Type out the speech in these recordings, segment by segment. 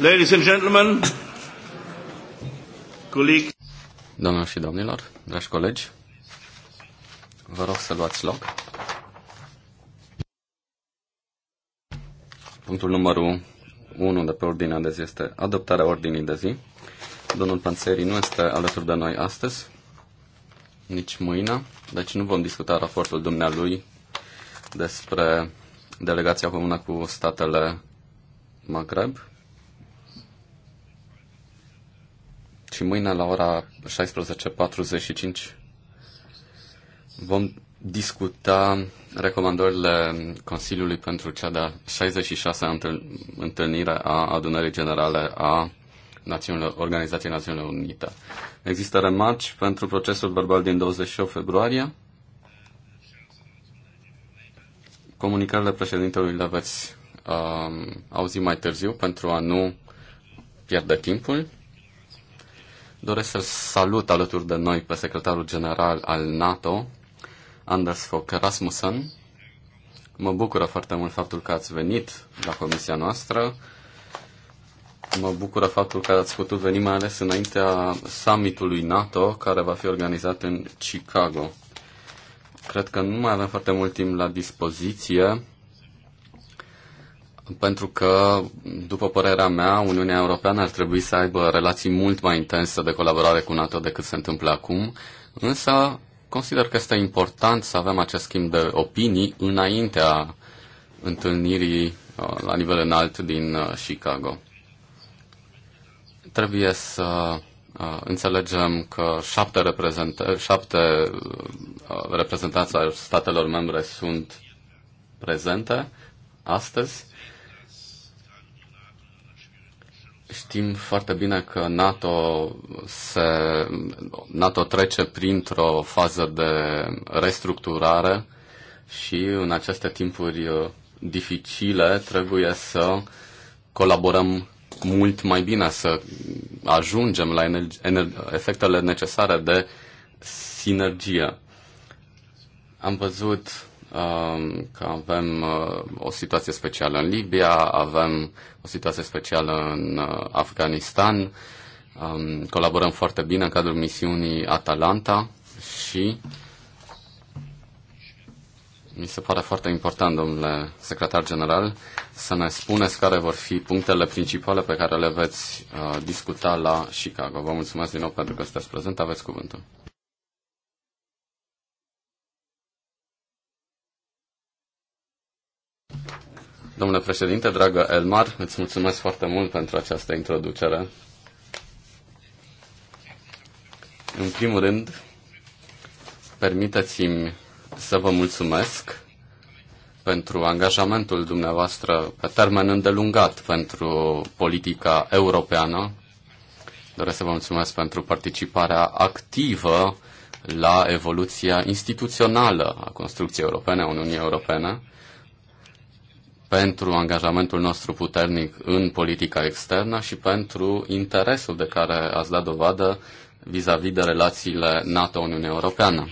Ladies and gentlemen, colleagues. Doamnelor și domnilor, dragi colegi, vă rog să luați loc. Punctul numărul 1 de pe ordinea de zi este adoptarea ordinii de zi. Domnul Panțeri nu este alături de noi astăzi, nici mâine, deci nu vom discuta raportul dumnealui despre delegația comună cu statele Maghreb, și mâine la ora 16.45 vom discuta recomandările Consiliului pentru cea de-a 66-a întâlnire a adunării generale a Națiunilor Organizației Națiunilor Unite. Există remarci pentru procesul verbal din 28 februarie. Comunicările președintelui le veți um, auzi mai târziu pentru a nu pierde timpul. Doresc să-l salut alături de noi pe secretarul general al NATO, Anders Fogh Rasmussen. Mă bucură foarte mult faptul că ați venit la comisia noastră. Mă bucură faptul că ați putut veni mai ales înaintea summitului NATO, care va fi organizat în Chicago. Cred că nu mai avem foarte mult timp la dispoziție pentru că, după părerea mea, Uniunea Europeană ar trebui să aibă relații mult mai intense de colaborare cu NATO decât se întâmplă acum, însă consider că este important să avem acest schimb de opinii înaintea întâlnirii uh, la nivel înalt din uh, Chicago. Trebuie să uh, înțelegem că șapte, reprezent- șapte reprezentanți ai statelor membre sunt prezente astăzi Știm foarte bine că NATO, se, NATO trece printr-o fază de restructurare și în aceste timpuri uh, dificile trebuie să colaborăm mult mai bine, să ajungem la efectele necesare de sinergie. Am văzut Um, că avem uh, o situație specială în Libia, avem o situație specială în uh, Afganistan, um, colaborăm foarte bine în cadrul misiunii Atalanta și mi se pare foarte important, domnule secretar general, să ne spuneți care vor fi punctele principale pe care le veți uh, discuta la Chicago. Vă mulțumesc din nou pentru că sunteți prezent. Aveți cuvântul. Domnule președinte, dragă Elmar, îți mulțumesc foarte mult pentru această introducere. În primul rând, permiteți-mi să vă mulțumesc pentru angajamentul dumneavoastră pe termen îndelungat pentru politica europeană. Doresc să vă mulțumesc pentru participarea activă la evoluția instituțională a construcției europene, a Uniunii Europene pentru angajamentul nostru puternic în politica externă și pentru interesul de care ați dat dovadă vis-a-vis -vis de relațiile NATO-Uniunea Europeană.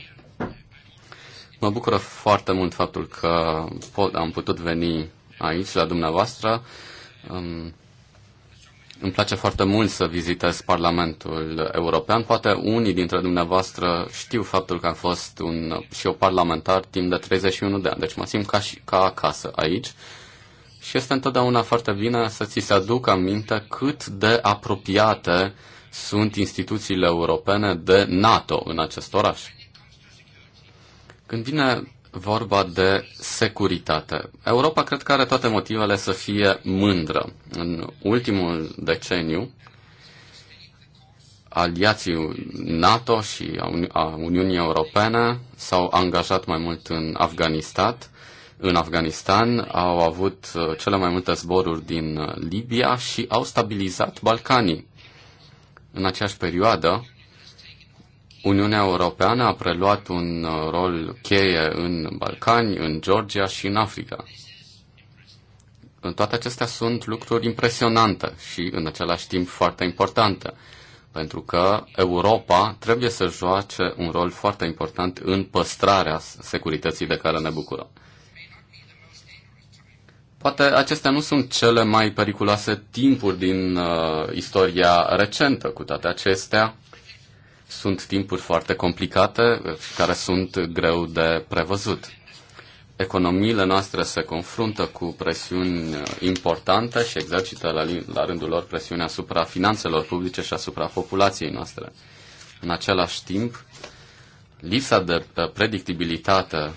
Mă bucură foarte mult faptul că pot, am putut veni aici, la dumneavoastră. îmi place foarte mult să vizitez Parlamentul European. Poate unii dintre dumneavoastră știu faptul că am fost un, și eu parlamentar timp de 31 de ani, deci mă simt ca, și, ca acasă aici și este întotdeauna foarte bine să ți se aducă aminte cât de apropiate sunt instituțiile europene de NATO în acest oraș. Când vine vorba de securitate, Europa cred că are toate motivele să fie mândră. În ultimul deceniu, aliații NATO și a Uniunii Europene s-au angajat mai mult în Afganistan, în Afganistan, au avut uh, cele mai multe zboruri din uh, Libia și au stabilizat Balcanii. În aceeași perioadă, Uniunea Europeană a preluat un uh, rol cheie în Balcani, în Georgia și în Africa. Toate acestea sunt lucruri impresionante și în același timp foarte importante, pentru că Europa trebuie să joace un rol foarte important în păstrarea securității de care ne bucurăm. Poate acestea nu sunt cele mai periculoase timpuri din uh, istoria recentă, cu toate acestea sunt timpuri foarte complicate uh, care sunt greu de prevăzut. Economiile noastre se confruntă cu presiuni uh, importante și exercită la, la rândul lor presiuni asupra finanțelor publice și asupra populației noastre. În același timp, lipsa de uh, predictibilitate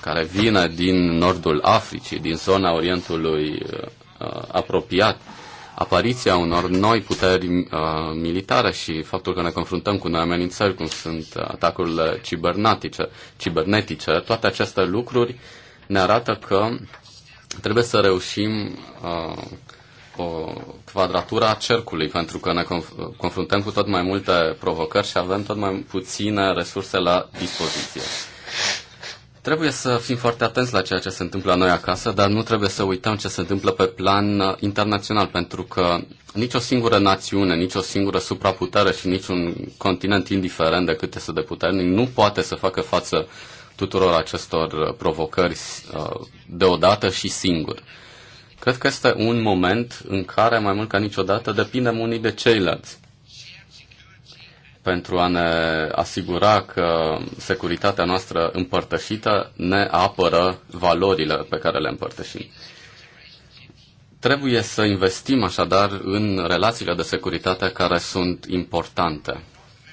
care vine din nordul Africii, din zona Orientului uh, uh, apropiat, apariția unor noi puteri uh, militare și faptul că ne confruntăm cu noi amenințări, cum sunt atacurile cibernetice, cibernetice, toate aceste lucruri ne arată că trebuie să reușim uh, o quadratura a cercului, pentru că ne conf- confruntăm cu tot mai multe provocări și avem tot mai puține resurse la dispoziție. Trebuie să fim foarte atenți la ceea ce se întâmplă la noi acasă, dar nu trebuie să uităm ce se întâmplă pe plan uh, internațional, pentru că nicio singură națiune, nicio singură supraputere și niciun continent, indiferent de cât este de puternic, nu poate să facă față tuturor acestor uh, provocări uh, deodată și singur. Cred că este un moment în care, mai mult ca niciodată, depindem unii de ceilalți pentru a ne asigura că securitatea noastră împărtășită ne apără valorile pe care le împărtășim. Trebuie să investim așadar în relațiile de securitate care sunt importante.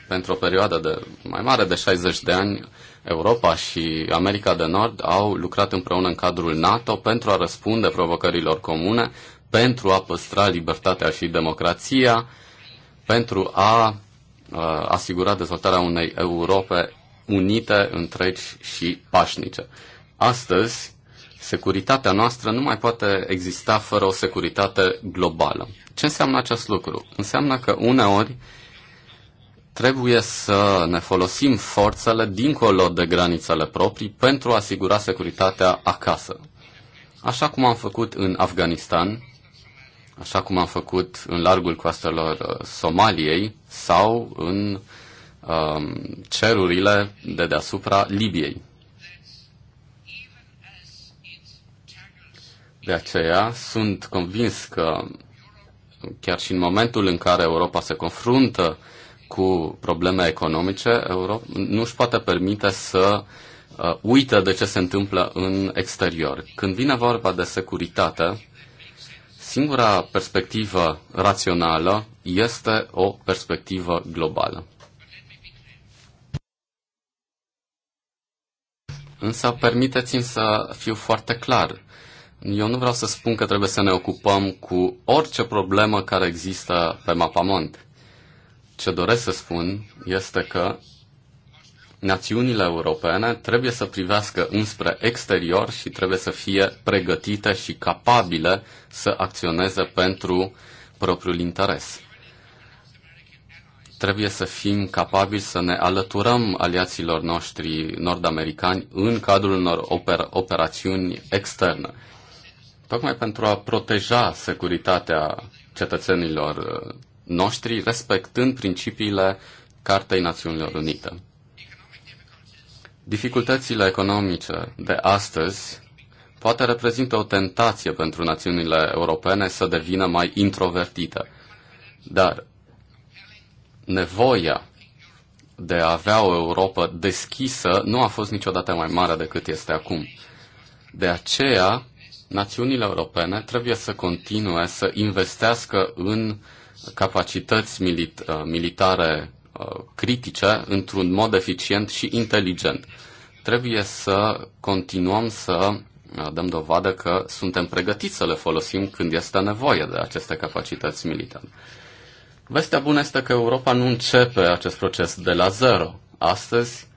Pentru o perioadă de mai mare de 60 de ani, Europa și America de Nord au lucrat împreună în cadrul NATO pentru a răspunde provocărilor comune, pentru a păstra libertatea și democrația, pentru a Uh, asigura dezvoltarea unei Europe unite, întregi și pașnice. Astăzi, securitatea noastră nu mai poate exista fără o securitate globală. Ce înseamnă acest lucru? Înseamnă că uneori trebuie să ne folosim forțele dincolo de granițele proprii pentru a asigura securitatea acasă. Așa cum am făcut în Afganistan, așa cum am făcut în largul coastelor uh, Somaliei sau în um, cerurile de deasupra Libiei. De aceea sunt convins că chiar și în momentul în care Europa se confruntă cu probleme economice, Europa nu își poate permite să uh, uită de ce se întâmplă în exterior. Când vine vorba de securitate, Singura perspectivă rațională este o perspectivă globală. Însă permiteți-mi să fiu foarte clar. Eu nu vreau să spun că trebuie să ne ocupăm cu orice problemă care există pe mapamont. Ce doresc să spun este că națiunile europene trebuie să privească înspre exterior și trebuie să fie pregătite și capabile să acționeze pentru propriul interes. Trebuie să fim capabili să ne alăturăm aliaților noștri nord-americani în cadrul unor oper- operațiuni externe. Tocmai pentru a proteja securitatea cetățenilor noștri, respectând principiile Cartei Națiunilor Unite. Dificultățile economice de astăzi poate reprezintă o tentație pentru națiunile europene să devină mai introvertite. Dar nevoia de a avea o Europa deschisă nu a fost niciodată mai mare decât este acum. De aceea, națiunile europene trebuie să continue să investească în capacități milit- militare Uh, critice într-un mod eficient și inteligent. Trebuie să continuăm să uh, dăm dovadă că suntem pregătiți să le folosim când este nevoie de aceste capacități militare. Vestea bună este că Europa nu începe acest proces de la zero. Astăzi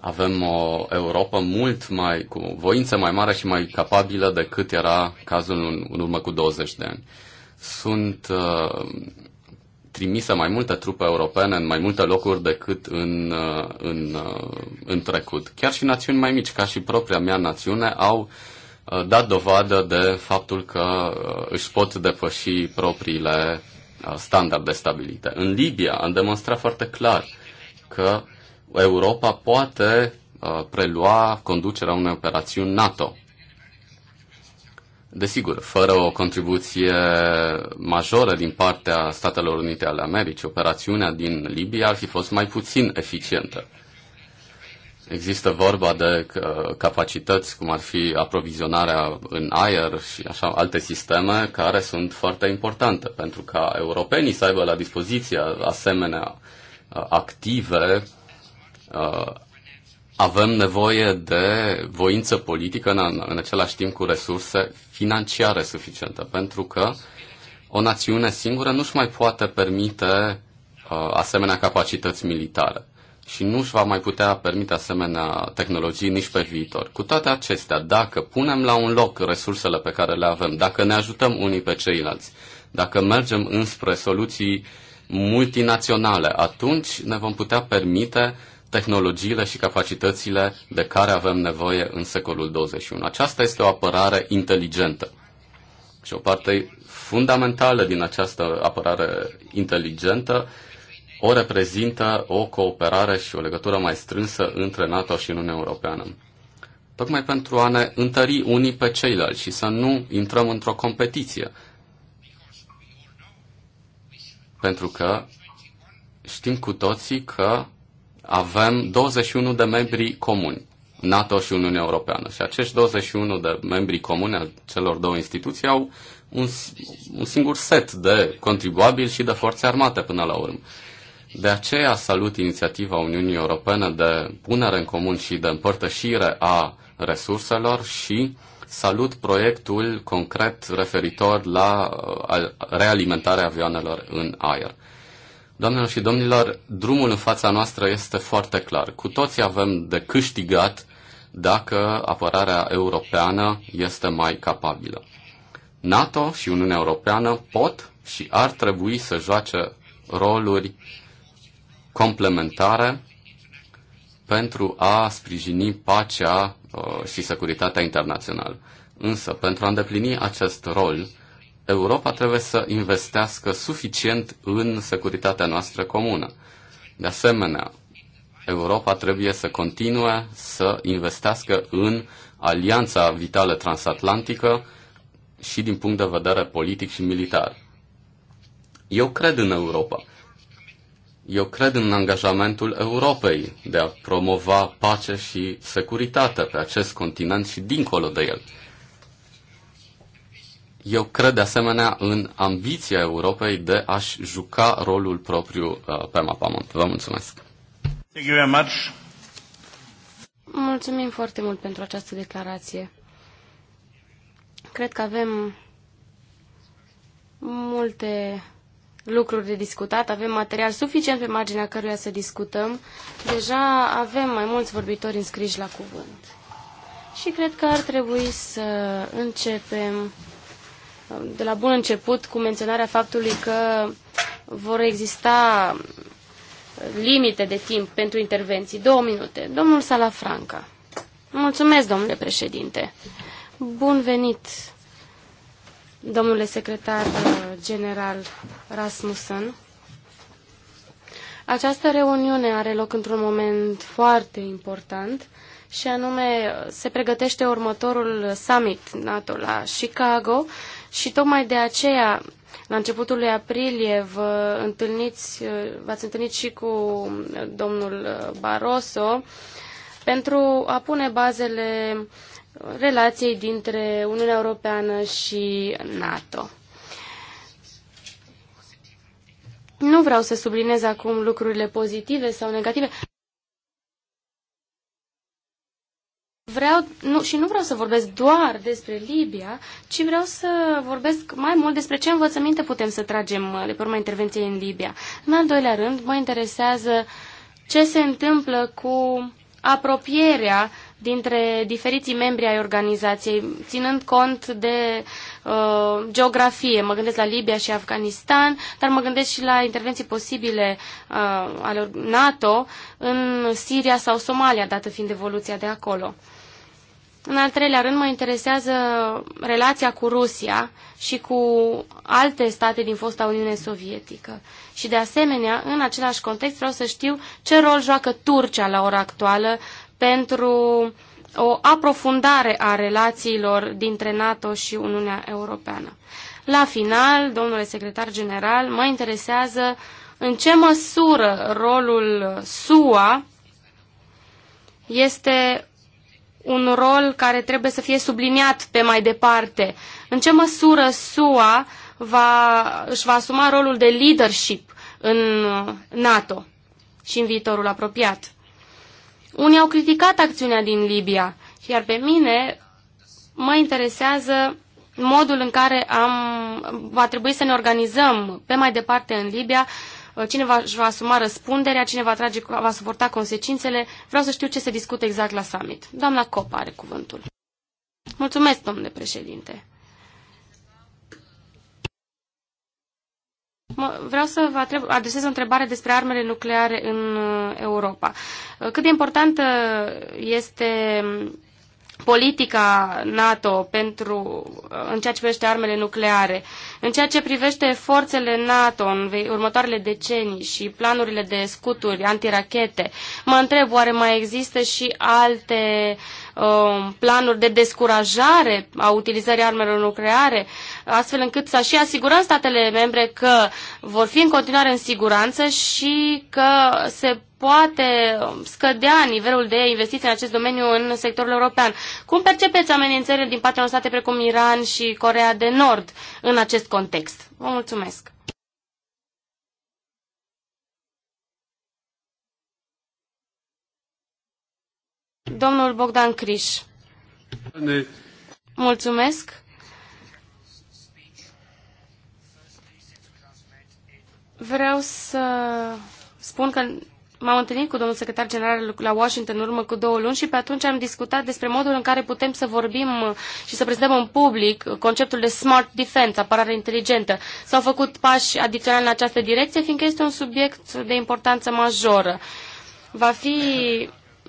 avem o Europa mult mai, cu voință mai mare și mai capabilă decât era cazul în, în urmă cu 20 de ani. Sunt uh, trimisă mai multe trupe europene în mai multe locuri decât în, uh, în, uh, în trecut. Chiar și națiuni mai mici, ca și propria mea națiune, au uh, dat dovadă de faptul că își pot depăși propriile standarde stabilite. În Libia am demonstrat foarte clar că Europa poate prelua conducerea unei operațiuni NATO. Desigur, fără o contribuție majoră din partea Statelor Unite ale Americii, operațiunea din Libia ar fi fost mai puțin eficientă. Există vorba de uh, capacități, cum ar fi aprovizionarea în aer și așa alte sisteme care sunt foarte importante pentru ca europenii să aibă la dispoziție asemenea uh, active uh, avem nevoie de voință politică în, în același timp cu resurse financiare suficiente, pentru că o națiune singură nu-și mai poate permite uh, asemenea capacități militare și nu și va mai putea permite asemenea tehnologii nici pe viitor. Cu toate acestea, dacă punem la un loc resursele pe care le avem, dacă ne ajutăm unii pe ceilalți, dacă mergem înspre soluții multinaționale, atunci ne vom putea permite tehnologiile și capacitățile de care avem nevoie în secolul 21. Aceasta este o apărare inteligentă. Și o parte fundamentală din această apărare inteligentă o reprezintă o cooperare și o legătură mai strânsă între NATO și Uniunea Europeană. Tocmai pentru a ne întări unii pe ceilalți și să nu intrăm într-o competiție. Pentru că știm cu toții că avem 21 de membri comuni, NATO și Uniunea Europeană. Și acești 21 de membri comuni al celor două instituții au un, un singur set de contribuabili și de forțe armate până la urmă. De aceea salut inițiativa Uniunii Europene de punere în comun și de împărtășire a resurselor și salut proiectul concret referitor la uh, realimentarea avioanelor în aer. Doamnelor și domnilor, drumul în fața noastră este foarte clar. Cu toții avem de câștigat dacă apărarea europeană este mai capabilă. NATO și Uniunea Europeană pot și ar trebui să joace roluri complementare pentru a sprijini pacea uh, și securitatea internațională. Însă, pentru a îndeplini acest rol, Europa trebuie să investească suficient în securitatea noastră comună. De asemenea, Europa trebuie să continue să investească în alianța vitală transatlantică și din punct de vedere politic și militar. Eu cred în Europa. Eu cred în angajamentul Europei de a promova pace și securitate pe acest continent și dincolo de el. Eu cred de asemenea în ambiția Europei de a-și juca rolul propriu uh, pe mapa mult. Vă mulțumesc! Thank you very much. Mulțumim foarte mult pentru această declarație. Cred că avem multe lucruri de discutat, avem material suficient pe marginea căruia să discutăm. Deja avem mai mulți vorbitori înscriși la cuvânt. Și cred că ar trebui să începem de la bun început cu menționarea faptului că vor exista limite de timp pentru intervenții. Două minute. Domnul Salafranca. Mulțumesc, domnule președinte. Bun venit, domnule secretar uh, general Rasmussen. Această reuniune are loc într-un moment foarte important și anume se pregătește următorul summit NATO la Chicago și tocmai de aceea, la începutul lui aprilie, vă întâlniți, v-ați întâlnit și cu domnul Barroso pentru a pune bazele relației dintre Uniunea Europeană și NATO. Nu vreau să subliniez acum lucrurile pozitive sau negative. Vreau, nu, și nu vreau să vorbesc doar despre Libia, ci vreau să vorbesc mai mult despre ce învățăminte putem să tragem uh, de pe urma intervenției în Libia. În al doilea rând, mă interesează ce se întâmplă cu apropierea dintre diferiții membri ai organizației, ținând cont de uh, geografie. Mă gândesc la Libia și Afganistan, dar mă gândesc și la intervenții posibile uh, ale NATO în Siria sau Somalia, dată fiind evoluția de acolo. În al treilea rând, mă interesează relația cu Rusia și cu alte state din fosta Uniune Sovietică. Și de asemenea, în același context, vreau să știu ce rol joacă Turcia la ora actuală pentru o aprofundare a relațiilor dintre NATO și Uniunea Europeană. La final, domnule secretar general, mă interesează în ce măsură rolul SUA este un rol care trebuie să fie subliniat pe mai departe. În ce măsură SUA va, își va asuma rolul de leadership în uh, NATO și în viitorul apropiat? Unii au criticat acțiunea din Libia, iar pe mine mă interesează modul în care am, va trebui să ne organizăm pe mai departe în Libia Uh, cine va, va asuma răspunderea, cine va, trage, va suporta consecințele. Vreau să știu ce se discută exact la summit. Doamna Copa are cuvântul. Mulțumesc, domnule președinte. vreau să vă atreb, adresez o întrebare despre armele nucleare în uh, Europa. Uh, cât de importantă este politica NATO pentru, uh, în ceea ce privește armele nucleare, în ceea ce privește forțele NATO în următoarele decenii și planurile de scuturi antirachete, mă întreb oare mai există și alte um, planuri de descurajare a utilizării armelor nucleare, astfel încât să și asigurăm statele membre că vor fi în continuare în siguranță și că se poate scădea nivelul de investiții în acest domeniu în sectorul european. Cum percepeți amenințările din partea unor state precum Iran și Corea de Nord în acest context? Vă mulțumesc! Domnul Bogdan Criș. Mulțumesc! Vreau să spun că M-am întâlnit cu domnul secretar general la Washington în urmă cu două luni și pe atunci am discutat despre modul în care putem să vorbim uh, și să prezentăm în public uh, conceptul de smart defense, apărare inteligentă. S-au făcut pași adiționali în această direcție, fiindcă este un subiect de importanță majoră. Va fi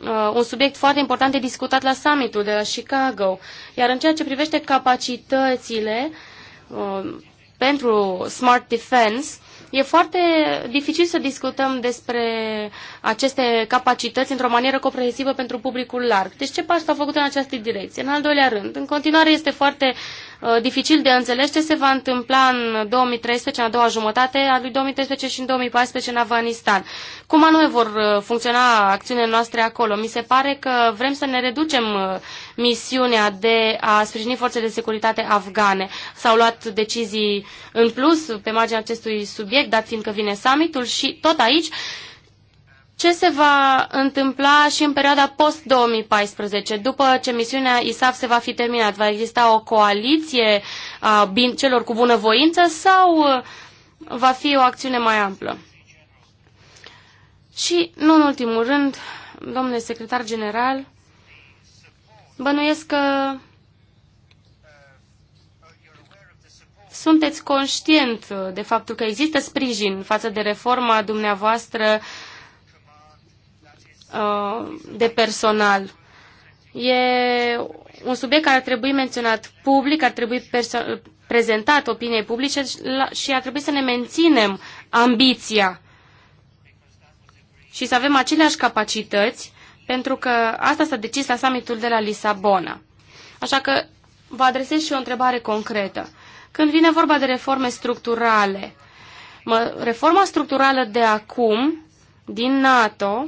uh, un subiect foarte important de discutat la summitul de la Chicago. Iar în ceea ce privește capacitățile uh, pentru smart defense, uh, E foarte dificil să discutăm despre aceste capacități într-o manieră comprehensivă pentru publicul larg. Deci ce pași s-au făcut în această direcție? În al doilea rând, în continuare este foarte uh, dificil de înțeles ce se va întâmpla în 2013, în a doua jumătate a lui 2013 și în 2014 în Afganistan. Cum anume vor uh, funcționa acțiunile noastre acolo? Mi se pare că vrem să ne reducem uh, misiunea de a sprijini forțele de securitate afgane. S-au luat decizii în plus pe marginea acestui subiect, dat fiindcă vine summitul și tot aici ce se va întâmpla și în perioada post-2014, după ce misiunea ISAF se va fi terminat? Va exista o coaliție a celor cu bunăvoință sau uh, va fi o acțiune mai amplă? Și, nu în ultimul rând, domnule secretar general, Bănuiesc că sunteți conștient de faptul că există sprijin față de reforma dumneavoastră uh, de personal. E un subiect care ar trebui menționat public, ar trebui prezentat opiniei publice și ar trebui să ne menținem ambiția și să avem aceleași capacități pentru că asta s-a decis la summitul de la Lisabona. Așa că vă adresez și o întrebare concretă. Când vine vorba de reforme structurale, mă, reforma structurală de acum, din NATO,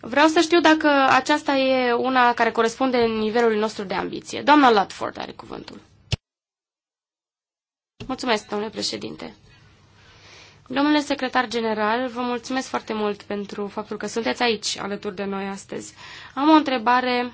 vreau să știu dacă aceasta e una care corespunde nivelului nostru de ambiție. Doamna Lutford are cuvântul. Mulțumesc, domnule președinte. Domnule secretar general, vă mulțumesc foarte mult pentru faptul că sunteți aici alături de noi astăzi. Am o întrebare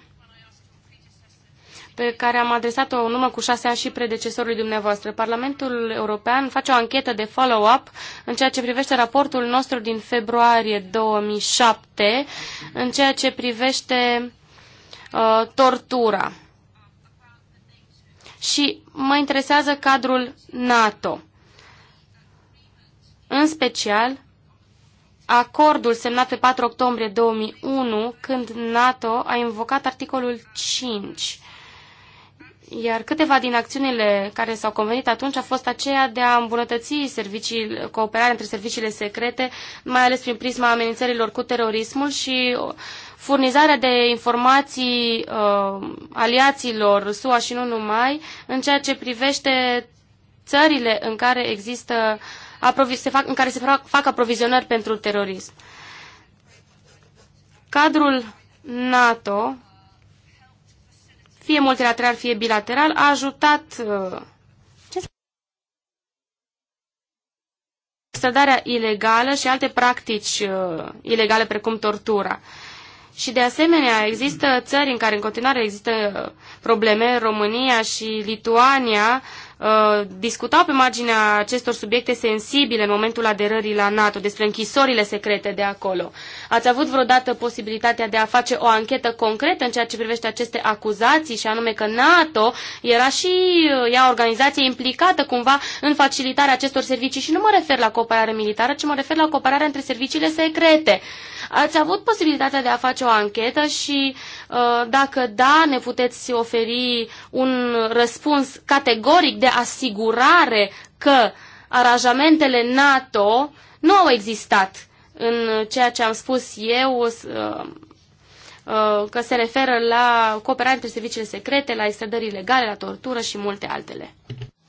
pe care am adresat-o în urmă cu șase ani și predecesorului dumneavoastră. Parlamentul European face o anchetă de follow-up în ceea ce privește raportul nostru din februarie 2007, în ceea ce privește uh, tortura. Și mă interesează cadrul NATO în special acordul semnat pe 4 octombrie 2001, când NATO a invocat articolul 5. Iar câteva din acțiunile care s-au convenit atunci a fost aceea de a îmbunătăți servicii, cooperarea între serviciile secrete, mai ales prin prisma amenințărilor cu terorismul și furnizarea de informații uh, aliaților SUA și nu numai, în ceea ce privește țările în care există uh, se fac, în care se fac, fac aprovizionări pentru terorism. Cadrul NATO, fie multilateral, fie bilateral, a ajutat uh, strădarea ilegală și alte practici uh, ilegale precum tortura. Și de asemenea există țări în care în continuare există probleme, România și Lituania, uh, Uh, discutau pe marginea acestor subiecte sensibile în momentul aderării la NATO, despre închisorile secrete de acolo. Ați avut vreodată posibilitatea de a face o anchetă concretă în ceea ce privește aceste acuzații și anume că NATO era și uh, ea organizație implicată cumva în facilitarea acestor servicii și nu mă refer la cooperare militară, ci mă refer la cooperarea între serviciile secrete. Ați avut posibilitatea de a face o anchetă și uh, dacă da, ne puteți oferi un răspuns categoric de asigurare că aranjamentele NATO nu au existat în ceea ce am spus eu uh, uh, că se referă la cooperare între serviciile secrete, la extradări ilegale, la tortură și multe altele.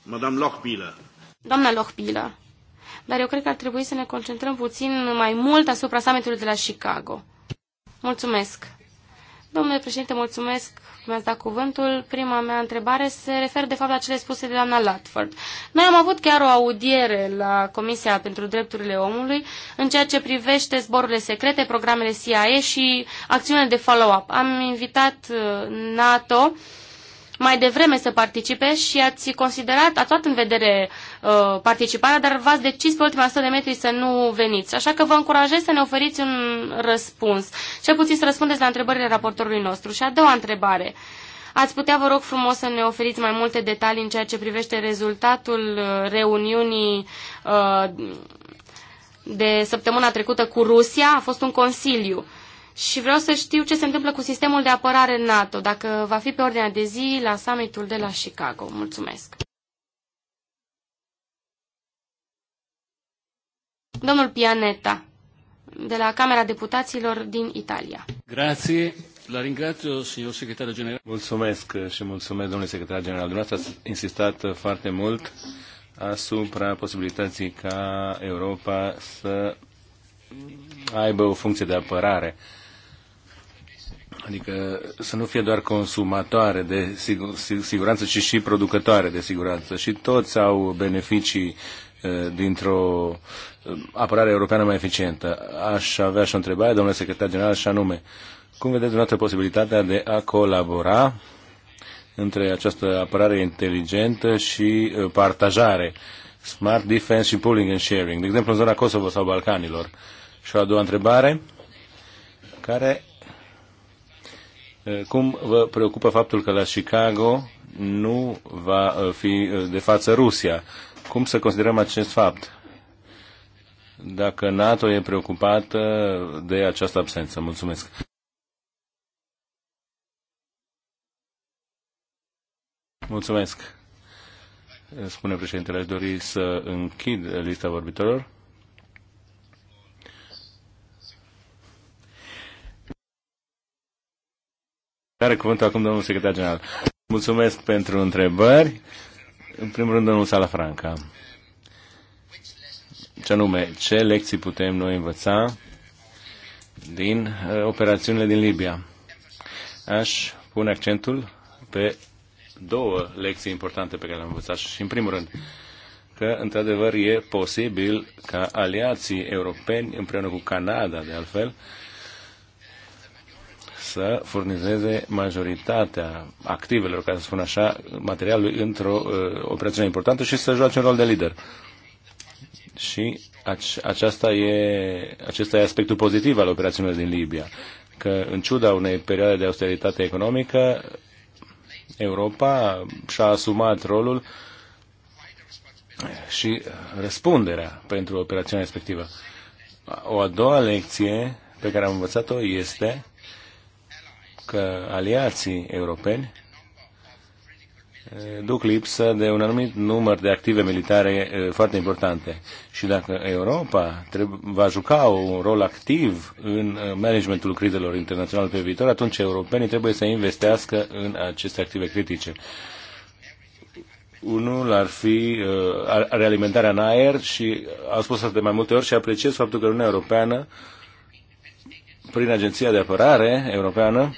Madame Lochpila. Doamna Lochpila dar eu cred că ar trebui să ne concentrăm puțin mai mult asupra summitului de la Chicago. Mulțumesc! Domnule președinte, mulțumesc că mi-ați dat cuvântul. Prima mea întrebare se referă de fapt la cele spuse de doamna Latford. Noi am avut chiar o audiere la Comisia pentru Drepturile Omului în ceea ce privește zborurile secrete, programele CIA și acțiunile de follow-up. Am invitat uh, NATO uh, mai devreme să participe și ați considerat, ați luat în vedere uh, participarea, dar v-ați decis pe ultima 100 de metri să nu veniți. Așa că vă încurajez să ne oferiți un răspuns, cel puțin să răspundeți la întrebările raportorului nostru. Și a doua întrebare. Ați putea, vă rog frumos, să ne oferiți mai multe detalii în ceea ce privește rezultatul uh, reuniunii uh, de săptămâna trecută cu Rusia? A fost un consiliu și vreau să știu ce se întâmplă cu sistemul de apărare NATO, dacă va fi pe ordinea de zi la summitul de la Chicago. Mulțumesc! Domnul Pianeta, de la Camera Deputaților din Italia. Grazie. La ringrazio, signor secretar general. Mulțumesc și mulțumesc, domnule secretar general. Dumneavoastră ați insistat foarte mult asupra posibilității ca Europa să aibă o funcție de apărare. Adică să nu fie doar consumatoare de siguranță, ci și producătoare de siguranță. Și toți au beneficii uh, dintr-o uh, apărare europeană mai eficientă. Aș avea și o întrebare, domnule secretar general, și anume, cum vedeți dumneavoastră posibilitatea de a colabora între această apărare inteligentă și uh, partajare, smart defense și pooling and sharing, de exemplu în zona Kosovo sau Balcanilor? Și o a doua întrebare, care cum vă preocupă faptul că la Chicago nu va uh, fi uh, de față Rusia? Cum să considerăm acest fapt? Dacă NATO e preocupată de această absență. Mulțumesc. Mulțumesc. Spune președintele, aș dori să închid lista vorbitorilor. Are cuvântul acum domnul secretar general. Mulțumesc pentru întrebări. În primul rând, domnul Franca, Ce anume, ce lecții putem noi învăța din uh, operațiunile din Libia? Aș pune accentul pe două lecții importante pe care le-am învățat și, în primul rând, că, într-adevăr, e posibil ca aliații europeni, împreună cu Canada, de altfel, uh, să furnizeze majoritatea activelor, ca să spun așa, materialului într-o uh, operațiune importantă și să joace un rol de lider. Și aceasta e, acesta e aspectul pozitiv al operațiunilor din Libia, că în ciuda unei perioade de austeritate economică, Europa și-a asumat rolul și răspunderea pentru operațiunea respectivă. O a doua lecție pe care am învățat-o este că aliații europeni eh, duc lipsă de un anumit număr de active militare eh, foarte importante. Și dacă Europa va juca un rol activ în eh, managementul crizelor internaționale pe viitor, atunci europenii trebuie să investească în aceste active critice. Unul ar fi realimentarea în aer și am spus asta de mai multe ori și apreciez faptul că Uniunea Europeană, prin Agenția de Apărare Europeană,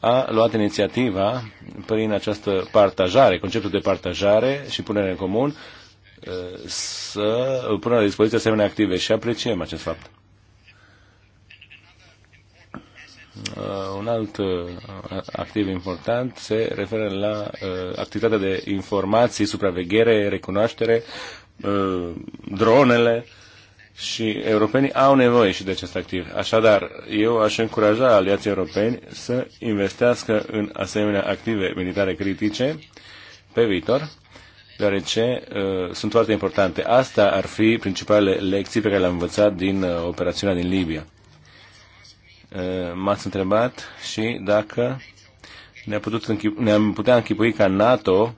a luat inițiativa prin această partajare, conceptul de partajare și punere în comun, uh, să pună la dispoziție asemenea active și apreciem acest fapt. Uh, un alt uh, activ important se referă la activitatea de informații, supraveghere, recunoaștere, dronele, și europenii au nevoie și de acest activ. Așadar, eu aș încuraja aliații europeni să investească în asemenea active militare critice pe viitor, deoarece uh, sunt foarte importante. Asta ar fi principalele lecții pe care le-am învățat din uh, operațiunea din Libia. Uh, m-ați întrebat și dacă ne-am ne, putea închipui ca NATO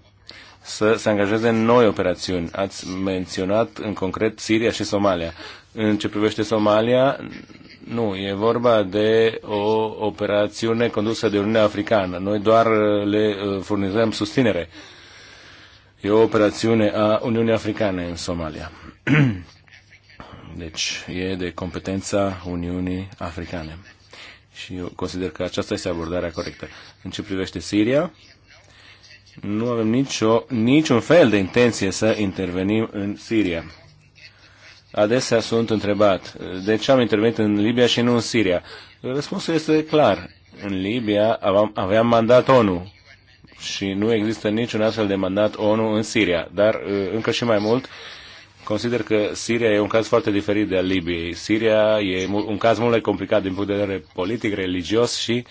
să se angajeze în noi operațiuni. Ați menționat în concret Siria și Somalia. În ce privește Somalia, nu, e vorba de o operațiune condusă de Uniunea Africană. Noi doar uh, le uh, furnizăm susținere. E o operațiune a Uniunii Africane în Somalia. Deci e de competența Uniunii Africane. Și eu consider că aceasta este abordarea corectă. În ce privește Siria, nu avem nicio, niciun fel de intenție să intervenim în Siria. Adesea sunt întrebat, de ce am intervenit în Libia și nu în Siria? Răspunsul este clar. În Libia aveam, aveam mandat ONU și nu există niciun astfel de mandat ONU în Siria. Dar, uh, încă și mai mult, consider că Siria e un caz foarte diferit de al Libiei. Siria e un caz mult mai complicat din punct de vedere politic, religios și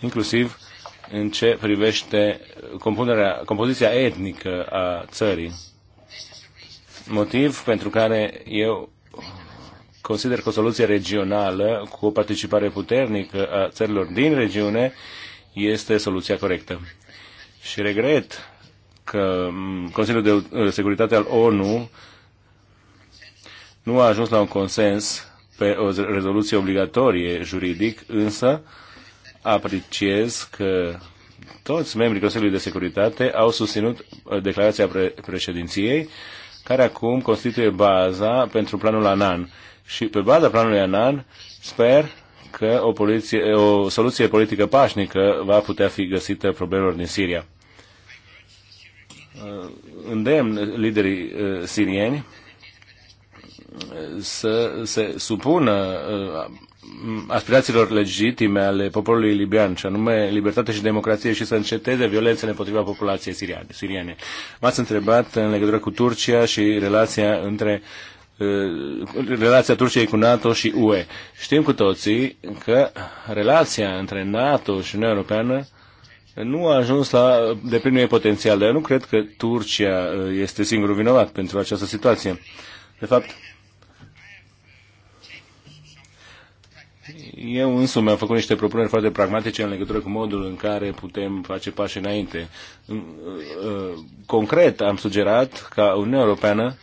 inclusiv uh, în ce privește compunerea, compoziția etnică a țării. Motiv pentru care eu consider că o soluție regională cu o participare puternică a țărilor din regiune este soluția corectă. Și regret că Consiliul de Securitate al ONU nu a ajuns la un consens pe o rezoluție obligatorie juridic, însă apreciez că toți membrii Consiliului de Securitate au susținut uh, declarația pre- președinției, care acum constituie baza pentru planul ANAN. Și pe baza planului ANAN sper că o, poliție, o soluție politică pașnică va putea fi găsită problemelor din Siria. Uh, îndemn liderii uh, sirieni să se supună aspirațiilor legitime ale poporului libian, și anume libertate și democrație și să înceteze violențele împotriva populației siriane. siriane. M-ați întrebat în legătură cu Turcia și relația între uh, relația Turciei cu NATO și UE. Știm cu toții că relația între NATO și Uniunea Europeană nu a ajuns la deplinul potențial, dar eu nu cred că Turcia uh, este singurul vinovat pentru această situație. De fapt, eu însumi am făcut niște propuneri foarte pragmatice în legătură cu modul în care putem face pași înainte. Uh, uh, concret am sugerat ca Uniunea Europeană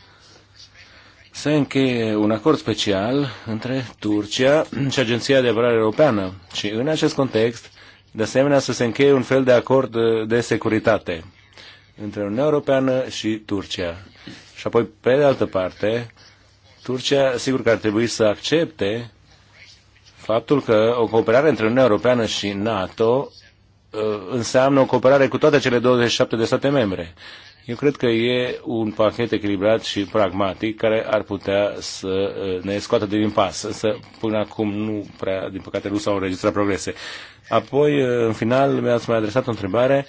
să încheie un acord special între Turcia și Agenția de Apărare Europeană și în acest context, de asemenea, să se încheie un fel de acord de securitate între Uniunea Europeană și Turcia. Și apoi, pe de altă parte, Turcia sigur că ar trebui să accepte faptul că o cooperare între Uniunea Europeană și NATO uh, înseamnă o cooperare cu toate cele 27 de state membre. Eu cred că e un pachet echilibrat și pragmatic care ar putea să uh, ne scoată din impas. Însă până acum nu prea, din păcate, nu s-au înregistrat progrese. Apoi, uh, în final, mi-ați mai adresat o întrebare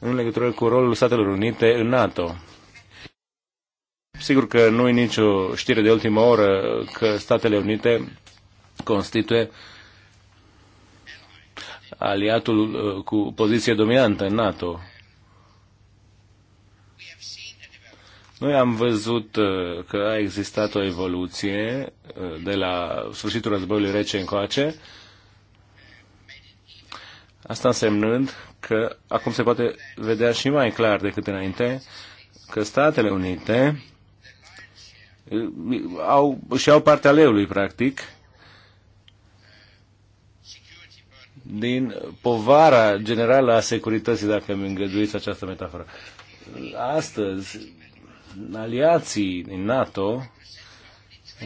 în legătură cu rolul Statelor Unite în NATO. Sigur că nu e nicio știre de ultimă oră că Statele Unite constituie aliatul uh, cu poziție dominantă în NATO. Noi am văzut uh, că a existat o evoluție uh, de la sfârșitul războiului rece încoace, asta însemnând că acum se poate vedea și mai clar decât înainte că Statele Unite au, și au partea leului, practic, din povara generală a securității, dacă îmi îngăduiți această metaforă. Astăzi, aliații din NATO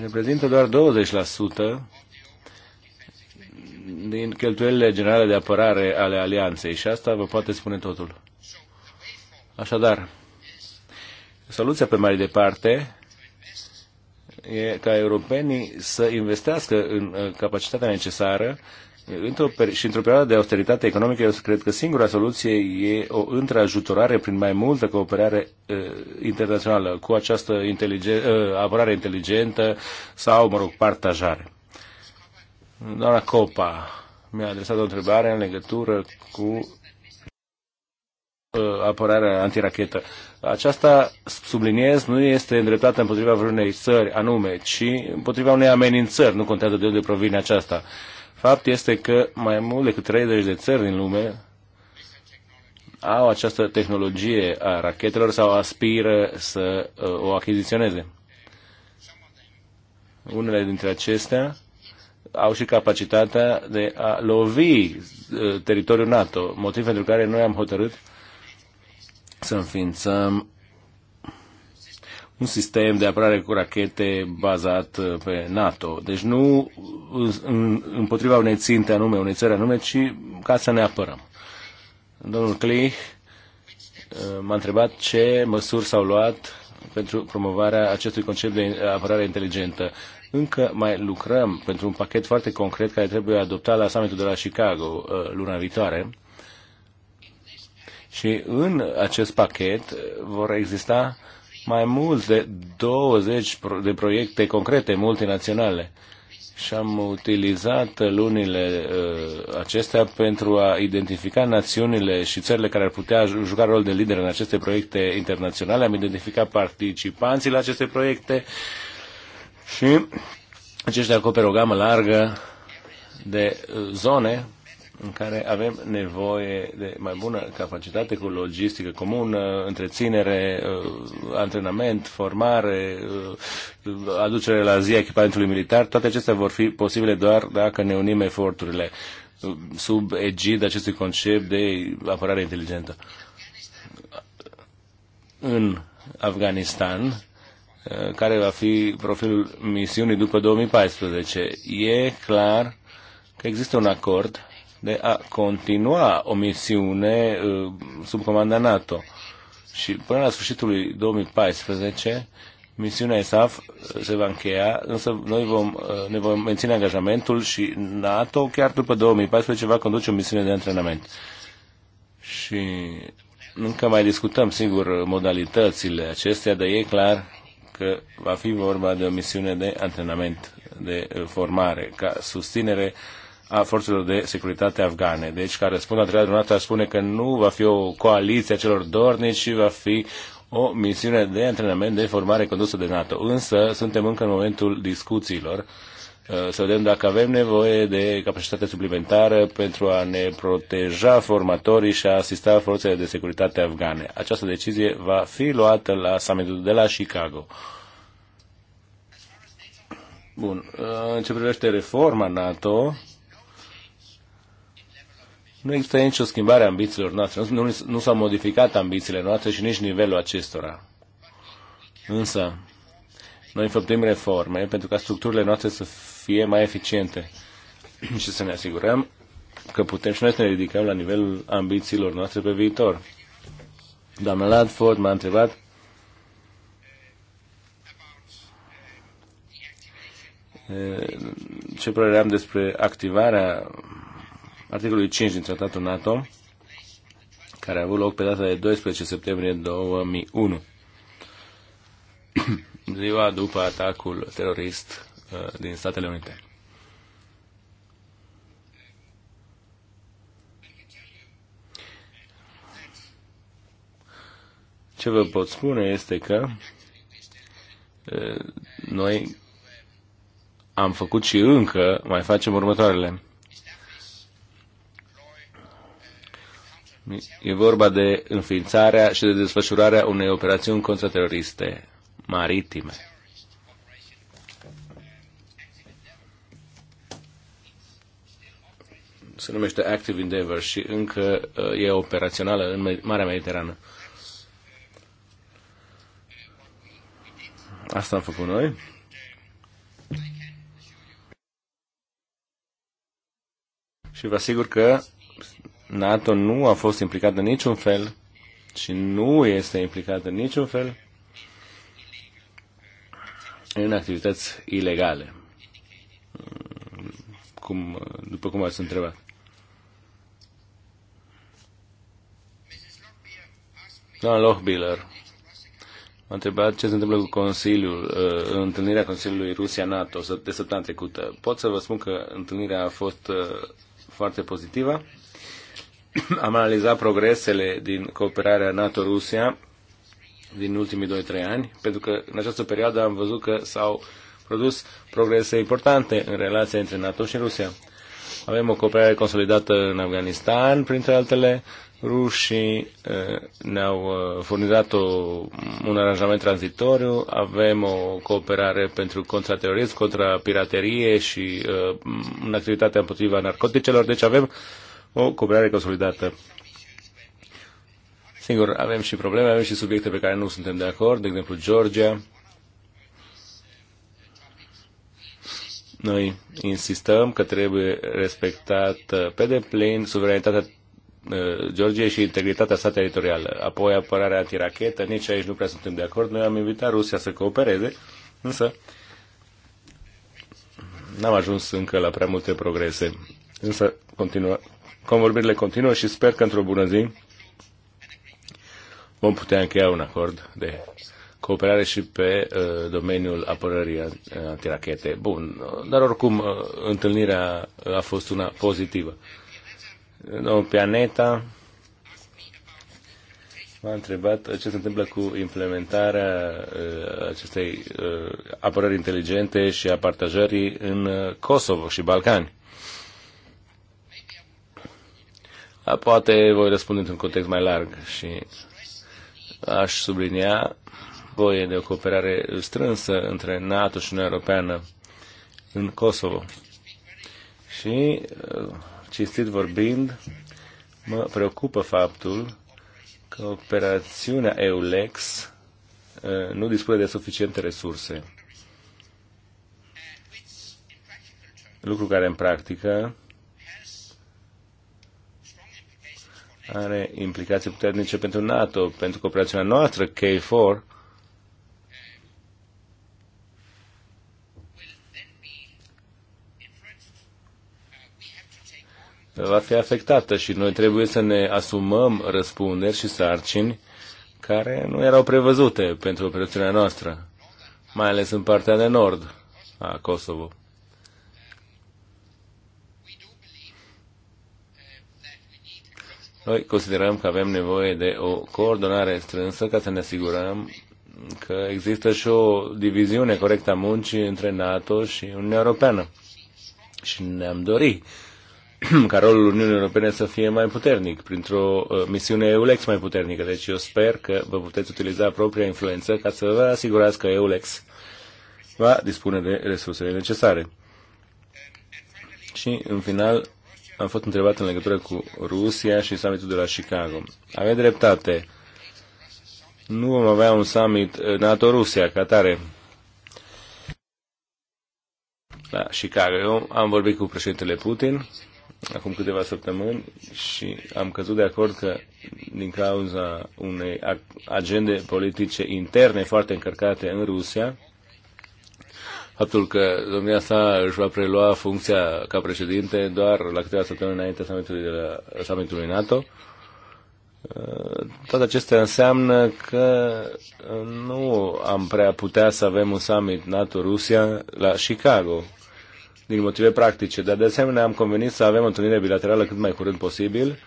reprezintă doar 20% din cheltuielile generale de apărare ale alianței și asta vă poate spune totul. Așadar, soluția pe mai departe e ca europenii să investească în uh, capacitatea necesară Într-o, și într-o perioadă de austeritate economică, eu cred că singura soluție e o întreajutorare prin mai multă cooperare uh, internațională cu această inteligen, uh, apărare inteligentă sau, mă rog, partajare. Doamna Copa mi-a adresat o întrebare în legătură cu uh, apărarea antirachetă. Aceasta, subliniez, nu este îndreptată împotriva vreunei țări anume, ci împotriva unei amenințări, nu contează de unde provine aceasta. Uh, Fapt este că mai mult decât 30 de țări din lume au această tehnologie a rachetelor sau aspiră să uh, o achiziționeze. Unele dintre acestea au și capacitatea de a lovi uh, teritoriul NATO, motiv pentru care noi am hotărât să înființăm un sistem de apărare cu rachete bazat uh, pe NATO. Deci nu împotriva unei ținte anume, unei țări anume, ci ca să ne apărăm. Domnul Clich uh, m-a întrebat ce măsuri s-au luat pentru promovarea acestui concept de apărare inteligentă. Încă mai lucrăm pentru un pachet foarte concret care trebuie adoptat la summitul de la Chicago uh, luna viitoare. Și în acest pachet vor exista uh, mai mult de 20 de proiecte concrete multinaționale și am utilizat lunile uh, acestea pentru a identifica națiunile și țările care ar putea juca rol de lider în aceste proiecte internaționale. Am identificat participanții la aceste proiecte și aceștia acoperă o gamă largă de uh, zone în care avem nevoie de mai bună capacitate cu logistică comună, întreținere, uh, antrenament, formare, uh, aducere la zi a echipamentului militar. Toate acestea vor fi posibile doar dacă ne unim eforturile uh, sub egid acestui concept de apărare inteligentă. În Afganistan, care va fi profilul misiunii după 2014, e clar că există un acord de a continua o misiune uh, sub comanda NATO. Și până la sfârșitul lui 2014, misiunea ISAF se va încheia, însă noi vom, uh, ne vom menține angajamentul și NATO chiar după 2014 va conduce o misiune de antrenament. Și încă mai discutăm, sigur, modalitățile acestea, dar e clar că va fi vorba de o misiune de antrenament, de uh, formare, ca susținere uh, a forțelor de securitate afgane. Deci, ca răspund la întrebarea dumneavoastră, spune că nu va fi o coaliție a celor dornici, ci va fi o misiune de antrenament, de formare condusă de NATO. Însă, suntem încă în momentul discuțiilor uh, să vedem dacă avem nevoie de capacitate suplimentară pentru a ne proteja formatorii și a asista forțele de securitate afgane. Această decizie va fi luată la summitul de la Chicago. Bun. Uh, în ce privește reforma NATO, nu există nicio schimbare a ambițiilor noastre, nu, nu s-au modificat ambițiile noastre și nici nivelul acestora. Însă, noi înfăptuim reforme pentru ca structurile noastre să fie mai eficiente și să ne asigurăm că putem și noi să ne ridicăm la nivelul ambițiilor noastre pe viitor. Doamna Ladford m-a întrebat ce părere am despre activarea articolului 5 din Tratatul NATO, care a avut loc pe data de 12 septembrie 2001, ziua după atacul terorist uh, din Statele Unite. Ce vă pot spune este că uh, noi am făcut și încă mai facem următoarele. E vorba de înființarea și de desfășurarea unei operațiuni contrateroriste maritime. Se numește Active Endeavor și încă uh, e operațională în Marea Mediterană. Asta am făcut noi. Și vă asigur că NATO nu a fost implicată în niciun fel și nu este implicată în niciun fel în activități ilegale, cum, după cum ați întrebat. Doamna Lochbiller m-a întrebat ce se întâmplă cu Consiliul, uh, întâlnirea Consiliului Rusia-NATO de săptămâna trecută. Pot să vă spun că întâlnirea a fost uh, foarte pozitivă am analizat progresele din cooperarea NATO-Rusia din ultimii 2-3 ani, pentru că în această perioadă am văzut că s-au produs progrese importante în relația între NATO și Rusia. Avem o cooperare consolidată în Afganistan, printre altele, rușii eh, ne-au eh, furnizat o, un aranjament tranzitoriu, avem o cooperare pentru contraterorism, contra piraterie și eh, în activitatea împotriva narcoticelor, deci avem uh, o cooperare consolidată. Singur, avem și probleme, avem și subiecte pe care nu suntem de acord, de exemplu Georgia. Noi insistăm că trebuie respectată pe deplin suveranitatea uh, Georgiei și integritatea sa teritorială. Apoi apărarea antirachetă, nici aici nu prea suntem de acord. Noi am invitat Rusia să coopereze, însă n-am ajuns încă la prea multe progrese. Însă continuă, Convorbirile continuă și sper că într-o bună zi vom putea încheia un acord de cooperare și pe uh, domeniul apărării uh, antirachete. Bun, dar oricum uh, întâlnirea a fost una pozitivă. Domnul Pianeta m-a întrebat uh, ce se întâmplă cu implementarea uh, acestei uh, apărări inteligente și a partajării în uh, Kosovo și Balcani. Poate voi răspunde într-un context mai larg și aș sublinia voie de o cooperare strânsă între NATO și Uniunea Europeană în Kosovo. Și, uh, cinstit vorbind, mă preocupă faptul că operațiunea EULEX uh, nu dispune de suficiente resurse. Lucru care, în practică, are implicații puternice pentru NATO, pentru cooperația noastră, K4, va fi afectată și noi trebuie să ne asumăm răspunderi și sarcini care nu erau prevăzute pentru operațiunea noastră, mai ales în partea de nord a Kosovo. Noi considerăm că avem nevoie de o coordonare strânsă ca să ne asigurăm că există și o diviziune corectă a muncii între NATO și Uniunea Europeană. Și ne-am dorit ca rolul Uniunii Europene să fie mai puternic, printr-o uh, misiune EULEX mai puternică. Deci eu sper că vă puteți utiliza propria influență ca să vă asigurați că EULEX va dispune de resursele necesare. Și, în final, am fost întrebat în legătură cu Rusia și summitul de la Chicago. Aveți dreptate. Nu vom avea un summit eh, NATO-Rusia ca tare. La Chicago. Eu am vorbit cu președintele Putin acum câteva săptămâni și am căzut de acord că din cauza unei agende politice interne foarte încărcate în Rusia, faptul că domnia sa își va prelua funcția ca președinte doar la câteva săptămâni înainte summitului, de la, summitului NATO. Toate acestea înseamnă că nu am prea putea să avem un summit NATO-Rusia la Chicago, din motive practice, dar de asemenea am convenit să avem o întâlnire bilaterală cât mai curând posibil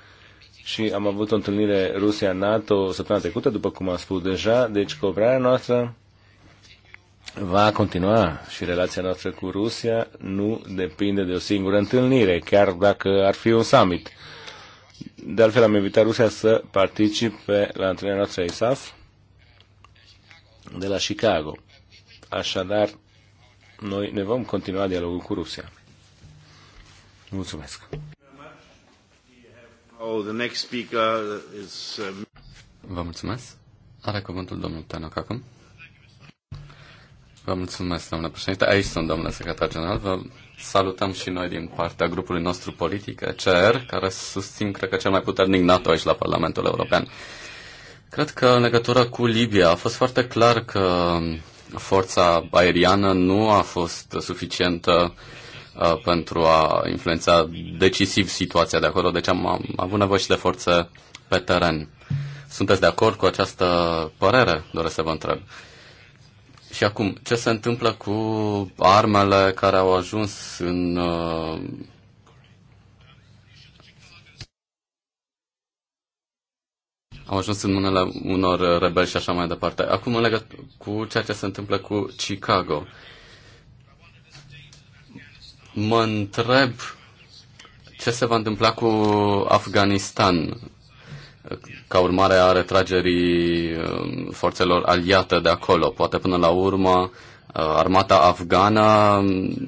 și am avut o întâlnire Rusia-NATO săptămâna trecută, după cum am spus deja, deci cooperarea noastră va continua și relația noastră cu Rusia nu depinde de o singură întâlnire, chiar dacă ar fi un summit. De altfel, am invitat Rusia să participe la întâlnirea noastră ISAF de la Chicago. Așadar, noi ne vom continua dialogul cu Rusia. Mulțumesc. Oh, uh, Vă mulțumesc. Are cuvântul domnul Tanok acum. Vă mulțumesc, doamnă președinte. Aici sunt, domnule secretar general. Vă salutăm și noi din partea grupului nostru politic, ECR, care susțin, cred că, cel mai puternic NATO aici la Parlamentul European. Cred că în legătură cu Libia a fost foarte clar că forța aeriană nu a fost suficientă uh, pentru a influența decisiv situația de acolo, deci am, am avut nevoie și de forțe pe teren. Sunteți de acord cu această părere? Doresc să vă întreb. Și acum, ce se întâmplă cu armele care au ajuns în uh, au ajuns în mâinile unor rebeli și așa mai departe. Acum, în legat cu ceea ce se întâmplă cu Chicago, mă întreb ce se va întâmpla cu Afganistan ca urmare a retragerii um, forțelor aliate de acolo. Poate până la urmă uh, armata afgană um,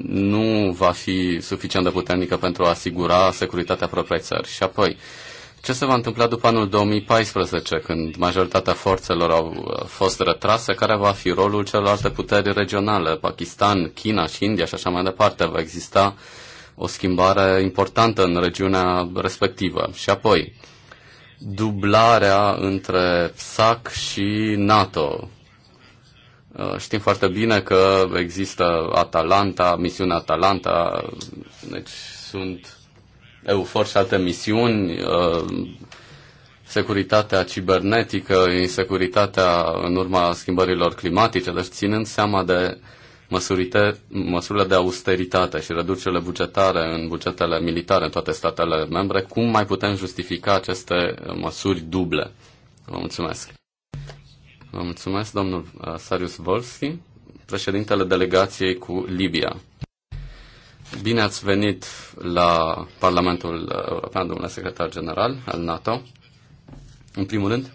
nu va fi suficient de puternică pentru a asigura securitatea propriei țări. Și apoi, ce se va întâmpla după anul 2014, când majoritatea forțelor au uh, fost retrase, care va fi rolul celorlalte puteri regionale, Pakistan, China și India și așa mai departe? Va exista o schimbare importantă în regiunea respectivă. Și apoi, dublarea între SAC și NATO. Uh, știm foarte bine că există Atalanta, misiunea Atalanta, deci sunt EUFOR și alte misiuni, uh, securitatea cibernetică, securitatea în urma schimbărilor climatice, deci ținând seama de uh, măsurite, măsurile de austeritate și reducerile bugetare în bugetele militare în toate statele membre, cum mai putem justifica aceste uh, măsuri duble? Vă mulțumesc. Vă mulțumesc, domnul uh, Sarius Volski, președintele delegației cu Libia. Bine ați venit la Parlamentul uh, European, domnule secretar general al NATO. În primul rând,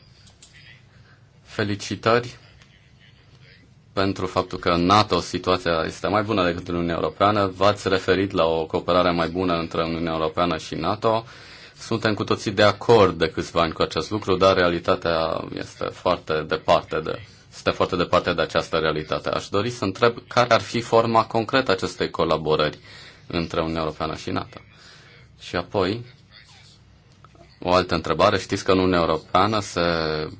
felicitări pentru faptul că în NATO situația este mai bună decât în Uniunea Europeană. V-ați referit la o cooperare mai bună între Uniunea Europeană și NATO. Suntem cu toții de acord de câțiva ani cu acest lucru, dar realitatea este foarte departe de este foarte departe de această realitate. Aș dori să întreb care ar fi forma concretă acestei colaborări între Uniunea Europeană și NATO. Și apoi, o altă întrebare, știți că în Uniunea Europeană se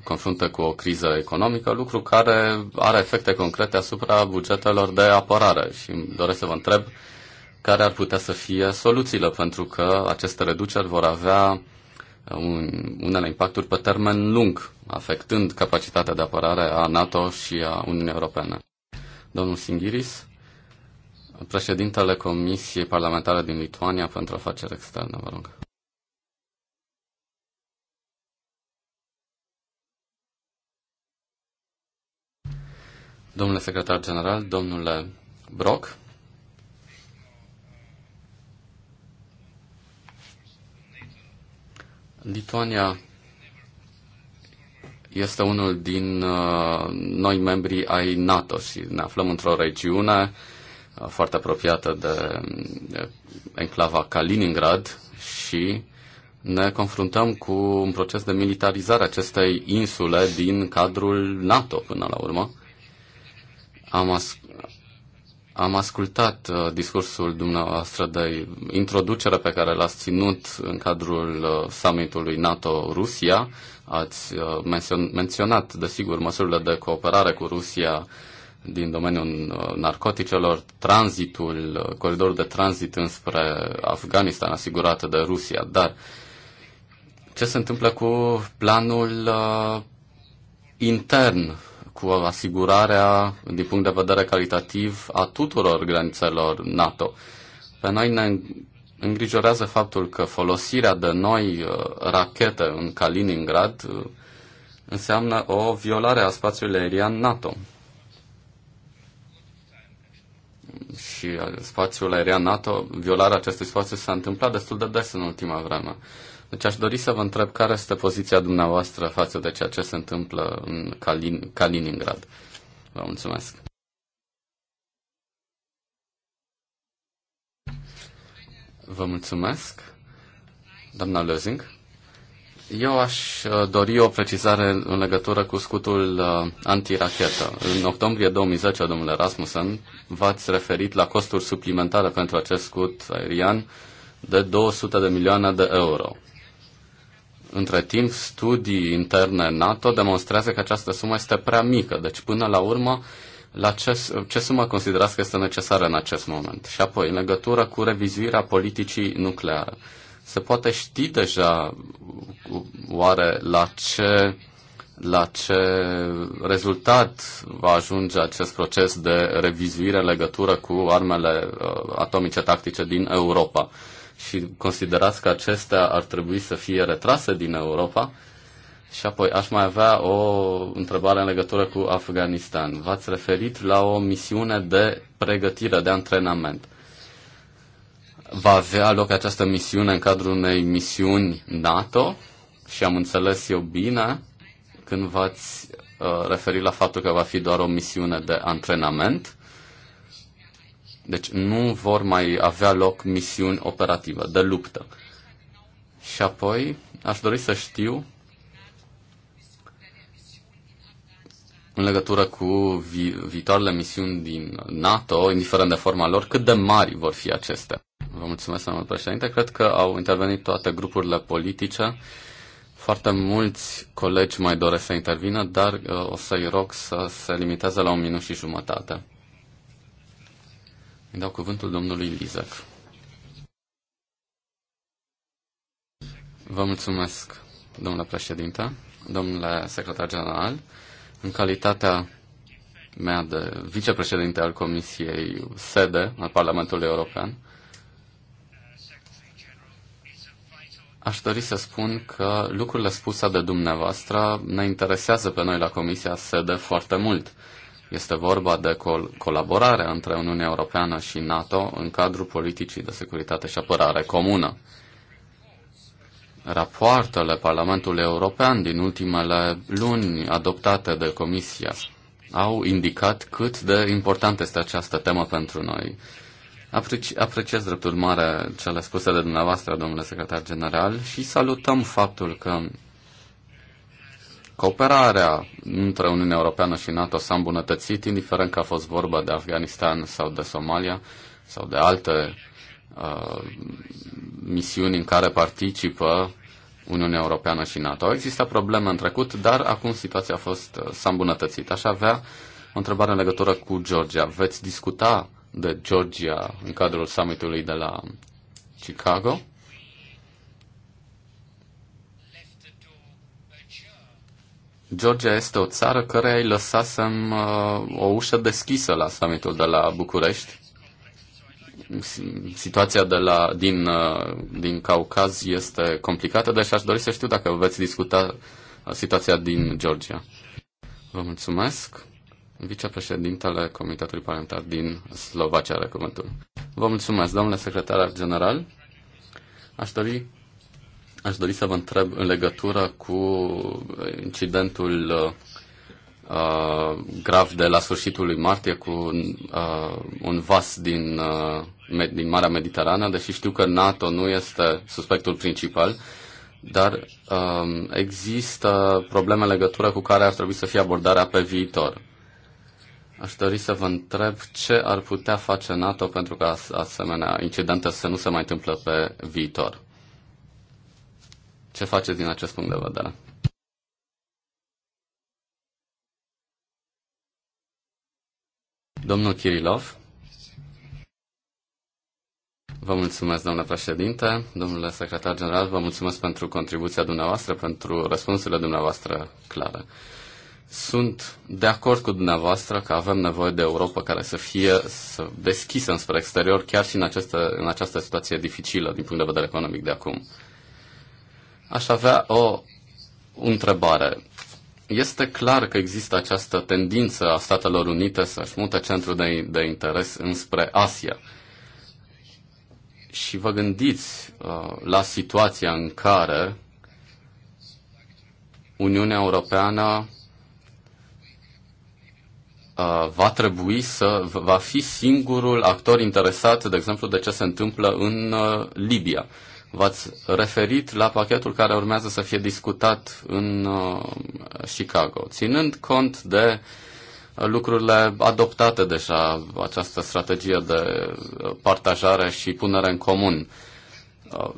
confruntă cu o criză economică, lucru care are efecte concrete asupra bugetelor de apărare și doresc să vă întreb care ar putea să fie soluțiile, pentru că aceste reduceri vor avea un, unele impacturi pe termen lung, afectând capacitatea de apărare a NATO și a Uniunii Europene. Domnul Singiris, președintele Comisiei Parlamentare din Lituania pentru Afaceri Externe, vă rog. Domnule secretar general, domnule Brock, Lituania este unul din uh, noi membri ai NATO și ne aflăm într-o regiune uh, foarte apropiată de, de enclava Kaliningrad și ne confruntăm cu un proces de militarizare acestei insule din cadrul NATO până la urmă. Am, as- am ascultat uh, discursul dumneavoastră de introducere pe care l-ați ținut în cadrul uh, summitului NATO-Rusia. Ați uh, mențion- menționat, desigur, măsurile de cooperare cu Rusia din domeniul uh, narcoticelor, tranzitul, uh, coridorul de tranzit înspre Afganistan asigurat de Rusia, dar ce se întâmplă cu planul uh, intern cu asigurarea, din punct de vedere calitativ, a tuturor granițelor NATO. Pe noi ne îngrijorează faptul că folosirea de noi uh, rachete în Kaliningrad uh, înseamnă o violare a spațiului aerian NATO. Și uh, spațiul aerian NATO, violarea acestui spațiu s-a întâmplat destul de des în ultima vreme. Deci aș dori să vă întreb care este poziția dumneavoastră față de ceea ce se întâmplă în Kalin- Kaliningrad. Vă mulțumesc. Vă mulțumesc. Doamna Lozing. Eu aș uh, dori o precizare în legătură cu scutul uh, antirachetă. În octombrie 2010, domnule Rasmussen, v-ați referit la costuri suplimentare pentru acest scut aerian de 200 de milioane de euro. Între timp, studii interne NATO demonstrează că această sumă este prea mică, deci până la urmă, la ce, ce sumă considerați că este necesară în acest moment? Și apoi, în legătură cu revizuirea politicii nucleare, se poate ști deja oare la ce, la ce rezultat va ajunge acest proces de revizuire în legătură cu armele uh, atomice tactice din Europa? și considerați că acestea ar trebui să fie retrase din Europa? Și apoi aș mai avea o întrebare în legătură cu Afganistan. V-ați referit la o misiune de pregătire, de antrenament. Va avea loc această misiune în cadrul unei misiuni NATO și am înțeles eu bine când v-ați uh, referit la faptul că va fi doar o misiune de antrenament deci nu vor mai avea loc misiuni operative de luptă. Și apoi aș dori să știu în legătură cu vi- viitoarele misiuni din NATO, indiferent de forma lor, cât de mari vor fi acestea. Vă mulțumesc, doamnă președinte. Cred că au intervenit toate grupurile politice. Foarte mulți colegi mai doresc să intervină, dar uh, o să-i rog să se limiteze la un minut și jumătate. Îi dau cuvântul domnului Lizac. Vă mulțumesc, domnule președinte, domnule secretar general. În calitatea mea de vicepreședinte al Comisiei SEDE al Parlamentului European, Aș dori să spun că lucrurile spuse de dumneavoastră ne interesează pe noi la Comisia SEDE foarte mult. Este vorba de col- colaborare între Uniunea Europeană și NATO în cadrul politicii de securitate și apărare comună. Rapoartele Parlamentului European din ultimele luni adoptate de Comisia au indicat cât de importantă este această temă pentru noi. Apreci- apreciez drept urmare cele spuse de dumneavoastră, domnule secretar general, și salutăm faptul că Cooperarea între Uniunea Europeană și NATO s-a îmbunătățit, indiferent că a fost vorba de Afganistan sau de Somalia sau de alte uh, misiuni în care participă Uniunea Europeană și NATO. Au existat probleme în trecut, dar acum situația a fost, uh, s-a îmbunătățit. Aș avea o întrebare în legătură cu Georgia. Veți discuta de Georgia în cadrul summitului de la Chicago? Georgia este o țară care îi lăsasem uh, o ușă deschisă la summitul de la București. Situația de la, din, uh, din Caucaz este complicată, deci aș dori să știu dacă veți discuta uh, situația din Georgia. Vă mulțumesc. Vicepreședintele Comitetului Parlamentar din Slovacia are cuvântul. Vă mulțumesc, domnule secretar general. Aș dori Aș dori să vă întreb în legătură cu incidentul uh, grav de la sfârșitul lui martie cu uh, un vas din, uh, din Marea Mediterană, deși știu că NATO nu este suspectul principal, dar uh, există probleme în legătură cu care ar trebui să fie abordarea pe viitor. Aș dori să vă întreb ce ar putea face NATO pentru ca asemenea incidente să nu se mai întâmplă pe viitor. Ce faceți din acest punct de vedere? Domnul Kirilov. Vă mulțumesc, domnule președinte, domnule secretar general, vă mulțumesc pentru contribuția dumneavoastră, pentru răspunsurile dumneavoastră clare. Sunt de acord cu dumneavoastră că avem nevoie de Europa care să fie să deschisă înspre exterior, chiar și în, această în această situație dificilă din punct de vedere economic de acum. Aș avea o întrebare. Este clar că există această tendință a Statelor Unite să-și mute centrul de, de interes înspre Asia. Și vă gândiți uh, la situația în care Uniunea Europeană uh, va trebui să va fi singurul actor interesat, de exemplu, de ce se întâmplă în uh, Libia. Uh, V-ați referit la pachetul care urmează să fie discutat în uh, Chicago, ținând cont de uh, lucrurile adoptate deja, această strategie de uh, partajare și punere în comun. Uh,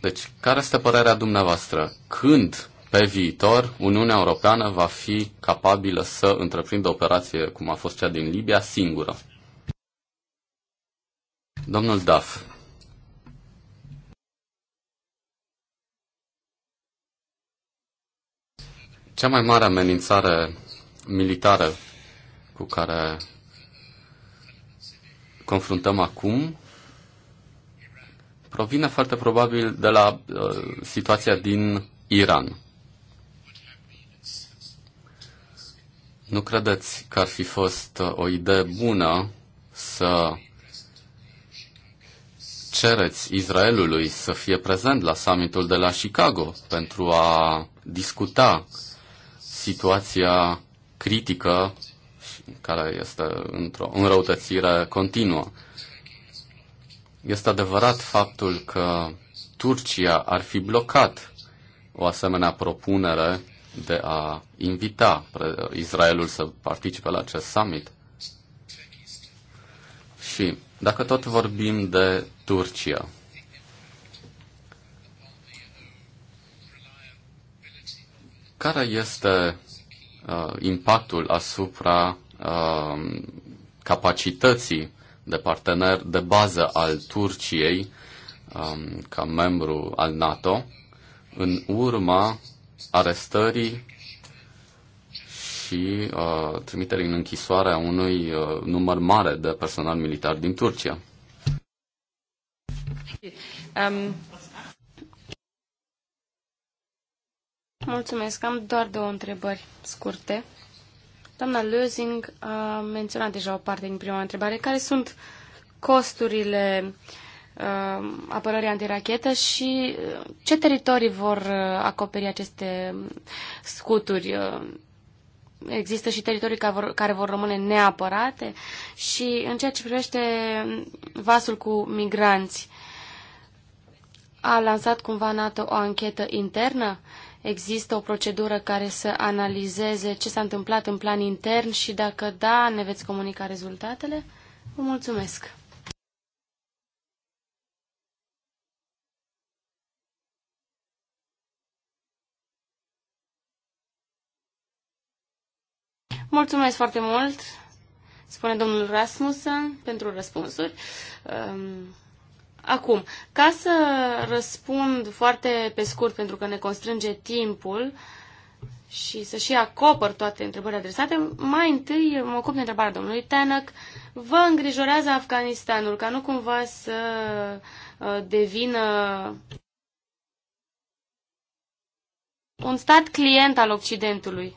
deci, care este părerea dumneavoastră? Când pe viitor Uniunea Europeană va fi capabilă să întreprindă operație cum a fost cea din Libia singură? Domnul Daf, Cea mai mare amenințare militară cu care confruntăm acum provine foarte probabil de la uh, situația din Iran. Nu credeți că ar fi fost uh, o idee bună să cereți Israelului să fie prezent la summitul de la Chicago pentru a discuta uh, situația critică care este într-o înrăutățire continuă. Este adevărat faptul că Turcia ar fi blocat o asemenea propunere de a invita Israelul să participe la acest summit. Și dacă tot vorbim de Turcia, Care este uh, impactul asupra uh, capacității de partener de bază al Turciei um, ca membru al NATO în urma arestării și uh, trimiterii în închisoare a unui uh, număr mare de personal militar din Turcia. Um, Mulțumesc. Am doar două întrebări scurte. Doamna Lözing a menționat deja o parte din prima întrebare. Care sunt costurile uh, apărării antirachetă și uh, ce teritorii vor uh, acoperi aceste scuturi? Uh, există și teritorii care vor, care vor rămâne neapărate? Și în ceea ce privește vasul cu migranți, a lansat cumva NATO o anchetă internă? Uh, există o procedură care să analizeze ce s-a întâmplat în plan intern și dacă da, ne veți comunica rezultatele? Vă mulțumesc! Mulțumesc foarte mult, spune domnul Rasmussen, pentru răspunsuri. Um, Acum, ca să răspund foarte pe scurt, pentru că ne constrânge timpul și să și acopăr toate întrebările adresate, mai întâi mă ocup de întrebarea domnului Tenăc. Vă îngrijorează Afganistanul ca nu cumva să uh, devină un stat client al Occidentului?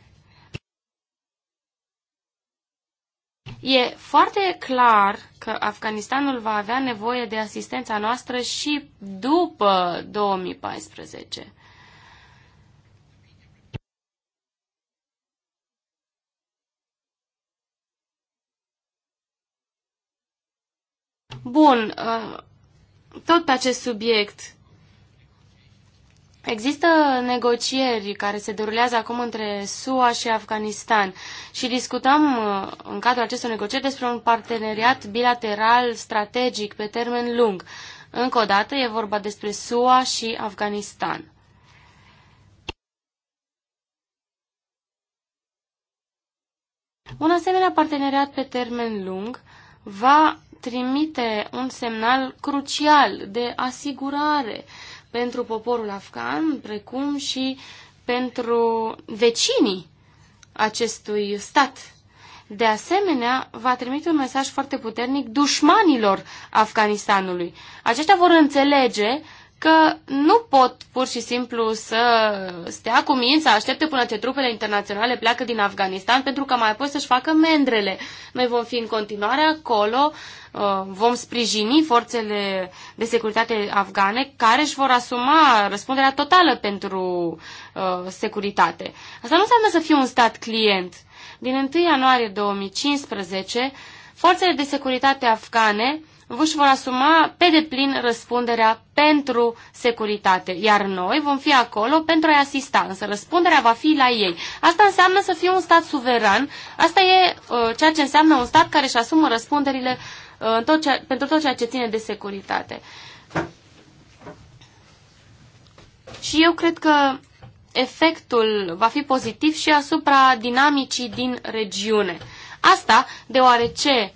E foarte clar că Afganistanul va avea nevoie de asistența noastră și după 2014. Bun, uh, tot pe acest subiect, Există negocieri care se derulează acum între SUA și Afganistan și discutăm uh, în cadrul acestor negocieri despre un parteneriat bilateral strategic pe termen lung. Încă o dată e vorba despre SUA și Afganistan. Un asemenea parteneriat pe termen lung va trimite un semnal crucial de asigurare uh, pentru poporul afgan, precum și pentru vecinii acestui stat. De asemenea, va trimite un mesaj foarte puternic dușmanilor Afganistanului. Aceștia vor înțelege că nu pot pur și simplu să stea cu să aștepte până ce trupele internaționale pleacă din Afganistan, pentru că mai apoi să-și facă mendrele. Noi vom fi în continuare acolo, uh, vom sprijini forțele de securitate afgane care își vor asuma răspunderea totală pentru uh, securitate. Asta nu înseamnă să fie un stat client. Din 1 ianuarie 2015, forțele de securitate afgane își vor asuma pe deplin răspunderea pentru securitate, iar noi vom fi acolo pentru a-i asista, însă răspunderea va fi la ei. Asta înseamnă să fie un stat suveran, asta e uh, ceea ce înseamnă un stat care își asumă răspunderile uh, tot ce, pentru tot ceea ce ține de securitate. Și eu cred că efectul va fi pozitiv și asupra dinamicii din regiune. Asta deoarece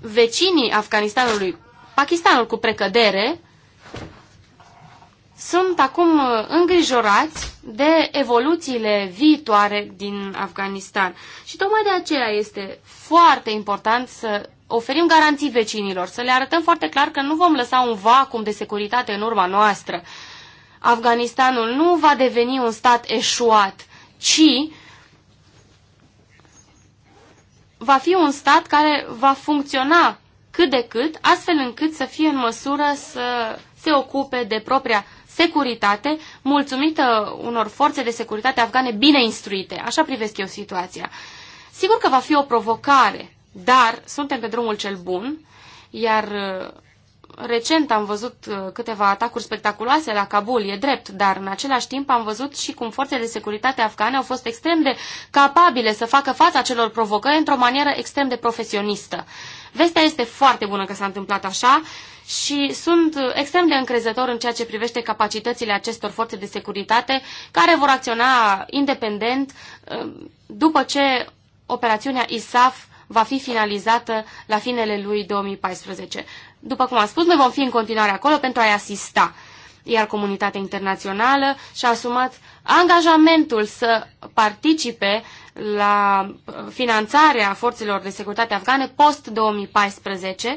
vecinii Afganistanului, Pakistanul cu precădere, sunt acum uh, îngrijorați de evoluțiile viitoare din Afganistan. Și tocmai de aceea este foarte important să oferim garanții vecinilor, să le arătăm foarte clar că nu vom lăsa un vacuum de securitate în urma noastră. Afganistanul nu va deveni un stat eșuat, ci va fi un stat care va funcționa cât de cât, astfel încât să fie în măsură să se ocupe de propria securitate, mulțumită unor forțe de securitate afgane bine instruite. Așa privesc eu situația. Sigur că va fi o provocare, dar suntem pe drumul cel bun, iar recent am văzut uh, câteva atacuri spectaculoase la Kabul, e drept, dar în același timp am văzut și cum forțele de securitate afgane au fost extrem de capabile să facă fața celor provocări într-o manieră extrem de profesionistă. Vestea este foarte bună că s-a întâmplat așa și sunt uh, extrem de încrezător în ceea ce privește capacitățile acestor forțe de securitate care vor acționa independent uh, după ce operațiunea ISAF va fi finalizată la finele lui 2014. După cum am spus, noi vom fi în continuare acolo pentru a-i asista. Iar comunitatea internațională și-a asumat angajamentul să participe la uh, finanțarea forțelor de securitate afgane post-2014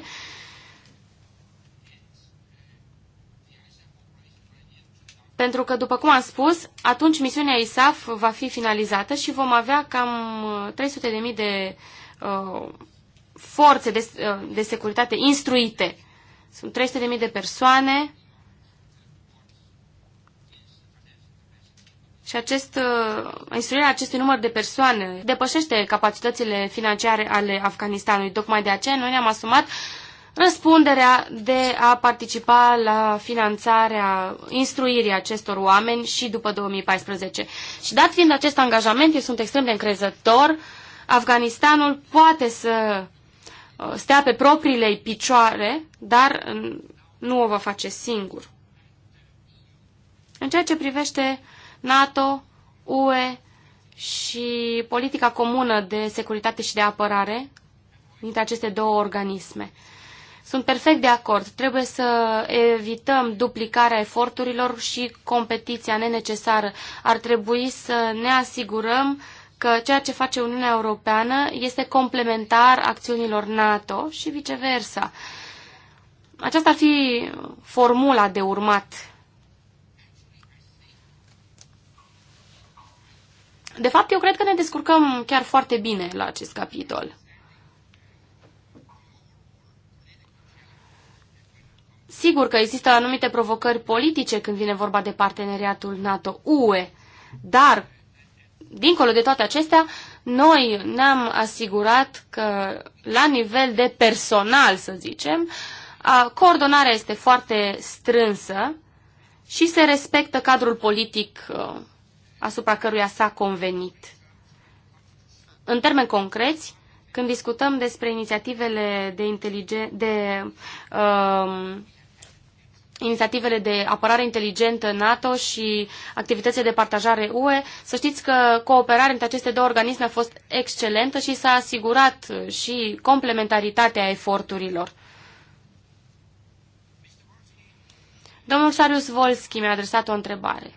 pentru că, după cum am spus, atunci misiunea ISAF va fi finalizată și vom avea cam 300.000 uh, de uh, forțe de, de securitate instruite. Sunt 300.000 de persoane și acest, uh, instruirea acestui număr de persoane depășește capacitățile financiare ale Afganistanului. Tocmai de aceea noi ne-am asumat răspunderea de a participa la finanțarea instruirii acestor oameni și după 2014. Și dat fiind acest angajament, eu sunt extrem de încrezător, Afganistanul poate să Uh, stea pe propriile picioare, dar nu o va face singur. În ceea ce privește NATO, UE și politica comună de securitate și de apărare dintre aceste două organisme. Sunt perfect de acord. Trebuie să evităm duplicarea eforturilor și competiția nenecesară. Ar trebui să ne asigurăm uh, că ceea ce face Uniunea Europeană este complementar acțiunilor NATO și viceversa. Aceasta ar fi formula de urmat. De fapt, eu cred că ne descurcăm chiar foarte bine la acest capitol. Sigur că există anumite provocări politice când vine vorba de parteneriatul NATO-UE, dar dincolo de toate acestea, noi ne-am asigurat că la nivel de personal, să zicem, coordonarea este foarte strânsă și se respectă cadrul politic asupra căruia s-a convenit. În termeni concreți, când discutăm despre inițiativele de, inteligență, de uh, inițiativele de apărare inteligentă NATO și activitățile de partajare UE. Să știți că cooperarea între aceste două organisme a fost excelentă și s-a asigurat și complementaritatea eforturilor. Domnul Sarius Volski mi-a adresat o întrebare.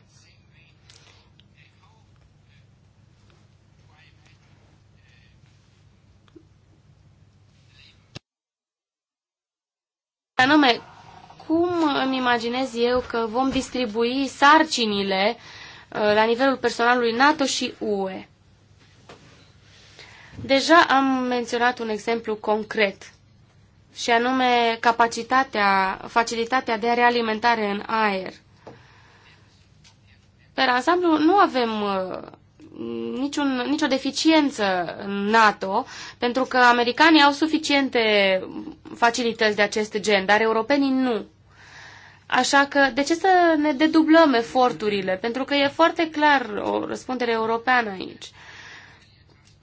Anume, cum îmi imaginez eu că vom distribui sarcinile uh, la nivelul personalului NATO și UE? Deja am menționat un exemplu concret și anume capacitatea, facilitatea de realimentare în aer. Pe ansamblu nu avem uh, niciun, nicio deficiență în NATO, pentru că americanii au suficiente facilități de acest gen, dar europenii nu. Așa că de ce să ne dedublăm eforturile? Pentru că e foarte clar o răspundere europeană aici.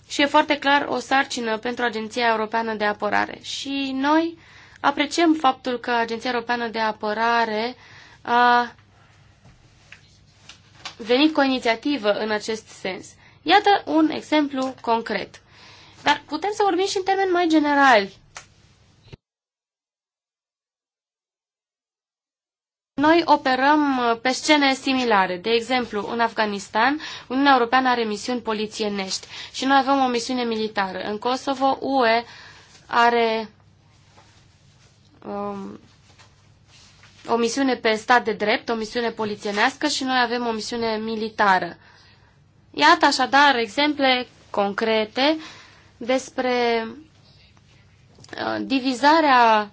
Și e foarte clar o sarcină pentru Agenția Europeană de Apărare. Și noi apreciem faptul că Agenția Europeană de Apărare a venit cu o inițiativă în acest sens. Iată un exemplu concret. Dar putem să vorbim și în termeni mai generali. Noi operăm uh, pe scene similare. De exemplu, în Afganistan, Uniunea Europeană are misiuni polițienești și noi avem o misiune militară. În Kosovo, UE are um, o misiune pe stat de drept, o misiune polițienească și noi avem o misiune militară. Iată așadar exemple concrete despre uh, divizarea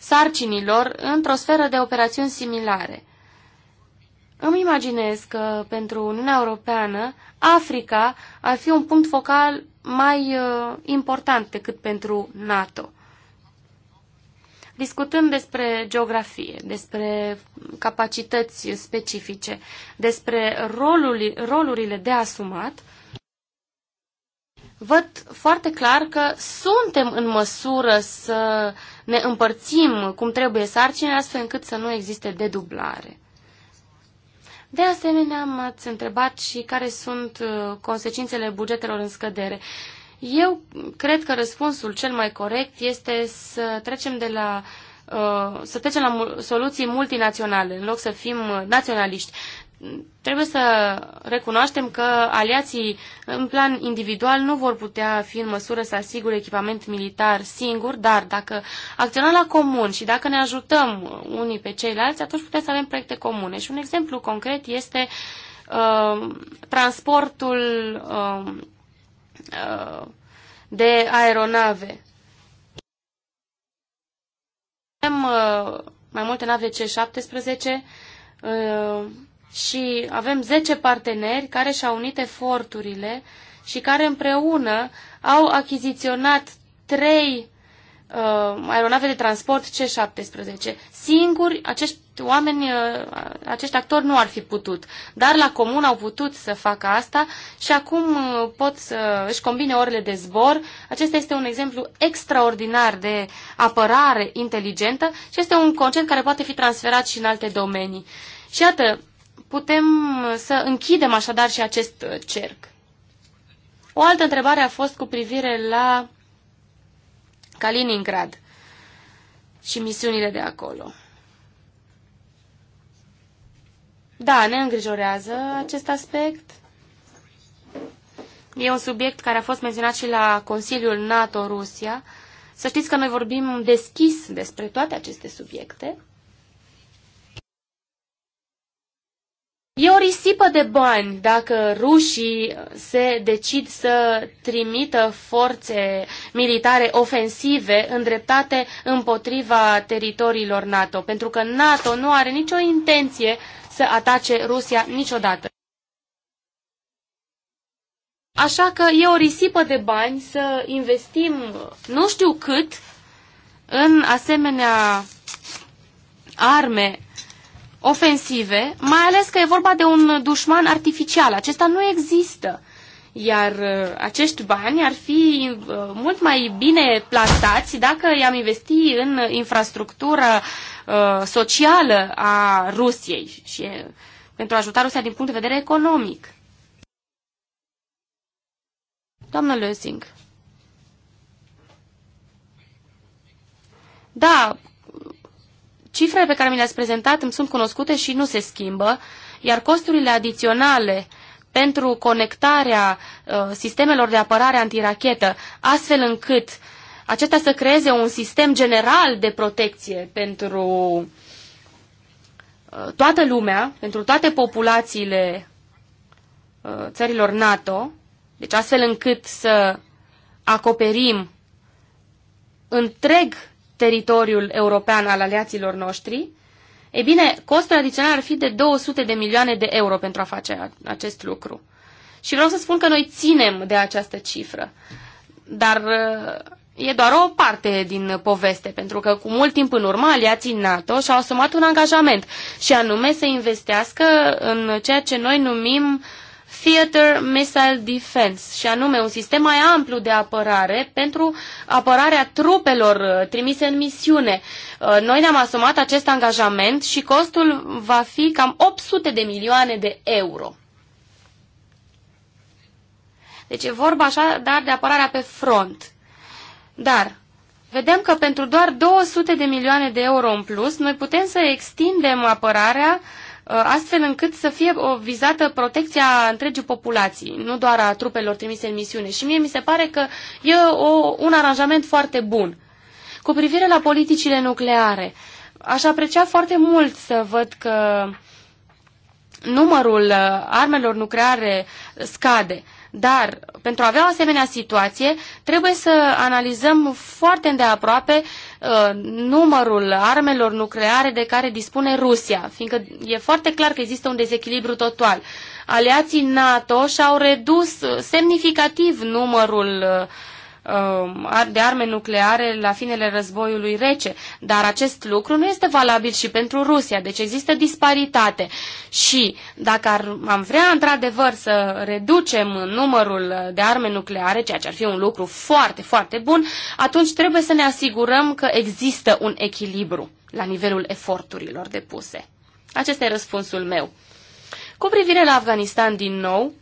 sarcinilor într-o sferă de operațiuni similare. Îmi imaginez că pentru Uniunea Europeană Africa ar fi un punct focal mai uh, important decât pentru NATO. Discutând despre geografie, despre capacități specifice, despre rolul, rolurile de asumat, văd foarte clar că suntem în măsură să ne împărțim cum trebuie sarcinile astfel încât să nu existe dedublare. De asemenea, m-ați întrebat și care sunt uh, consecințele bugetelor în scădere. Eu cred că răspunsul cel mai corect este să trecem de la uh, să trecem la soluții multinaționale, în loc să fim uh, naționaliști trebuie să recunoaștem că aliații în plan individual nu vor putea fi în măsură să asigure echipament militar singur, dar dacă acționăm la comun și dacă ne ajutăm unii pe ceilalți, atunci putem să avem proiecte comune. Și un exemplu concret este uh, transportul uh, uh de aeronave. Avem uh, mai multe nave C-17, uh, și avem 10 parteneri care și-au unit eforturile și care împreună au achiziționat 3 uh, aeronave de transport C-17. Singuri, acești oameni, uh, acești actori nu ar fi putut, dar la comun au putut să facă asta și acum uh, pot să își combine orele de zbor. Acesta este un exemplu extraordinar de apărare inteligentă și este un concept care poate fi transferat și în alte domenii. Și iată, putem să închidem așadar și acest uh, cerc. O altă întrebare a fost cu privire la Kaliningrad și misiunile de acolo. Da, ne îngrijorează acest aspect. E un subiect care a fost menționat și la Consiliul NATO-Rusia. Să știți că noi vorbim deschis despre toate aceste subiecte. E o risipă de bani dacă rușii se decid să trimită forțe militare ofensive îndreptate împotriva teritoriilor NATO, pentru că NATO nu are nicio intenție să atace Rusia niciodată. Așa că e o risipă de bani să investim nu știu cât în asemenea arme ofensive, mai ales că e vorba de un dușman artificial. Acesta nu există. Iar uh, acești bani ar fi uh, mult mai bine plasați dacă i-am investi în infrastructura uh, socială a Rusiei și pentru a ajuta Rusia din punct de vedere economic. Doamnă Lösing. Da, Cifrele pe care mi le-ați prezentat îmi sunt cunoscute și nu se schimbă, iar costurile adiționale pentru conectarea uh, sistemelor de apărare antirachetă, astfel încât acesta să creeze un sistem general de protecție pentru uh, toată lumea, pentru toate populațiile uh, țărilor NATO, deci astfel încât să acoperim întreg teritoriul european al aliaților noștri, e bine, costul adițional ar fi de 200 de milioane de euro pentru a face acest lucru. Și vreau să spun că noi ținem de această cifră, dar uh, e doar o parte din poveste, pentru că cu mult timp în urmă aliații NATO și-au asumat un angajament și anume să investească în ceea ce noi numim uh, Theater Missile Defense, și anume un sistem mai amplu de apărare pentru apărarea trupelor uh, trimise în misiune. Uh, noi ne-am asumat acest angajament și costul va fi cam 800 de milioane de euro. Deci e vorba așa, dar de apărarea pe front. Dar vedem că pentru doar 200 de milioane de euro în plus, noi putem să extindem apărarea uh, Uh, astfel încât să fie o uh, vizată protecția întregii populații, nu doar a trupelor trimise în misiune. Și mie mi se pare că e o, un aranjament foarte bun. Cu privire la politicile nucleare, aș aprecia foarte mult să văd că numărul uh, armelor nucleare scade. Dar pentru a avea o asemenea situație, trebuie să analizăm foarte îndeaproape uh, numărul armelor nucleare de care dispune Rusia, fiindcă e foarte clar că există un dezechilibru total. Aliații NATO și-au redus semnificativ numărul uh, Um, de arme nucleare la finele războiului rece, dar acest lucru nu este valabil și pentru Rusia, deci există disparitate. Și dacă ar, am vrea într-adevăr să reducem numărul de arme nucleare, ceea ce ar fi un lucru foarte, foarte bun, atunci trebuie să ne asigurăm că există un echilibru la nivelul eforturilor depuse. Acesta e răspunsul meu. Cu privire la Afganistan din nou,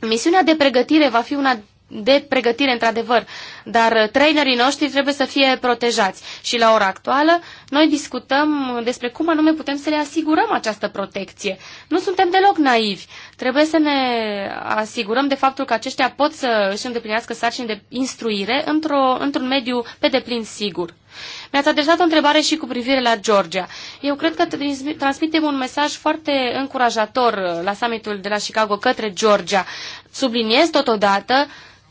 misiunea de pregătire va fi una de pregătire, într-adevăr, dar trainerii noștri trebuie să fie protejați. Și la ora actuală, noi discutăm despre cum anume putem să le asigurăm această protecție. Nu suntem deloc naivi. Trebuie să ne asigurăm de faptul că aceștia pot să își îndeplinească sarcini de instruire într-un într mediu pe deplin sigur. Mi-ați adresat o întrebare și cu privire la Georgia. Eu cred că transmitem un mesaj foarte încurajator la summitul de la Chicago către Georgia. Subliniez totodată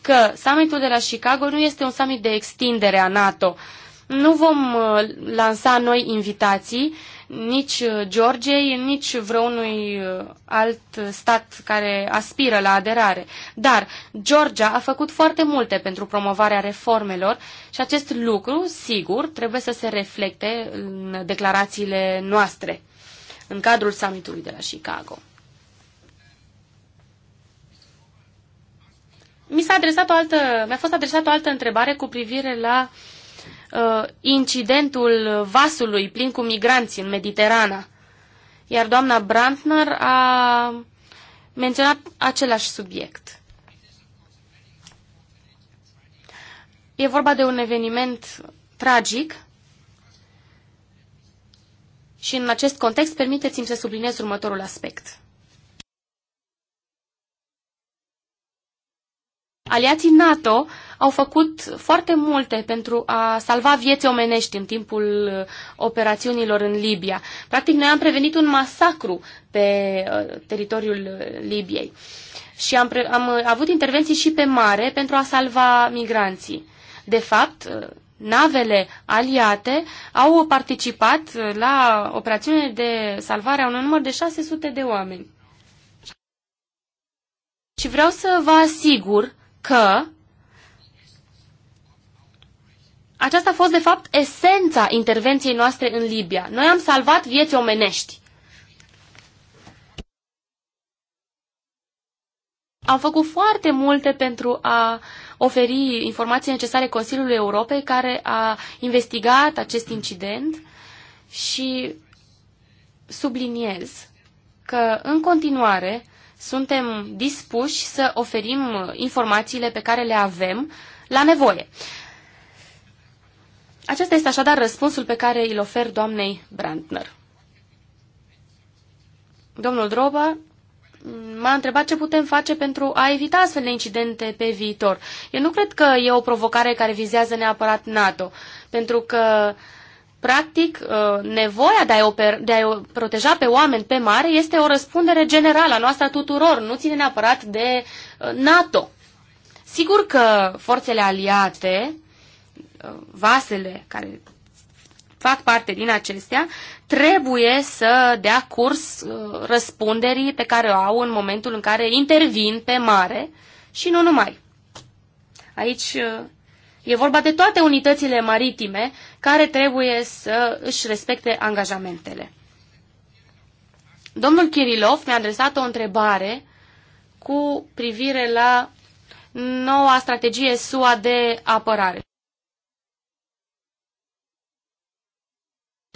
că summitul de la Chicago nu este un summit de extindere a NATO. Nu vom uh, lansa noi invitații, nici uh, Georgiei, nici vreunui uh, alt stat care aspiră la aderare. Dar Georgia a făcut foarte multe pentru promovarea reformelor și acest lucru, sigur, trebuie să se reflecte în declarațiile noastre în cadrul summitului de la Chicago. Mi s-a adresat o altă, mi-a fost adresată o altă întrebare cu privire la uh, incidentul vasului plin cu migranți în Mediterana. Iar doamna Brandner a menționat același subiect. E vorba de un eveniment tragic și în acest context permiteți-mi să subliniez următorul aspect. Aliații NATO au făcut foarte multe pentru a salva vieți omenești în timpul uh, operațiunilor în Libia. Practic, noi am prevenit un masacru pe uh, teritoriul uh, Libiei și am, pre- am avut intervenții și pe mare pentru a salva migranții. De fapt, navele aliate au participat la operațiune de salvare a unui număr de 600 de oameni. Și vreau să vă asigur că aceasta a fost, de fapt, esența intervenției noastre în Libia. Noi am salvat vieți omenești. Am făcut foarte multe pentru a oferi informații necesare Consiliului Europei care a investigat acest incident și subliniez că, în continuare, suntem dispuși să oferim informațiile pe care le avem la nevoie. Acesta este așadar răspunsul pe care îl ofer doamnei Brandner. Domnul Droba m-a întrebat ce putem face pentru a evita astfel de incidente pe viitor. Eu nu cred că e o provocare care vizează neapărat NATO, pentru că Practic, uh, nevoia de a, de a proteja pe oameni pe mare este o răspundere generală a noastră a tuturor, nu ține neapărat de uh, NATO. Sigur că forțele aliate, uh, vasele care fac parte din acestea, trebuie să dea curs răspunderii pe care o au în momentul în care intervin pe mare și nu numai. Aici E vorba de toate unitățile maritime care trebuie să își respecte angajamentele. Domnul Kirilov mi-a adresat o întrebare cu privire la noua strategie SUA de apărare.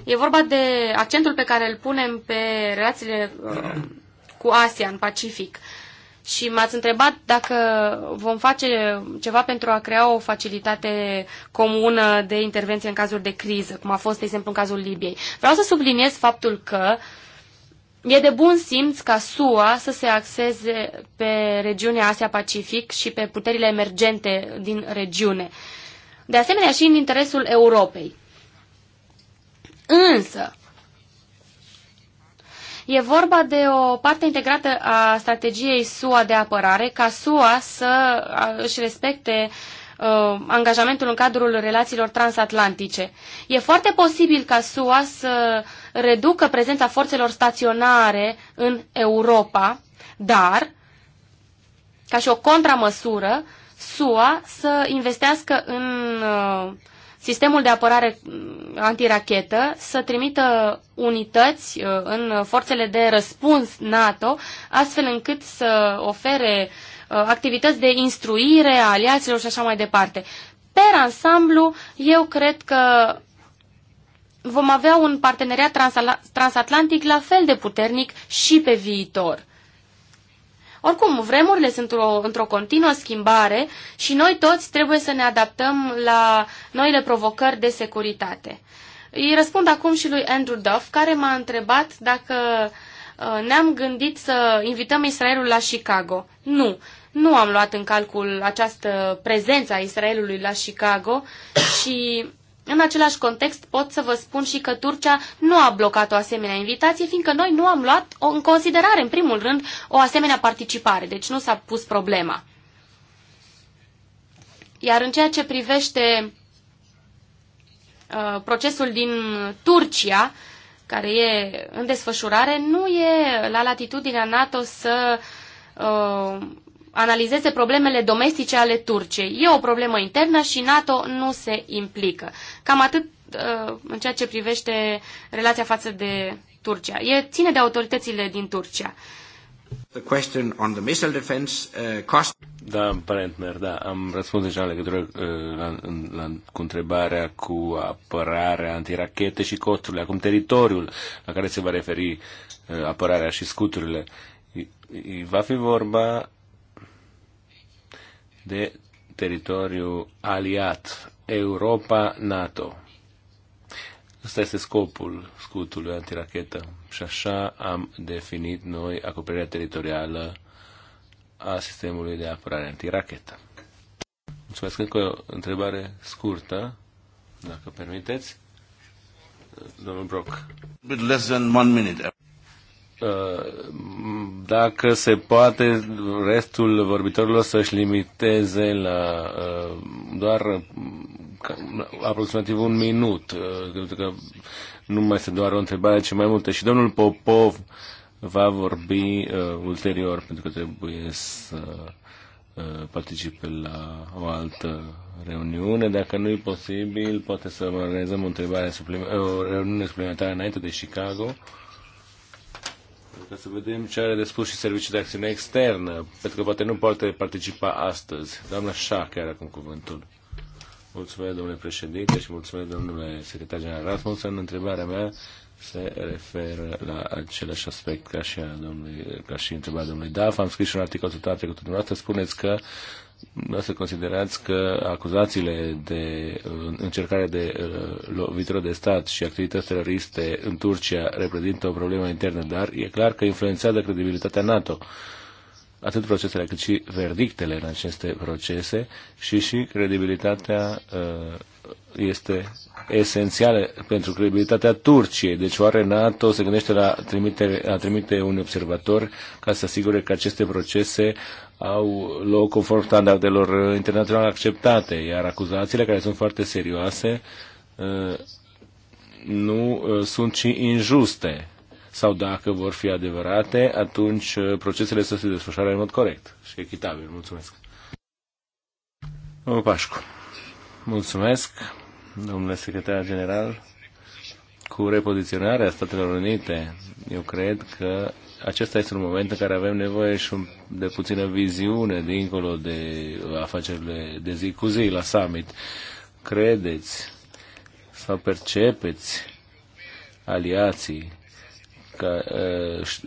E vorba de accentul pe care îl punem pe relațiile uh, cu Asia în Pacific și m-ați întrebat dacă vom face ceva pentru a crea o facilitate comună de intervenție în cazuri de criză, cum a fost, de exemplu, în cazul Libiei. Vreau să subliniez faptul că e de bun simț ca SUA să se axeze pe regiunea Asia-Pacific și pe puterile emergente din regiune. De asemenea, și în interesul Europei. Însă, E vorba de o parte integrată a strategiei SUA de apărare, ca SUA să își respecte uh, angajamentul în cadrul relațiilor transatlantice. E foarte posibil ca SUA să reducă prezența forțelor staționare în Europa, dar, ca și o contramăsură, SUA să investească în uh, sistemul de apărare mm, antirachetă să trimită unități uh, în forțele de răspuns NATO, astfel încât să ofere uh, activități de instruire a aliaților și așa mai departe. Per ansamblu, eu cred că vom avea un parteneriat transatlantic la fel de puternic și pe viitor. Oricum, vremurile sunt într-o, într-o continuă schimbare și noi toți trebuie să ne adaptăm la noile provocări de securitate. Îi răspund acum și lui Andrew Duff, care m-a întrebat dacă uh, ne-am gândit să invităm Israelul la Chicago. Nu, nu am luat în calcul această prezență a Israelului la Chicago și în același context pot să vă spun și că Turcia nu a blocat o asemenea invitație, fiindcă noi nu am luat o, în considerare, în primul rând, o asemenea participare, deci nu s-a pus problema. Iar în ceea ce privește uh, procesul din Turcia, care e în desfășurare, nu e la latitudinea NATO să uh, analizeze problemele domestice ale Turciei. E o problemă internă și NATO nu se implică. Cam atât uh, în ceea ce privește relația față de Turcia. E ține de autoritățile din Turcia. The question on the missile defense uh, cost. Da, Brentner, da, am răspuns deja în legătură uh, la, la, cu întrebarea cu apărarea antirachete și costurile. Acum teritoriul la care se va referi uh, apărarea și scuturile. I, i, va fi vorba de teritoriu aliat, Europa-NATO. Ăsta este scopul scutului antirachetă și așa am definit noi acoperirea teritorială a sistemului de apărare antirachetă. Mulțumesc încă o întrebare scurtă, dacă permiteți. Domnul Brock. With less than one minute. Uh, dacă se poate, restul vorbitorilor să-și limiteze la uh, doar uh, aproximativ un minut, pentru că nu mai este doar o întrebare, ci mai multe. Și domnul Popov va vorbi ulterior, pentru că trebuie să participe la o altă reuniune. Dacă nu e posibil, poate să organizăm o, întrebare o reuniune suplimentară înainte de Chicago ca să vedem ce are de spus și Serviciul de Acțiune Externă, pentru că poate nu poate participa astăzi. Doamna Șa, chiar acum cuvântul. Mulțumesc, domnule președinte, și mulțumesc, domnule secretar general Rasmussen. Întrebarea mea se referă la același aspect ca și, a domnului, ca și întrebarea domnului Daf. Am scris și un articol total trecut dumneavoastră. Spuneți că da, să considerați că acuzațiile de încercare de uh, lovitură de stat și activități teroriste în Turcia reprezintă o problemă internă, dar e clar că influențează credibilitatea NATO, atât procesele cât și verdictele în aceste procese și și credibilitatea uh, este esențială pentru credibilitatea Turciei. Deci oare NATO se gândește la trimite, a trimite un observator ca să asigure că aceste procese au loc conform standardelor internaționale acceptate, iar acuzațiile care sunt foarte serioase uh, nu uh, sunt și injuste. Sau dacă vor fi adevărate, atunci uh, procesele să se desfășoare în mod corect și echitabil. Mulțumesc. Domnul Pașcu. Mulțumesc, domnule secretar general. Cu repoziționarea Statelor Unite, eu cred că acesta este un moment în care avem nevoie și de puțină viziune dincolo de afacerile de zi cu zi la summit. Credeți sau percepeți aliații că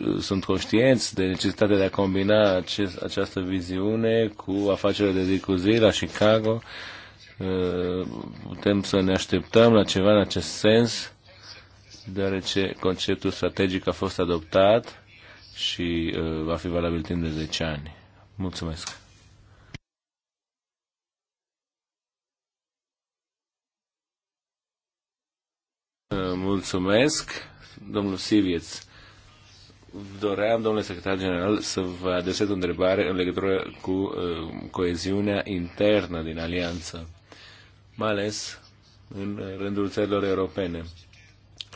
uh, sunt conștienți de necesitatea de a combina acest, această viziune cu afacerile de zi cu zi la Chicago Uh, putem să ne așteptăm la ceva în acest sens, deoarece conceptul strategic a fost adoptat și uh, va fi valabil timp de 10 ani. Mulțumesc! Uh, mulțumesc, domnul Sivieț. Doream, domnule secretar general, să vă adresez o întrebare în legătură cu uh, coeziunea internă din alianță mai ales în rândul țărilor europene.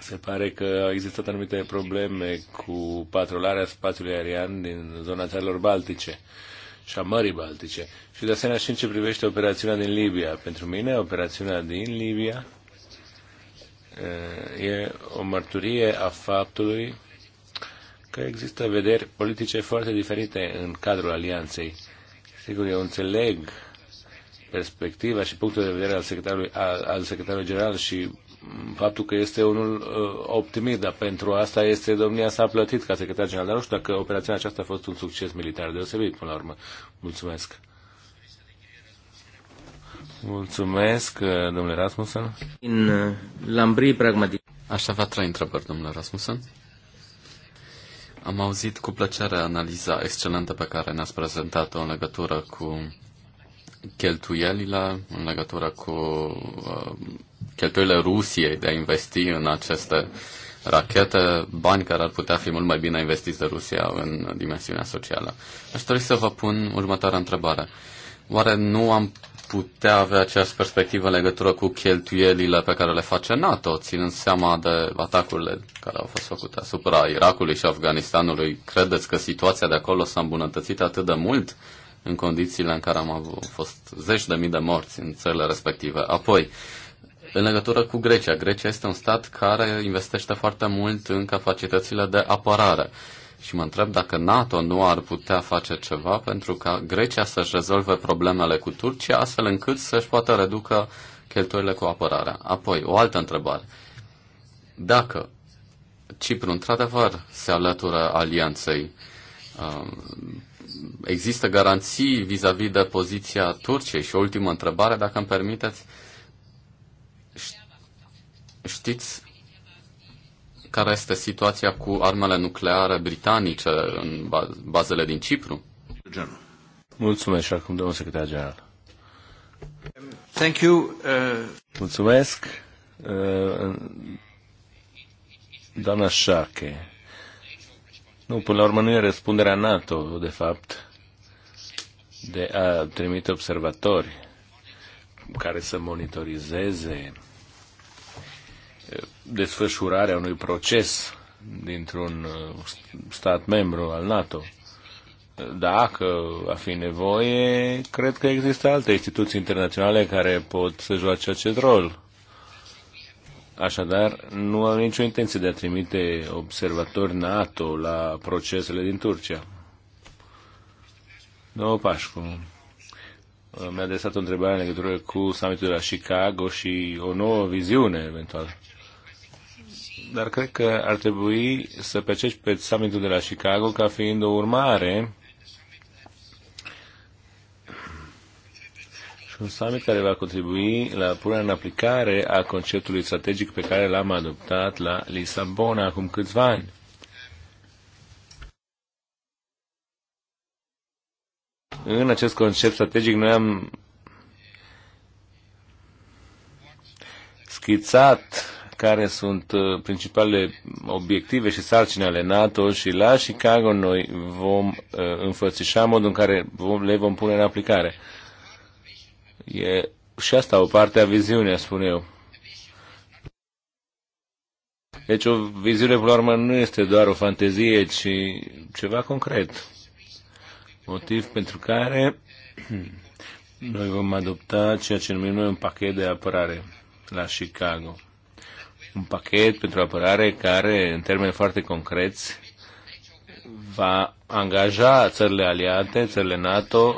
Se pare că au existat anumite probleme cu patrularea spațiului aerian din zona țărilor baltice și a Mării Baltice. Și de asemenea și în ce privește operațiunea din Libia. Pentru mine, operațiunea din Libia eh, e o mărturie a faptului că există vederi politice foarte diferite în cadrul alianței. Sigur, eu înțeleg perspectiva și punctul de vedere al secretarului, al, al secretarului general și faptul că este unul uh, optimist, dar pentru asta este domnia s-a plătit ca secretar general, dar nu știu dacă operațiunea aceasta a fost un succes militar deosebit până la urmă. Mulțumesc. Mulțumesc, uh, domnule Rasmussen. În uh, Lambrii pragmatic. Aș avea trei întrebări, domnule Rasmussen. Am auzit cu plăcere analiza excelentă pe care ne-ați prezentat-o în legătură cu cheltuielile în legătură cu uh, cheltuielile Rusiei de a investi în aceste rachete, bani care ar putea fi mult mai bine investiți de Rusia în dimensiunea socială. Aș dori să vă pun următoarea întrebare. Oare nu am putea avea aceeași perspectivă în legătură cu cheltuielile pe care le face NATO, ținând seama de atacurile care au fost făcute asupra Irakului și Afganistanului? Credeți că situația de acolo s-a îmbunătățit atât de mult în condițiile în care am avut, fost zeci de mii de morți în țările respective. Apoi, în legătură cu Grecia, Grecia este un stat care investește foarte mult în capacitățile de apărare. Și mă întreb dacă NATO nu ar putea face ceva pentru ca Grecia să-și rezolve problemele cu Turcia, astfel încât să-și poată reducă cheltuielile cu apărarea. Apoi, o altă întrebare. Dacă Cipru într-adevăr se alătură alianței, um, există garanții vis-a-vis -vis de poziția Turciei? Și o ultimă întrebare, dacă îmi permiteți. Știți care este situația cu armele nucleare britanice în bazele din Cipru? Mulțumesc și acum, domnul secretar general. Thank you. Uh... Mulțumesc. Uh, doamna Șache. Nu, până la urmă nu e răspunderea NATO, de fapt, de a trimite observatori care să monitorizeze eh, desfășurarea unui proces dintr-un eh, stat membru al NATO. Dacă a fi nevoie, cred că există alte instituții internaționale care pot să joace acest rol. Așadar, nu au nicio intenție de a trimite observatori NATO la procesele din Turcia. Domnul Pașcu, mi-a adresat o întrebare în legătură cu summitul de la Chicago și o nouă viziune, eventual. Dar cred că ar trebui să percepi pe summitul de la Chicago ca fiind o urmare și un summit care va contribui la punerea în aplicare a conceptului strategic pe care l-am adoptat la Lisabona acum câțiva ani. În acest concept strategic noi am schițat care sunt uh, principalele obiective și sarcini ale NATO și la Chicago noi vom uh, înfățișa modul în care le vom pune în aplicare. E și asta o parte a viziunii, spun eu. Deci o viziune, până la urmă, nu este doar o fantezie, ci ceva concret. Motiv pentru care noi vom adopta ceea ce numim noi un pachet de apărare la Chicago. Un pachet pentru apărare care, în termeni foarte concreți, va angaja țările aliate, țările NATO,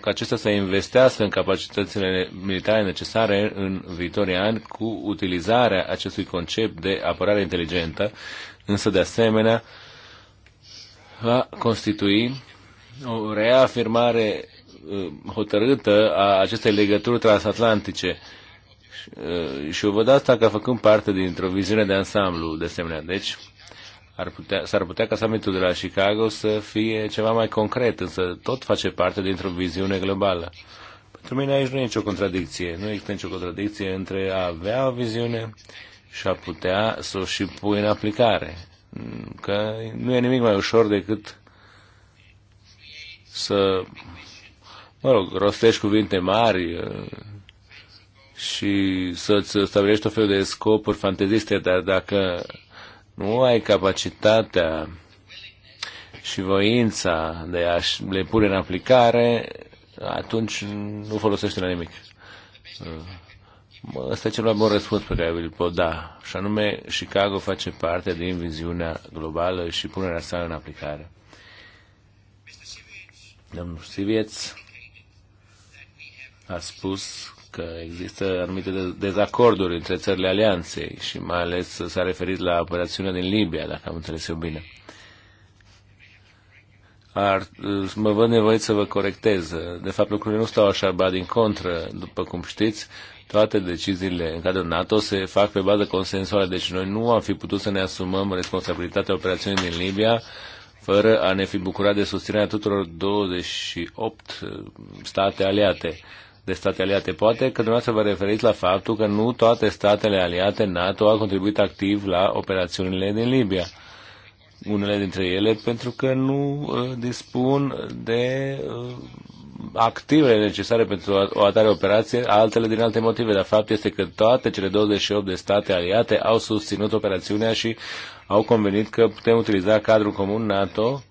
ca acestea să investească în capacitățile militare necesare în viitorii ani cu utilizarea acestui concept de apărare inteligentă, însă de asemenea va constitui o reafirmare uh, hotărâtă a acestei legături transatlantice. Uh, și eu văd asta ca făcând parte dintr-o viziune de ansamblu, de asemenea. Deci, ar putea, s-ar putea ca summitul de la Chicago să fie ceva mai concret, însă tot face parte dintr-o viziune globală. Pentru mine aici nu e nicio contradicție. Nu există nicio contradicție între a avea o viziune și a putea să o și pui în aplicare. Că nu e nimic mai ușor decât să, mă rog, rostești cuvinte mari uh, și să-ți stabilești o fel de scopuri fanteziste, dar dacă nu ai capacitatea și voința de a le pune în aplicare, atunci nu folosește la nimic. Asta uh, e cel mai bun răspuns pe care îl pot da. Și anume, Chicago face parte din viziunea globală și punerea sa în aplicare. Domnul Sivieț a spus că există anumite dezacorduri între țările alianței și mai ales s-a referit la operațiunea din Libia, dacă am înțeles eu bine. Ar, mă văd nevoit să vă corectez. De fapt, lucrurile nu stau așa, ba din contră, după cum știți, toate deciziile în cadrul NATO se fac pe bază consensuală, deci noi nu am fi putut să ne asumăm responsabilitatea operațiunii din Libia fără a ne fi bucurat de susținerea tuturor 28 state aliate de state aliate. Poate că dumneavoastră vă referiți la faptul că nu toate statele aliate NATO au contribuit activ la operațiunile din Libia. Unele dintre ele pentru că nu uh, dispun de uh, activele necesare pentru o atare operație, altele din alte motive, dar fapt este că toate cele 28 de state aliate au susținut operațiunea și au convenit că putem utiliza cadrul comun NATO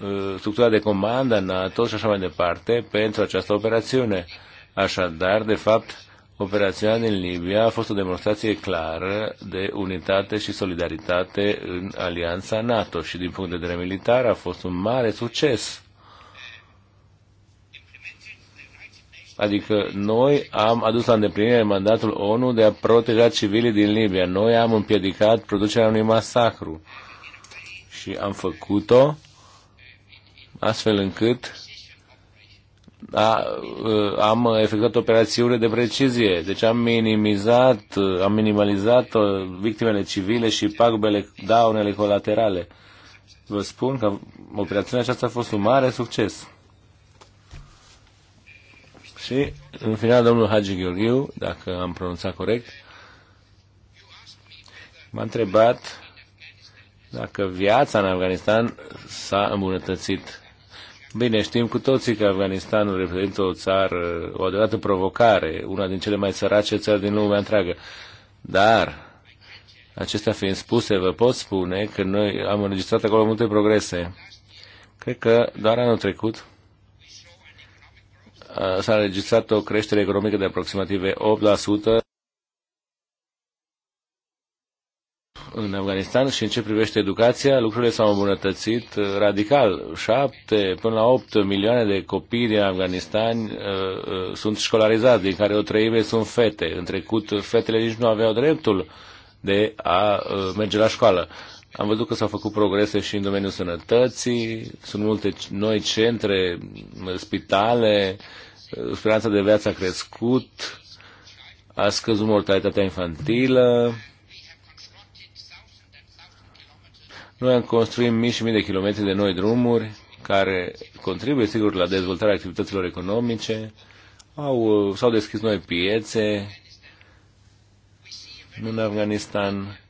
Uh, structura de comandă NATO și așa mai departe pentru această operațiune. Așadar, de fapt, operațiunea din Libia a fost o demonstrație clară de unitate și solidaritate în alianța NATO și din punct de vedere militar a fost un mare succes. Adică noi am adus la îndeplinire mandatul ONU de a proteja civilii din Libia. Noi am împiedicat producerea unui masacru. Și am făcut-o astfel încât a, uh, am efectuat operațiune de precizie, deci am minimizat, uh, am minimalizat uh, victimele civile și pagubele, daunele colaterale. Vă spun că operațiunea aceasta a fost un mare succes. Și, în final, domnul Hagi Gheorghiu, dacă am pronunțat corect, m-a întrebat dacă viața în Afganistan s-a îmbunătățit Bine, știm cu toții că Afganistanul reprezintă o țară, o adevărată provocare, una din cele mai sărace țări din lumea întreagă. Dar, acestea fiind spuse, vă pot spune că noi am înregistrat acolo multe progrese. Cred că doar anul trecut s-a înregistrat o creștere economică de aproximativ 8%, în Afganistan și în ce privește educația, lucrurile s-au îmbunătățit uh, radical. 7 până la 8 milioane de copii din Afganistan uh, uh, sunt școlarizați, din care o treime sunt fete. În trecut, fetele nici nu aveau dreptul de a uh, merge la școală. Am văzut că s-au făcut progrese și în domeniul sănătății, sunt multe noi centre, uh, spitale, uh, speranța de viață a crescut, a scăzut mortalitatea infantilă, Noi am construit mii și mii de kilometri de noi drumuri care contribuie, sigur, la dezvoltarea activităților economice, au, uh, s-au deschis noi piețe în Afganistan,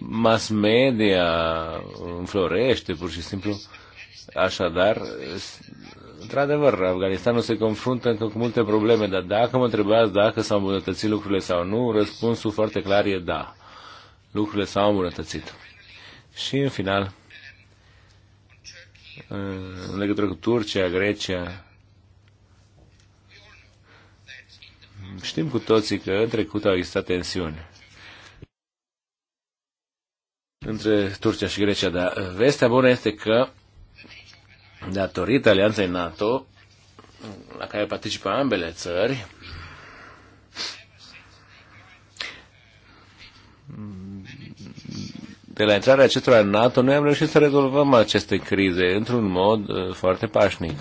mass media înflorește pur și simplu. Așadar, într-adevăr, Afganistanul se confruntă încă cu multe probleme, dar dacă mă întrebați dacă s-au îmbunătățit lucrurile sau nu, răspunsul foarte clar e da. Lucrurile s-au îmbunătățit. Și în final, în legătură cu Turcia, Grecia, știm cu toții că în trecut au existat tensiuni între Turcia și Grecia, dar vestea bună este că datorită alianței NATO, la care participă ambele țări, de la intrarea acestora în NATO, noi am reușit să rezolvăm aceste crize într-un mod uh, foarte pașnic.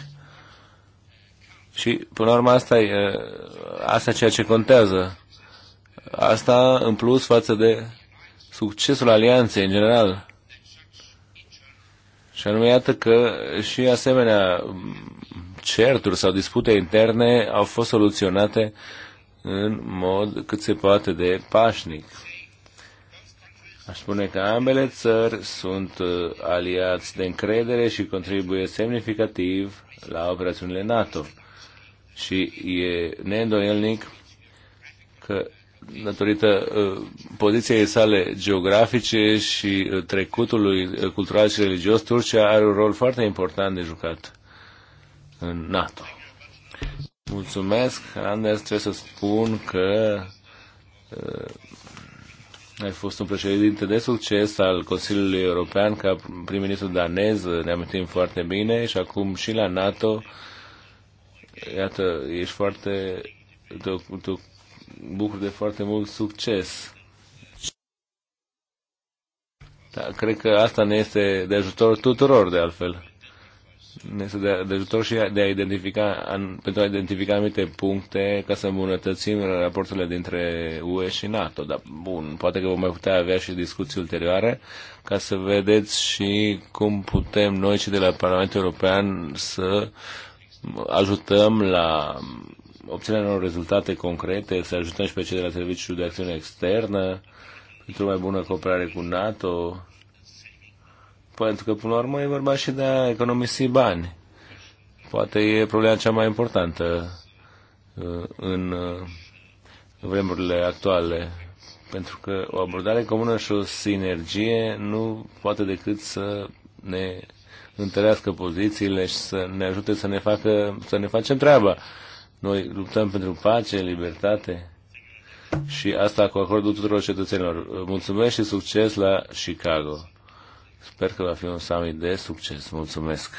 Și, până la urmă, asta e, uh, asta e ceea ce contează. Asta, în plus, față de succesul alianței, în general. Și anume, iată că și asemenea mm, certuri sau dispute interne au fost soluționate în mod cât se poate de pașnic. Aș spune că ambele țări sunt uh, aliați de încredere și contribuie semnificativ la operațiunile NATO. Și e neîndoielnic că datorită uh, poziției sale geografice și uh, trecutului cultural și religios, Turcia are un rol foarte important de jucat în NATO. Mulțumesc, Anders, trebuie să spun că ai fost un președinte de succes al Consiliului European ca prim-ministru danez, ne amintim foarte bine, și acum și la NATO. Iată, ești foarte... Tu, tu bucur de foarte mult succes. Da, cred că asta ne este de ajutor tuturor, de altfel ne este de, de ajutor și de a identifica, an, pentru a identifica anumite puncte ca să îmbunătățim raporturile dintre UE și NATO. Dar, bun, poate că vom mai putea avea și discuții ulterioare ca să vedeți și cum putem noi, cei de la Parlamentul European, să ajutăm la obținerea unor rezultate concrete, să ajutăm și pe cei de la Serviciul de Acțiune Externă, pentru o mai bună cooperare cu NATO, pentru că, până la urmă, e vorba și de a economisi bani. Poate e problema cea mai importantă uh, în uh, vremurile actuale, pentru că o abordare comună și o sinergie nu poate decât să ne întărească pozițiile și să ne ajute să ne, facă, să ne facem treaba. Noi luptăm pentru pace, libertate și asta cu acordul tuturor cetățenilor. Mulțumesc și succes la Chicago! Sper că va fi un summit de succes. Mulțumesc!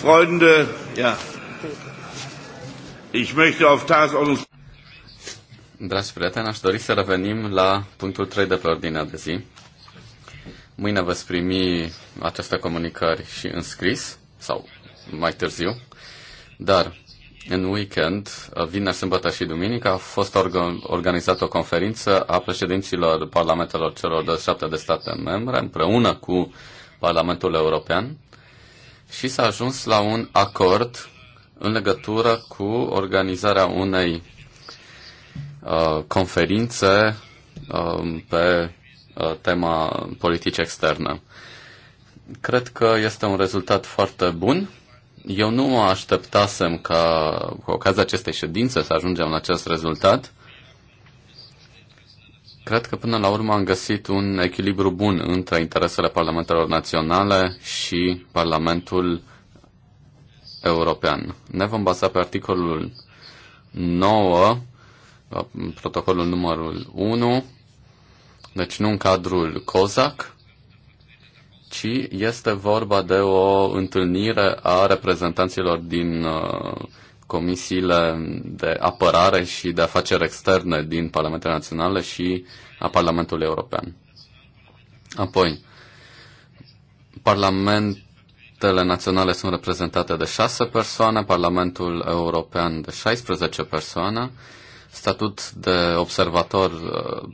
Freunde, ja. Ich möchte auf Tagesordnung. Dragi prieteni, aș dori să revenim la punctul 3 de pe ordinea de zi. Mâine veți primi aceste comunicări și în scris, sau mai târziu, dar în weekend, vineri, sâmbătă și duminică, a fost organizată o conferință a președinților parlamentelor celor de șapte de state membre, împreună cu Parlamentul European, și s-a ajuns la un acord în legătură cu organizarea unei uh, conferințe uh, pe uh, tema politici externă. Cred că este un rezultat foarte bun. Eu nu mă așteptasem ca cu ocazia acestei ședințe să ajungem la acest rezultat. Cred că până la urmă am găsit un echilibru bun între interesele parlamentelor naționale și Parlamentul European. Ne vom baza pe articolul 9, protocolul numărul 1, deci nu în cadrul COSAC, ci este vorba de o întâlnire a reprezentanților din uh, comisiile de apărare și de afaceri externe din Parlamentele Naționale și a Parlamentului European. Apoi, Parlamentele Naționale sunt reprezentate de șase persoane, Parlamentul European de 16 persoane, statut de observator uh,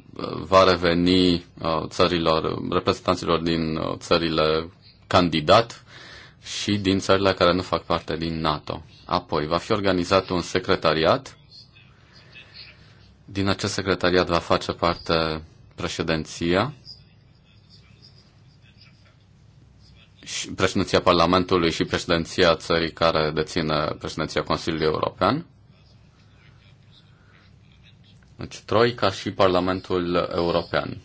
va reveni uh, țărilor, reprezentanților din uh, țările candidat și din țările care nu fac parte din NATO. Apoi va fi organizat un secretariat. Din acest secretariat va face parte președinția și președinția Parlamentului și președinția țării care deține președinția Consiliului European. Deci Troica și Parlamentul European.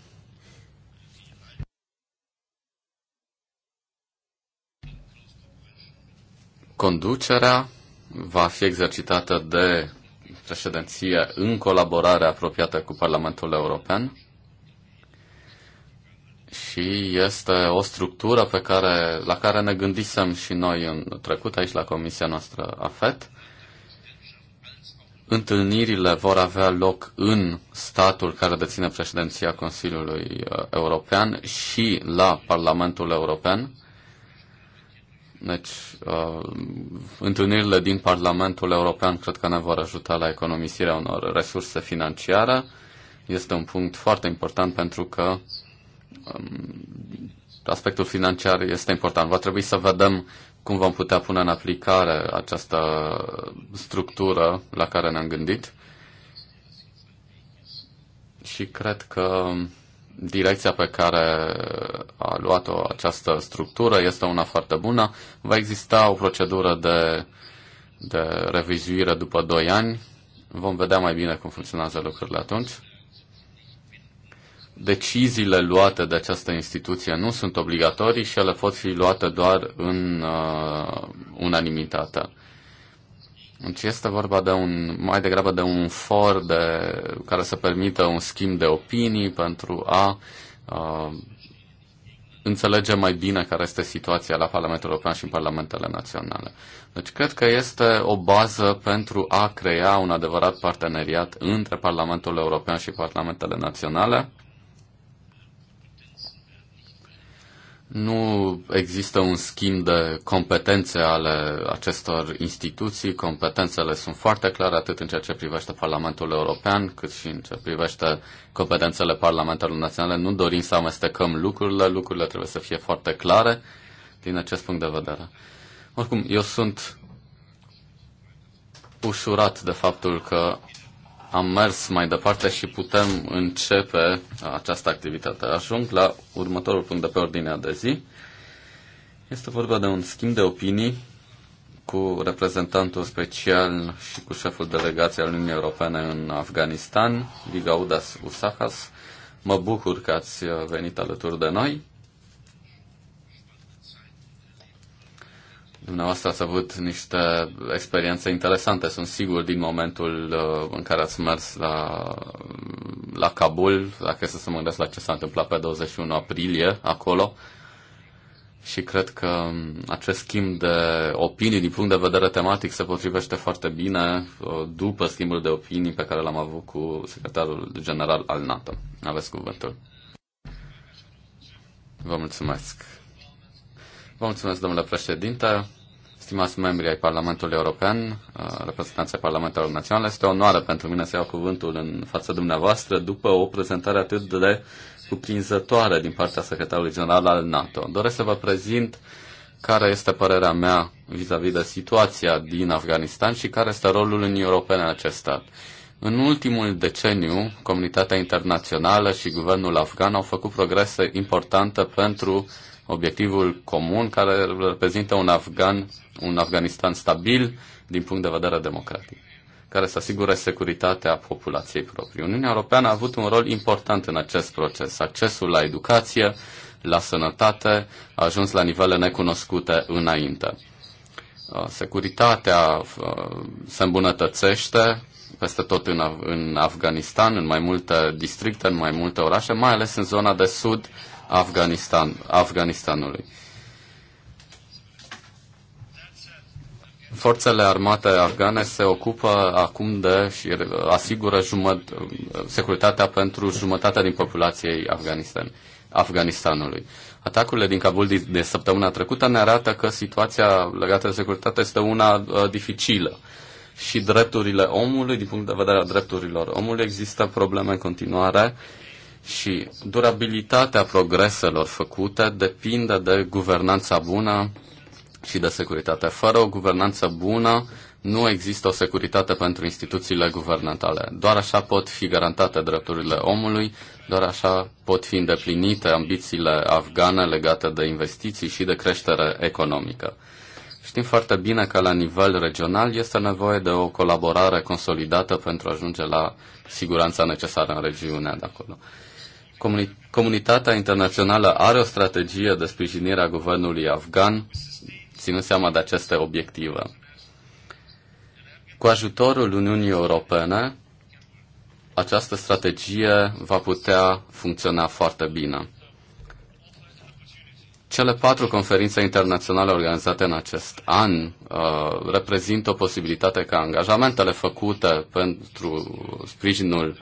Conducerea va fi exercitată de președinție în colaborare apropiată cu Parlamentul European și este o structură pe care, la care ne gândisem și noi în trecut aici la comisia noastră AFET. Întâlnirile vor avea loc în statul care deține președinția Consiliului uh, European și la Parlamentul European deci, uh, întâlnirile din Parlamentul European cred că ne vor ajuta la economisirea unor resurse financiare. Este un punct foarte important pentru că um, aspectul financiar este important. Va trebui să vedem cum vom putea pune în aplicare această structură la care ne-am gândit. Și cred că direcția pe care a luat-o această structură este una foarte bună. Va exista o procedură de, de revizuire după 2 ani. Vom vedea mai bine cum funcționează lucrurile atunci. Deciziile luate de această instituție nu sunt obligatorii și ele pot fi luate doar în uh, unanimitate. Deci este vorba de un, mai degrabă de un for de, care să permită un schimb de opinii pentru a uh, înțelege mai bine care este situația la Parlamentul European și în Parlamentele Naționale. Deci cred că este o bază pentru a crea un adevărat parteneriat între Parlamentul European și Parlamentele Naționale Nu există un schimb de competențe ale acestor instituții. Competențele sunt foarte clare atât în ceea ce privește Parlamentul European, cât și în ceea ce privește competențele Parlamentelor Naționale. Nu dorim să amestecăm lucrurile, lucrurile trebuie să fie foarte clare din acest punct de vedere. Oricum, eu sunt ușurat de faptul că am mers mai departe și putem începe această activitate. Ajung la următorul punct de pe ordinea de zi. Este vorba de un schimb de opinii cu reprezentantul special și cu șeful delegației al Uniunii Europene în Afganistan, Ligaudas Usahas. Mă bucur că ați venit alături de noi Dumneavoastră ați avut niște experiențe interesante, sunt sigur, din momentul uh, în care ați mers la, la Kabul, dacă să mă gândesc la ce s-a întâmplat pe 21 aprilie acolo. Și cred că um, acest schimb de opinii din punct de vedere tematic se potrivește foarte bine uh, după schimbul de opinii pe care l-am avut cu secretarul general al NATO. Aveți cuvântul. Vă mulțumesc. Vă mulțumesc, domnule președinte, stimați membri ai Parlamentului European, uh, reprezentanții Parlamentelor Naționale. Este o onoare pentru mine să iau cuvântul în fața dumneavoastră după o prezentare atât de cuprinzătoare din partea secretarului general al NATO. Doresc să vă prezint care este părerea mea vis-a-vis -vis de situația din Afganistan și care este rolul Uniunii Europene în acest stat. În ultimul deceniu, comunitatea internațională și guvernul afgan au făcut progrese importante pentru uh, obiectivul comun care reprezintă un, Afgan, un Afganistan stabil din punct de vedere democratic care să asigure securitatea populației proprii. Uniunea Europeană a avut un rol important în acest proces. Accesul la educație, la sănătate a ajuns la nivele necunoscute înainte. Uh, securitatea uh, se îmbunătățește peste tot în, Afganistan, în mai multe districte, în mai multe orașe, mai ales în zona de sud, Afganistan, Afganistanului. Forțele armate afgane se ocupă acum de și asigură jumăt, securitatea pentru jumătatea din populației Afganistan, Afganistanului. Atacurile din Kabul de, de săptămâna trecută ne arată că situația legată de securitate este una uh, dificilă și drepturile omului, din punct de vedere a drepturilor omului, există probleme în continuare uh, și durabilitatea progreselor făcute depinde de guvernanța bună și de securitate. Fără o guvernanță bună, nu există o securitate pentru instituțiile guvernamentale. Doar așa pot fi garantate drepturile omului, doar așa pot fi îndeplinite ambițiile afgane legate de investiții și de creștere economică. Știm foarte bine că la nivel regional este nevoie de o colaborare consolidată pentru a ajunge la siguranța necesară în regiunea de acolo. Comuni- comunitatea internațională are o strategie de sprijinire a guvernului afgan, ținând seama de aceste obiective. Cu ajutorul Uniunii Europene, această strategie va putea funcționa foarte bine. Cele patru conferințe internaționale organizate în acest an uh, reprezintă o posibilitate ca angajamentele făcute pentru sprijinul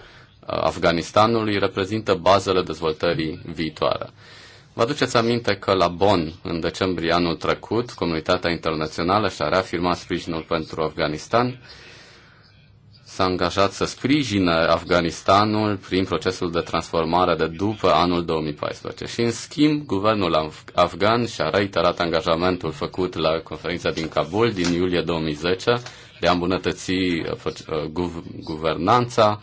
Afganistanului reprezintă bazele dezvoltării viitoare. Vă aduceți aminte că la Bonn, în decembrie anul trecut, comunitatea internațională și-a reafirmat sprijinul pentru Afganistan, s-a angajat să sprijine Afganistanul prin procesul de transformare de după anul 2014. Și, în schimb, guvernul af- afgan și-a reiterat angajamentul făcut la conferința din Kabul din iulie 2010 de a îmbunătăți uh, uh, guvernanța,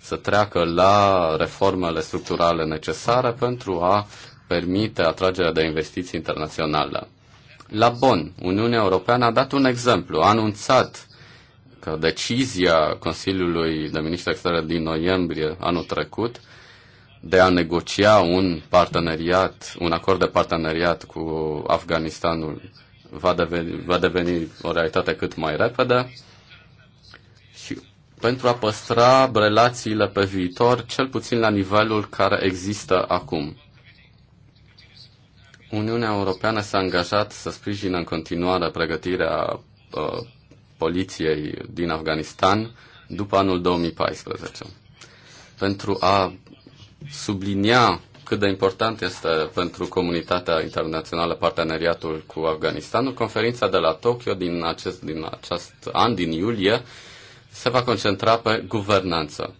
să treacă la reformele structurale necesare pentru a permite atragerea de investiții internaționale. La Bonn, Uniunea Europeană a dat un exemplu, a anunțat că decizia Consiliului de Ministri Externe din noiembrie anul trecut de a negocia un parteneriat, un acord de parteneriat cu Afganistanul va deveni, va deveni o realitate cât mai repede pentru a păstra relațiile pe viitor, cel puțin la nivelul care există acum. Uniunea Europeană s-a angajat să sprijină în continuare pregătirea uh, poliției din Afganistan după anul 2014. Pentru a sublinia cât de important este pentru comunitatea internațională parteneriatul cu Afganistanul, conferința de la Tokyo din acest, din acest an, din iulie, se va concentra pe guvernanță.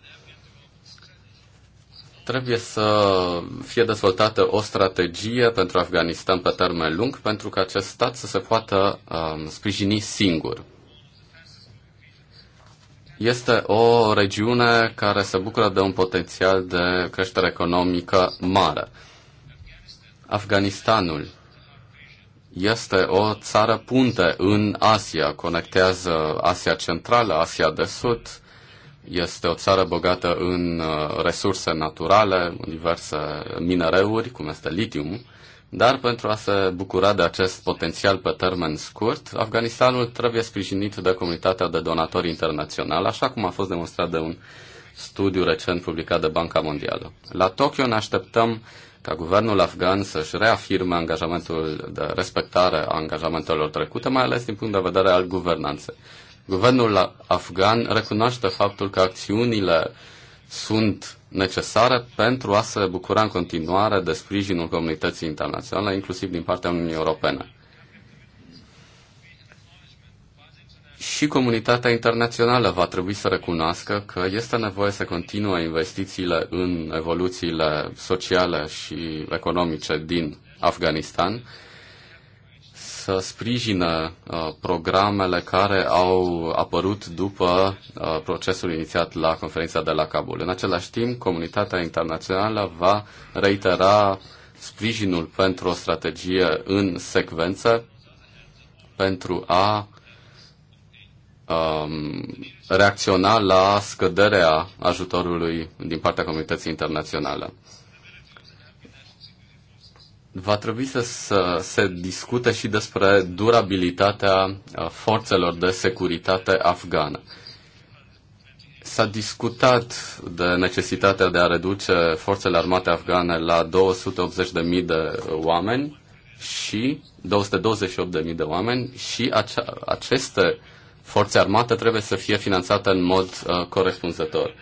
Trebuie să fie dezvoltată o strategie pentru Afganistan pe termen lung, pentru că acest stat să se poată um, sprijini singur. Este o regiune care se bucură de un potențial de creștere economică mare. Afganistanul este o țară punte în Asia, conectează Asia Centrală, Asia de Sud, este o țară bogată în uh, resurse naturale, în diverse minereuri, cum este litium, dar pentru a se bucura de acest potențial pe termen scurt, Afganistanul trebuie sprijinit de comunitatea de donatori internaționale, așa cum a fost demonstrat de un studiu recent publicat de Banca Mondială. La Tokyo ne așteptăm ca guvernul afgan să-și reafirme angajamentul de respectare a angajamentelor trecute, mai ales din punct de vedere al guvernanței. Guvernul afgan recunoaște faptul că acțiunile sunt necesare pentru a se bucura în continuare de sprijinul comunității internaționale, inclusiv din partea Uniunii Europene. și comunitatea internațională va trebui să recunoască că este nevoie să continue investițiile în evoluțiile sociale și economice din Afganistan, să sprijină uh, programele care au apărut după uh, procesul inițiat la conferința de la Kabul. În același timp, comunitatea internațională va reitera sprijinul pentru o strategie în secvență pentru a um, reacționa la scăderea ajutorului din partea comunității internaționale. Va trebui să, să se discute și despre durabilitatea uh, forțelor de securitate afgană. S-a discutat de necesitatea de a reduce forțele armate afgane la 280.000 de oameni și 228.000 de oameni și ace- aceste uh, forțe armate trebuie să fie finanțată în mod uh, corespunzător.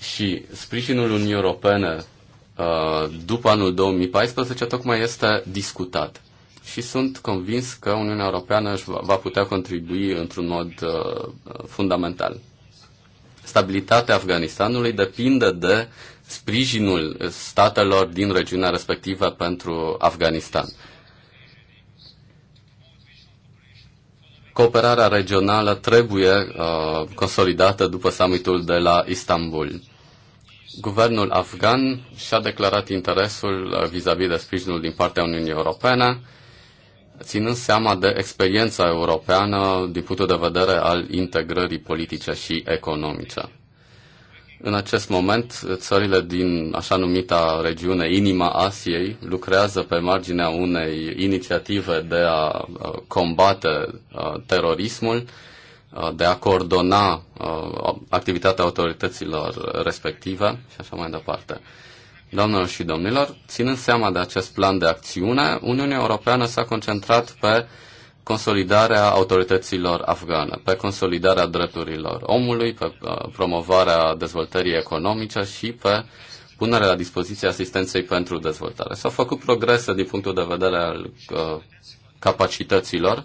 Și sprijinul Uniunii Europene uh, după anul 2014 tocmai este discutat. Și sunt convins că Uniunea Europeană își va, va putea contribui într-un mod uh, fundamental. Stabilitatea Afganistanului depinde de sprijinul statelor din regiunea respectivă pentru Afganistan. Uh, Cooperarea regională trebuie uh, consolidată după summitul de la Istanbul. Guvernul afgan și-a declarat interesul uh, vis-a-vis -vis de sprijinul din partea Uniunii Europene, ținând seama de experiența europeană din punctul de vedere al integrării politice și economice. În acest moment, țările din așa numita regiune Inima Asiei lucrează pe marginea unei inițiative de a combate terorismul, de a coordona activitatea autorităților respective și așa mai departe. Doamnelor și domnilor, ținând seama de acest plan de acțiune, Uniunea Europeană s-a concentrat pe consolidarea autorităților afgane, pe consolidarea drepturilor omului, pe uh, promovarea dezvoltării economice și pe punerea la dispoziție asistenței pentru dezvoltare. S-au făcut progrese din punctul de vedere al uh, capacităților.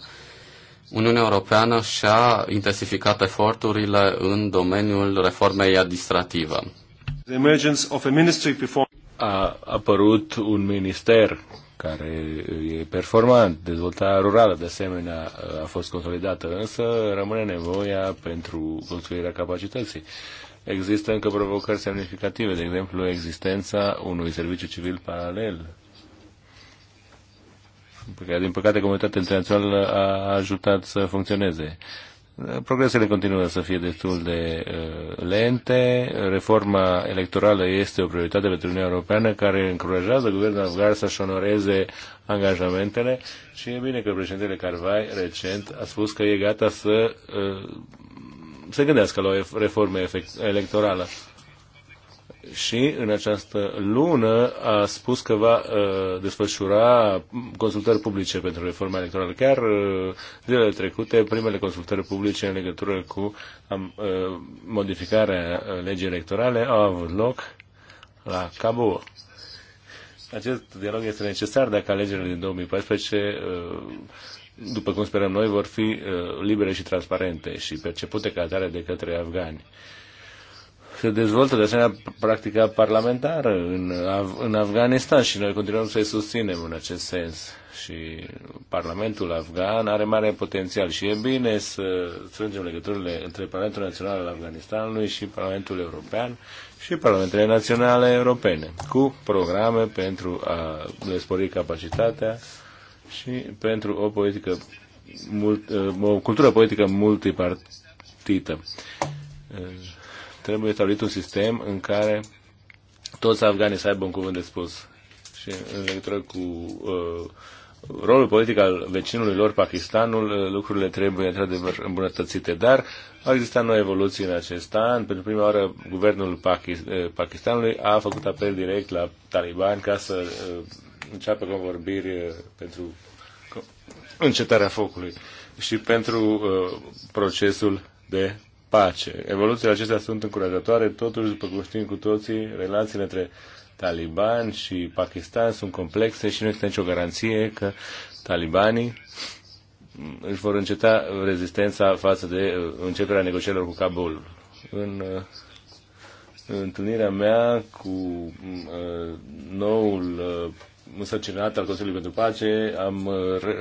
Uniunea Europeană și-a intensificat eforturile în domeniul reformei administrative. A apărut un minister care e performant. Dezvoltarea rurală, de asemenea, uh, a fost consolidată, însă rămâne nevoia pentru construirea capacității. Există încă provocări semnificative, de exemplu, existența unui serviciu civil paralel pe care, din păcate, comunitatea internațională a ajutat să funcționeze progresele continuă să fie destul de uh, lente. Reforma electorală este o prioritate pentru Uniunea Europeană care încurajează guvernul afgan să-și onoreze angajamentele și e bine că președintele Carvai recent a spus că e gata să uh, se gândească la o reformă electorală și în această lună a spus că va uh, desfășura consultări publice pentru reforma electorală. Chiar uh, zilele trecute, primele consultări publice în legătură cu uh, modificarea legii electorale au avut loc la Cabo. Acest dialog este necesar dacă alegerile din 2014 uh, după cum sperăm noi, vor fi uh, libere și transparente și percepute ca atare de către afgani. Uh, se dezvoltă de asemenea practica parlamentară în, Af- în Afganistan și noi continuăm să-i susținem în acest sens. Și Parlamentul afgan are mare potențial și e bine să strângem legăturile între Parlamentul Național al Afganistanului și Parlamentul European și Parlamentele Naționale Europene cu programe pentru a le spori capacitatea și pentru o politică mult, o cultură politică multipartită trebuie stabilit un sistem în care toți afganii să aibă un cuvânt de spus. Și în legătură cu uh, rolul politic al vecinului lor, Pakistanul, uh, lucrurile trebuie într-adevăr îmbunătățite. Dar au existat noi evoluții în acest an. Pentru prima oară, guvernul uh, Pakistanului a făcut apel direct la talibani ca să uh, înceapă convorbiri uh, pentru încetarea focului și pentru uh, procesul de pace. Evoluțiile acestea sunt încurajatoare, totuși, după cum știm cu toții, relațiile între Taliban și Pakistan sunt complexe și nu există nicio garanție că talibanii își vor înceta rezistența față de uh, începerea negocierilor cu Kabul. În uh, întâlnirea mea cu uh, noul însărcinat al Consiliului pentru Pace, am uh,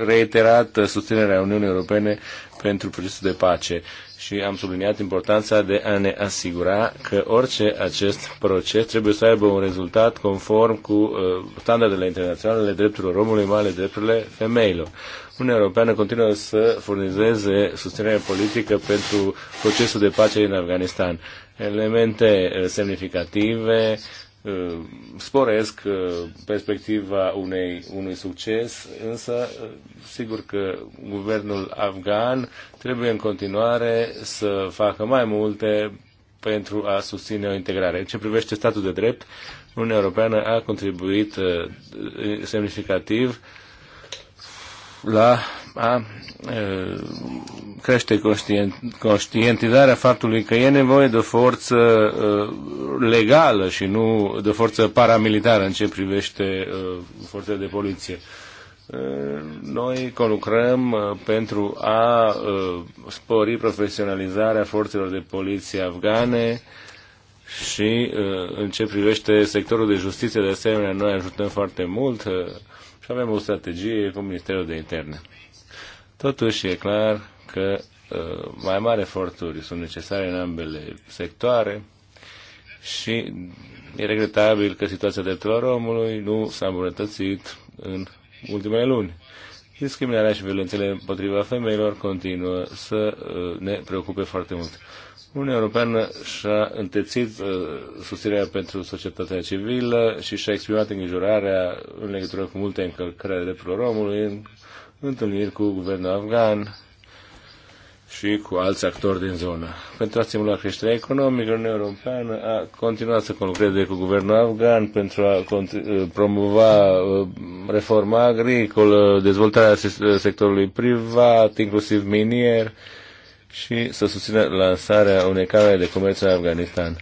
reiterat susținerea Uniunii Europene pentru procesul de pace și am subliniat importanța de a ne asigura că orice acest proces trebuie să aibă un rezultat conform cu uh, standardele internaționale, drepturilor omului, mai ales drepturile femeilor. Uniunea Europeană continuă să furnizeze susținere politică pentru procesul de pace din Afganistan. Elemente uh, semnificative uh, Uh, sporesc uh, perspectiva unei, unui succes, însă uh, sigur că guvernul afgan trebuie în continuare să facă mai multe pentru a susține o integrare. În ce privește statul de drept, Uniunea Europeană a contribuit semnificativ la a crește conștientizarea faptului că e nevoie de o forță legală și nu de o forță paramilitară în ce privește forțele de poliție. Noi conlucrăm pentru a spori profesionalizarea forțelor de poliție afgane și în ce privește sectorul de justiție, de asemenea, noi ajutăm foarte mult și avem o strategie cu Ministerul de Interne. Totuși e clar că uh, mai mari eforturi sunt necesare în ambele sectoare și e regretabil că situația drepturilor omului nu s-a îmbunătățit în ultimele luni. Discriminarea și violențele împotriva femeilor continuă să uh, ne preocupe foarte mult. Uniunea Europeană și-a întețit uh, susținerea pentru societatea civilă și și-a exprimat îngrijorarea în legătură cu multe încălcări ale drepturilor omului în întâlniri cu guvernul afgan și cu alți actori din zonă. Pentru a stimula creșterea economică, Uniunea Europeană a continuat să conlucreze cu guvernul afgan pentru a uh, promova uh, reforma agricolă, dezvoltarea uh, sectorului privat, inclusiv minier, și să susțină lansarea unei camere de comerț în Afganistan.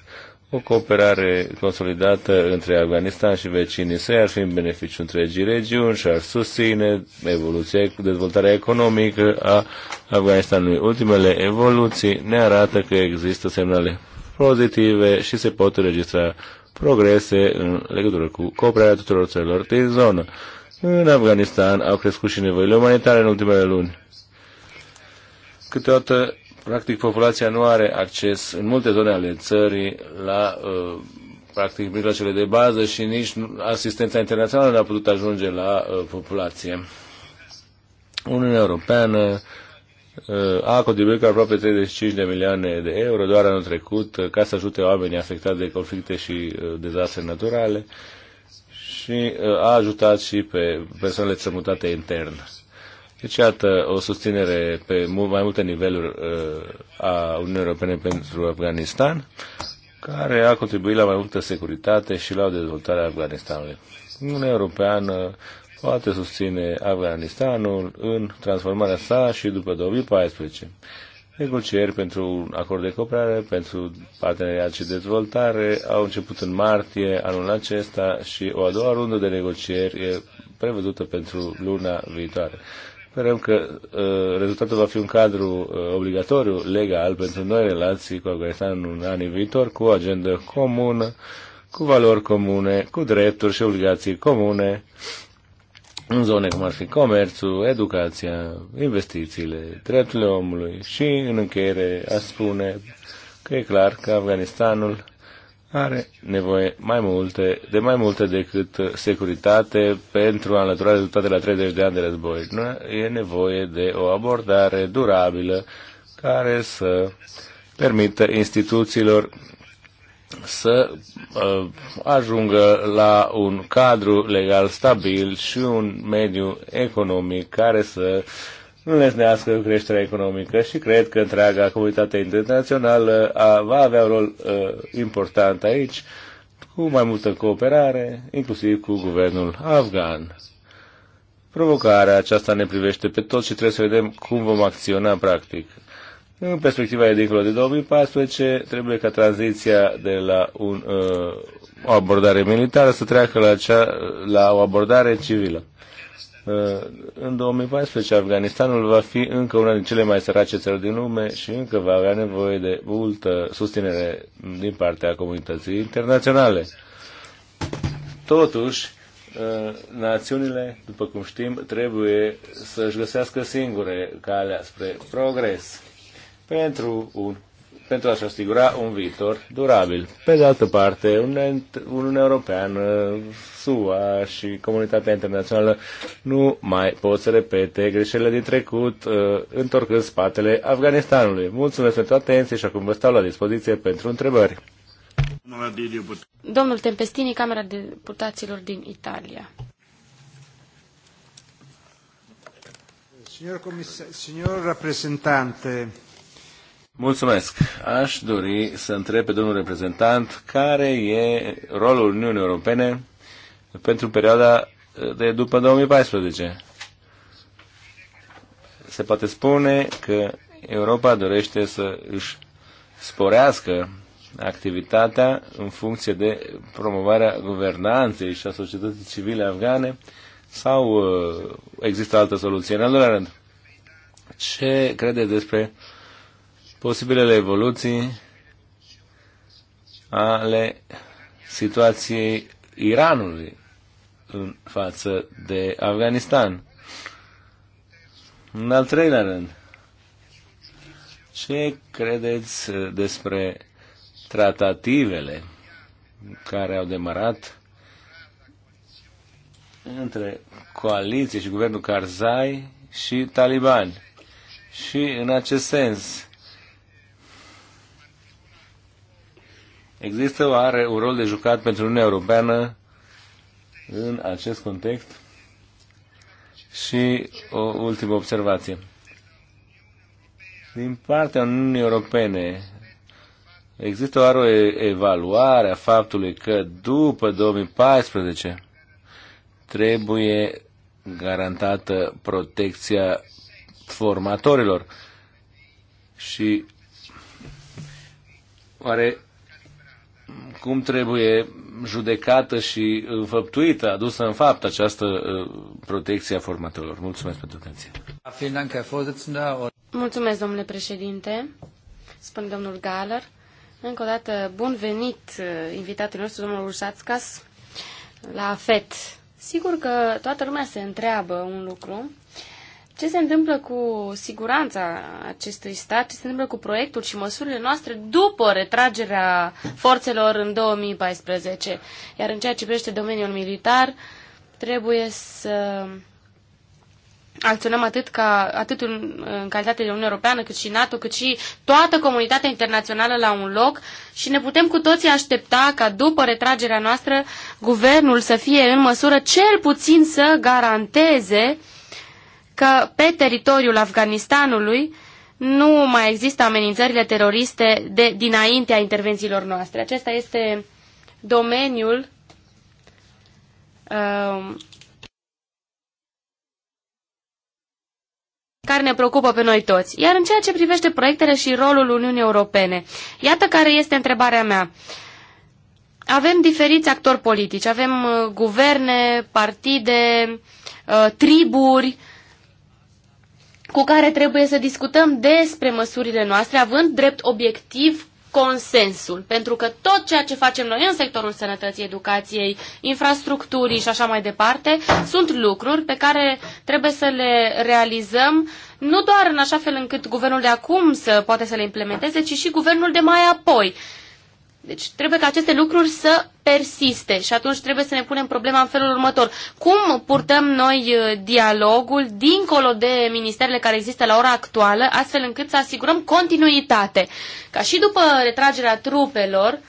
O cooperare consolidată între Afganistan și vecinii săi ar fi în beneficiu întregii regiuni și ar susține evoluția, dezvoltarea economică a Afganistanului. Ultimele evoluții ne arată că există semnale pozitive și se pot înregistra progrese în legătură cu cooperarea tuturor țărilor din zonă. În Afganistan au crescut și nevoile umanitare în ultimele luni. Câteodată Practic, populația nu are acces în multe zone ale țării la uh, practic mijloacele de bază și nici asistența internațională nu a putut ajunge la uh, populație. Uniunea Europeană uh, a contribuit cu aproape 35 de milioane de euro doar anul trecut ca să ajute oamenii afectați de conflicte și dezastre naturale și a ajutat și pe persoanele țămutate interne. Deci, iată, o susținere pe mai multe niveluri uh, a Uniunii Europene pentru Afganistan, care a contribuit la mai multă securitate și la o dezvoltare a Afganistanului. Uniunea Europeană poate susține Afganistanul în transformarea sa și după 2014. Negocieri pentru un acord de cooperare, pentru parteneriat și dezvoltare au început în martie anul acesta și o a doua rundă de negocieri e prevăzută pentru luna viitoare. Sperăm că uh, rezultatul va fi un cadru uh, obligatoriu legal pentru noi relații cu Afganistanul în anii viitor, cu o agendă comună, cu valori comune, cu drepturi și obligații comune, în zone cum ar fi comerțul, educația, investițiile, drepturile omului și, în încheiere, a spune că e clar că Afganistanul are nevoie mai multe, de mai multe decât securitate pentru a înlătura rezultatele la 30 de ani de război. Nu e nevoie de o abordare durabilă care să permită instituțiilor să uh, ajungă la un cadru legal stabil și un mediu economic care să înlesnească creșterea economică și cred că întreaga comunitate internațională a, va avea un rol a, uh, important aici, cu mai multă cooperare, inclusiv cu guvernul afgan. Provocarea aceasta ne privește pe toți și trebuie să vedem cum vom acționa practic. În perspectiva de dincolo de 2014, trebuie ca tranziția de la un, uh, o abordare militară să treacă la, cea, la o abordare civilă. Uh, în 2014, Afganistanul va fi încă una din cele mai sărace țări din lume și încă va avea nevoie de multă susținere din partea comunității internaționale. Totuși, uh, națiunile, după cum știm, trebuie să-și găsească singure calea spre progres pentru un pentru a-și asigura un viitor durabil. Pe de altă parte, Uniunea Europeană, SUA și comunitatea internațională nu mai pot să repete greșelile din trecut, uh, întorcând spatele Afganistanului. Mulțumesc pentru atenție și acum vă stau la dispoziție pentru întrebări. Domnul Tempestini, Camera Deputaților din Italia. Signor, comisar, signor rappresentante, Mulțumesc. Aș dori să întreb pe domnul reprezentant care e rolul Uniunii Europene pentru perioada eh, de după 2014. Se poate spune că Europa dorește să își sporească activitatea în funcție de promovarea guvernanței și a societății civile afgane sau eh, există altă soluție? În al doilea rând, ce crede despre posibilele evoluții ale situației Iranului în față de Afganistan. În al treilea rând, ce credeți despre tratativele care au demarat între coaliție și guvernul Karzai și talibani? Și în acest sens, Există oare un rol de jucat pentru Uniunea Europeană în acest context? Și o ultimă observație. Din partea Uniunii Europene, există oare o evaluare a faptului că după 2014 trebuie garantată protecția formatorilor și oare cum trebuie judecată și înfăptuită, adusă în fapt această uh, protecție a formatorilor. Mulțumesc pentru atenție. Mulțumesc, domnule președinte, spune domnul Galer. Încă o dată, bun venit uh, invitatul nostru, domnul Ursațcas, la FET. Sigur că toată lumea se întreabă un lucru, ce se întâmplă cu siguranța acestui stat, ce se întâmplă cu proiectul și măsurile noastre după retragerea forțelor în 2014. Iar în ceea ce privește domeniul militar, trebuie să acționăm atât, ca, atât în, în calitate de Uniunea Europeană, cât și NATO, cât și toată comunitatea internațională la un loc și ne putem cu toții aștepta ca după retragerea noastră guvernul să fie în măsură cel puțin să garanteze uh, că pe teritoriul Afganistanului nu mai există amenințările teroriste de dinaintea intervențiilor noastre. Acesta este domeniul uh, care ne preocupă pe noi toți. Iar în ceea ce privește proiectele și rolul Uniunii Europene, iată care este întrebarea mea. Avem diferiți actori politici, avem uh, guverne, partide, uh, triburi, uh, cu care trebuie să discutăm despre măsurile noastre, având drept obiectiv consensul, pentru că tot ceea ce facem noi în sectorul sănătății, educației, infrastructurii și așa mai departe, sunt lucruri pe care trebuie să le realizăm nu doar în așa fel încât guvernul de acum să poate să le implementeze, ci și guvernul de mai apoi. Deci trebuie ca aceste lucruri să persiste și atunci trebuie să ne punem problema în felul următor. Cum purtăm noi uh, dialogul dincolo de ministerele care există la ora actuală, astfel încât să asigurăm continuitate? Ca și după retragerea trupelor,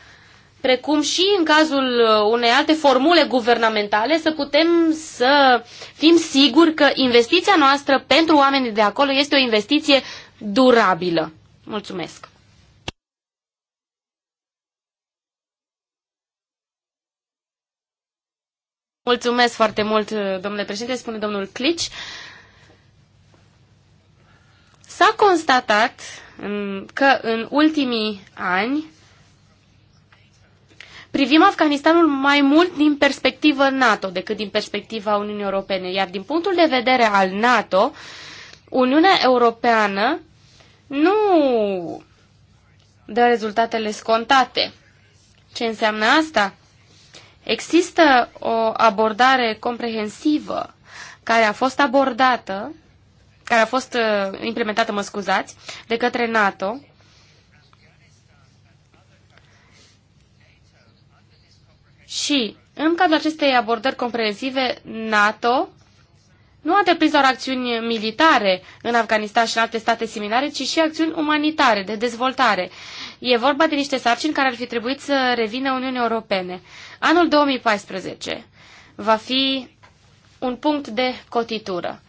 precum și în cazul uh, unei alte formule guvernamentale, să putem să fim siguri că investiția noastră pentru oamenii de acolo este o investiție durabilă. Mulțumesc! Mulțumesc foarte mult, domnule președinte, spune domnul Clici. S-a constatat că în ultimii ani privim Afganistanul mai mult din perspectivă NATO decât din perspectiva Uniunii Europene, iar din punctul de vedere al NATO, Uniunea Europeană nu dă rezultatele scontate. Ce înseamnă asta? Există o abordare comprehensivă care a fost abordată, care a fost uh, implementată, mă scuzați, de către NATO și în cadrul acestei abordări comprehensive, NATO nu a întreprins doar acțiuni militare în Afganistan și în alte state similare, ci și acțiuni umanitare, de dezvoltare. E vorba de niște sarcini care ar fi trebuit să revină Uniunii Europene. Anul 2014 va fi un punct de cotitură.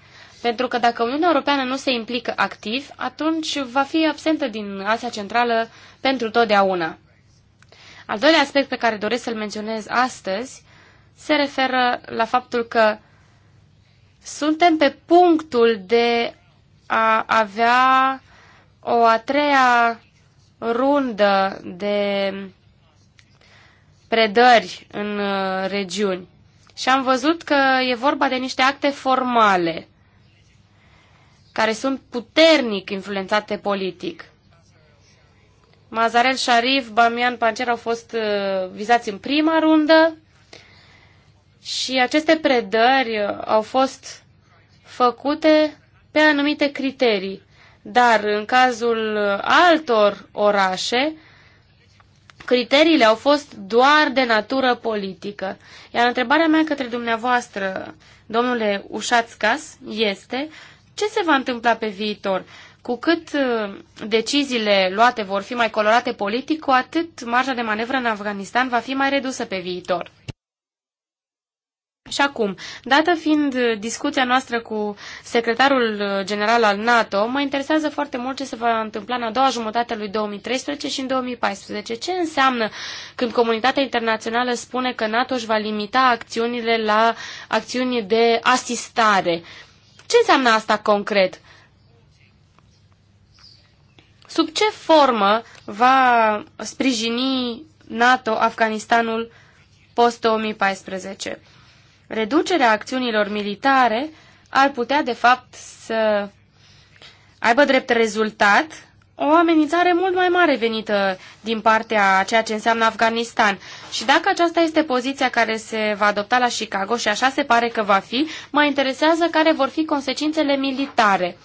Pentru că dacă Uniunea Europeană nu se implică activ, atunci va fi absentă din Asia Centrală pentru totdeauna. Al doilea aspect pe care doresc să-l menționez astăzi se referă la faptul că suntem pe punctul de a avea o a treia rundă de predări în uh, regiuni și am văzut că e vorba de niște acte formale care sunt puternic influențate politic. Mazarel Sharif, Bamian Pancer au fost uh, vizați în prima rundă și aceste predări au fost făcute pe anumite criterii. Dar în cazul altor orașe, criteriile au fost doar de natură politică. Iar întrebarea mea către dumneavoastră, domnule Ușațcas, este ce se va întâmpla pe viitor? Cu cât uh, deciziile luate vor fi mai colorate politic, cu atât marja de manevră în Afganistan va fi mai redusă pe viitor. Și acum, dată fiind discuția noastră cu secretarul general al NATO, mă interesează foarte mult ce se va întâmpla în a doua jumătate a lui 2013 și în 2014. Ce înseamnă când comunitatea internațională spune că NATO își va limita acțiunile la acțiuni de asistare? Ce înseamnă asta concret? Sub ce formă va sprijini NATO Afganistanul post-2014? reducerea acțiunilor militare ar putea, de fapt, să aibă drept rezultat o amenințare mult mai mare venită din partea ceea ce înseamnă Afganistan. Și dacă aceasta este poziția care se va adopta la Chicago și așa se pare că va fi, mă interesează care vor fi consecințele militare.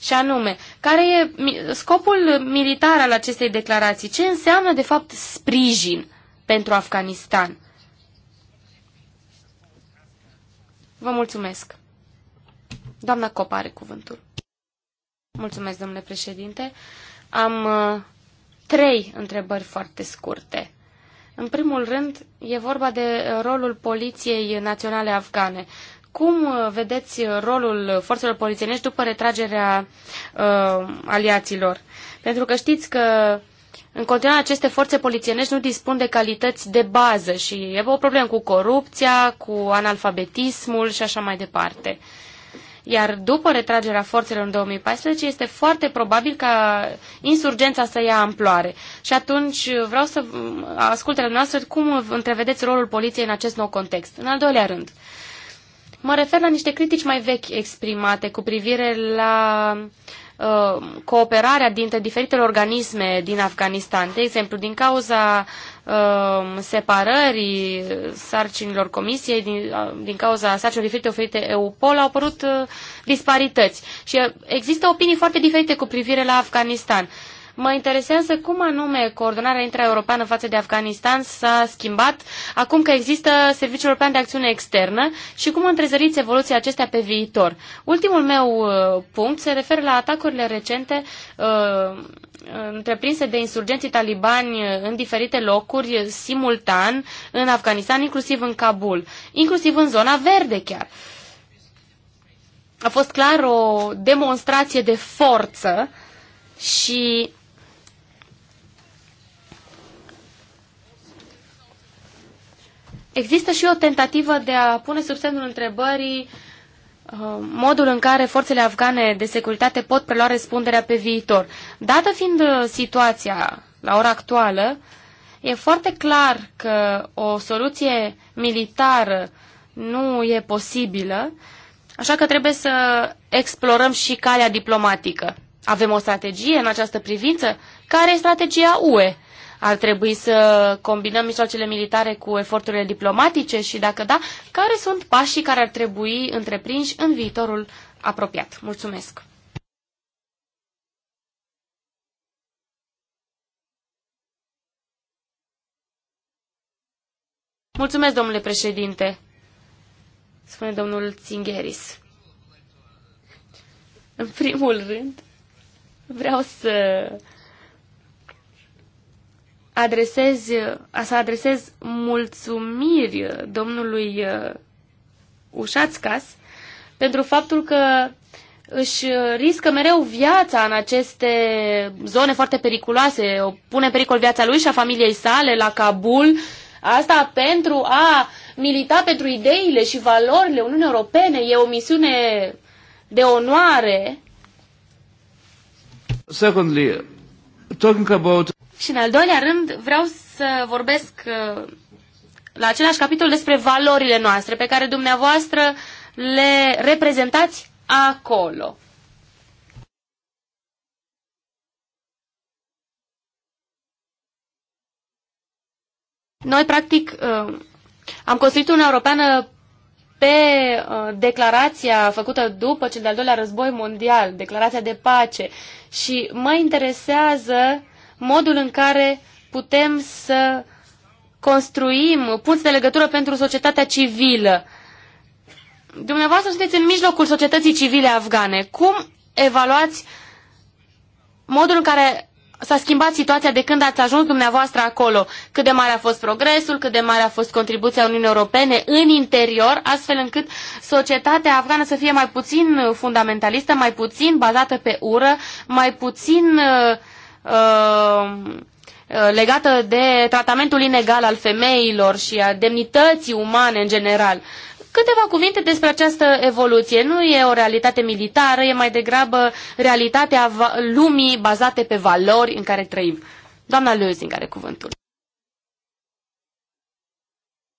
Și anume, care e scopul militar al acestei declarații? Ce înseamnă, de fapt, sprijin pentru Afganistan? Vă mulțumesc. Doamna Copa are cuvântul. Mulțumesc, domnule președinte. Am uh, trei întrebări foarte scurte. În primul rând, e vorba de uh, rolul Poliției Naționale Afgane. Cum uh, vedeți rolul forțelor polițienești după retragerea uh, aliaților? Pentru că știți că în continuare, aceste forțe polițienești nu dispun de calități de bază și e o problemă cu corupția, cu analfabetismul și așa mai departe. Iar după retragerea forțelor în 2014, este foarte probabil ca insurgența să ia amploare. Și atunci vreau să ascultă noastră cum întrevedeți rolul poliției în acest nou context. În al doilea rând, mă refer la niște critici mai vechi exprimate cu privire la uh, Uh, cooperarea dintre diferitele organisme din Afganistan. De exemplu, din cauza uh, separării sarcinilor comisiei, din, uh, din cauza sarcinilor diferite oferite EUPOL, au apărut disparități. Și există opinii foarte diferite cu privire la Afganistan. Uh, Mă interesează cum anume coordonarea intraeuropeană față de Afganistan s-a schimbat acum că există Serviciul European de Acțiune Externă și cum întrezăriți evoluția acestea pe viitor. Ultimul meu uh, punct se referă la atacurile recente uh, întreprinse de insurgenții talibani în diferite locuri, simultan, în Afganistan, inclusiv în Kabul, inclusiv în zona verde chiar. A fost clar o demonstrație de forță și Există și o tentativă de a pune sub semnul întrebării uh, modul în care forțele afgane de securitate pot prelua răspunderea pe viitor. Dată fiind uh, situația la ora actuală, e foarte clar că o soluție militară nu e posibilă, așa că trebuie să explorăm și calea diplomatică. Avem o strategie în această privință? Care e strategia UE? Ar trebui să combinăm mijloacele militare cu eforturile diplomatice și, dacă da, care sunt pașii care ar trebui întreprinși în viitorul apropiat? Mulțumesc! Mulțumesc, domnule președinte, spune domnul Tsingheris. În primul rând, vreau să adresez, să adresez mulțumiri domnului uh, Ușațcas pentru faptul că își riscă mereu viața în aceste zone foarte periculoase. O pune în pericol viața lui și a familiei sale la Kabul. Asta pentru a milita pentru ideile și valorile Uniunii Europene. E o misiune de onoare. Secondly, talking about și în al doilea rând vreau să vorbesc uh, la același capitol despre valorile noastre pe care dumneavoastră le reprezentați acolo. Noi, practic, uh, am construit Uniunea Europeană pe uh, declarația făcută după cel de-al doilea război mondial, declarația de pace, și mă interesează uh, modul în care putem să construim punți de legătură pentru societatea civilă. Dumneavoastră sunteți în mijlocul societății civile afgane. Cum evaluați modul în care s-a schimbat situația de când ați ajuns dumneavoastră acolo? Cât de mare a fost progresul, cât de mare a fost contribuția Uniunii Europene în interior, astfel încât societatea afgană să fie mai puțin fundamentalistă, mai puțin bazată pe ură, mai puțin uh, Uh, legată de tratamentul inegal al femeilor și a demnității umane în general. Câteva cuvinte despre această evoluție. Nu e o realitate militară, e mai degrabă realitatea lumii bazate pe valori în care trăim. Doamna Lösing are cuvântul.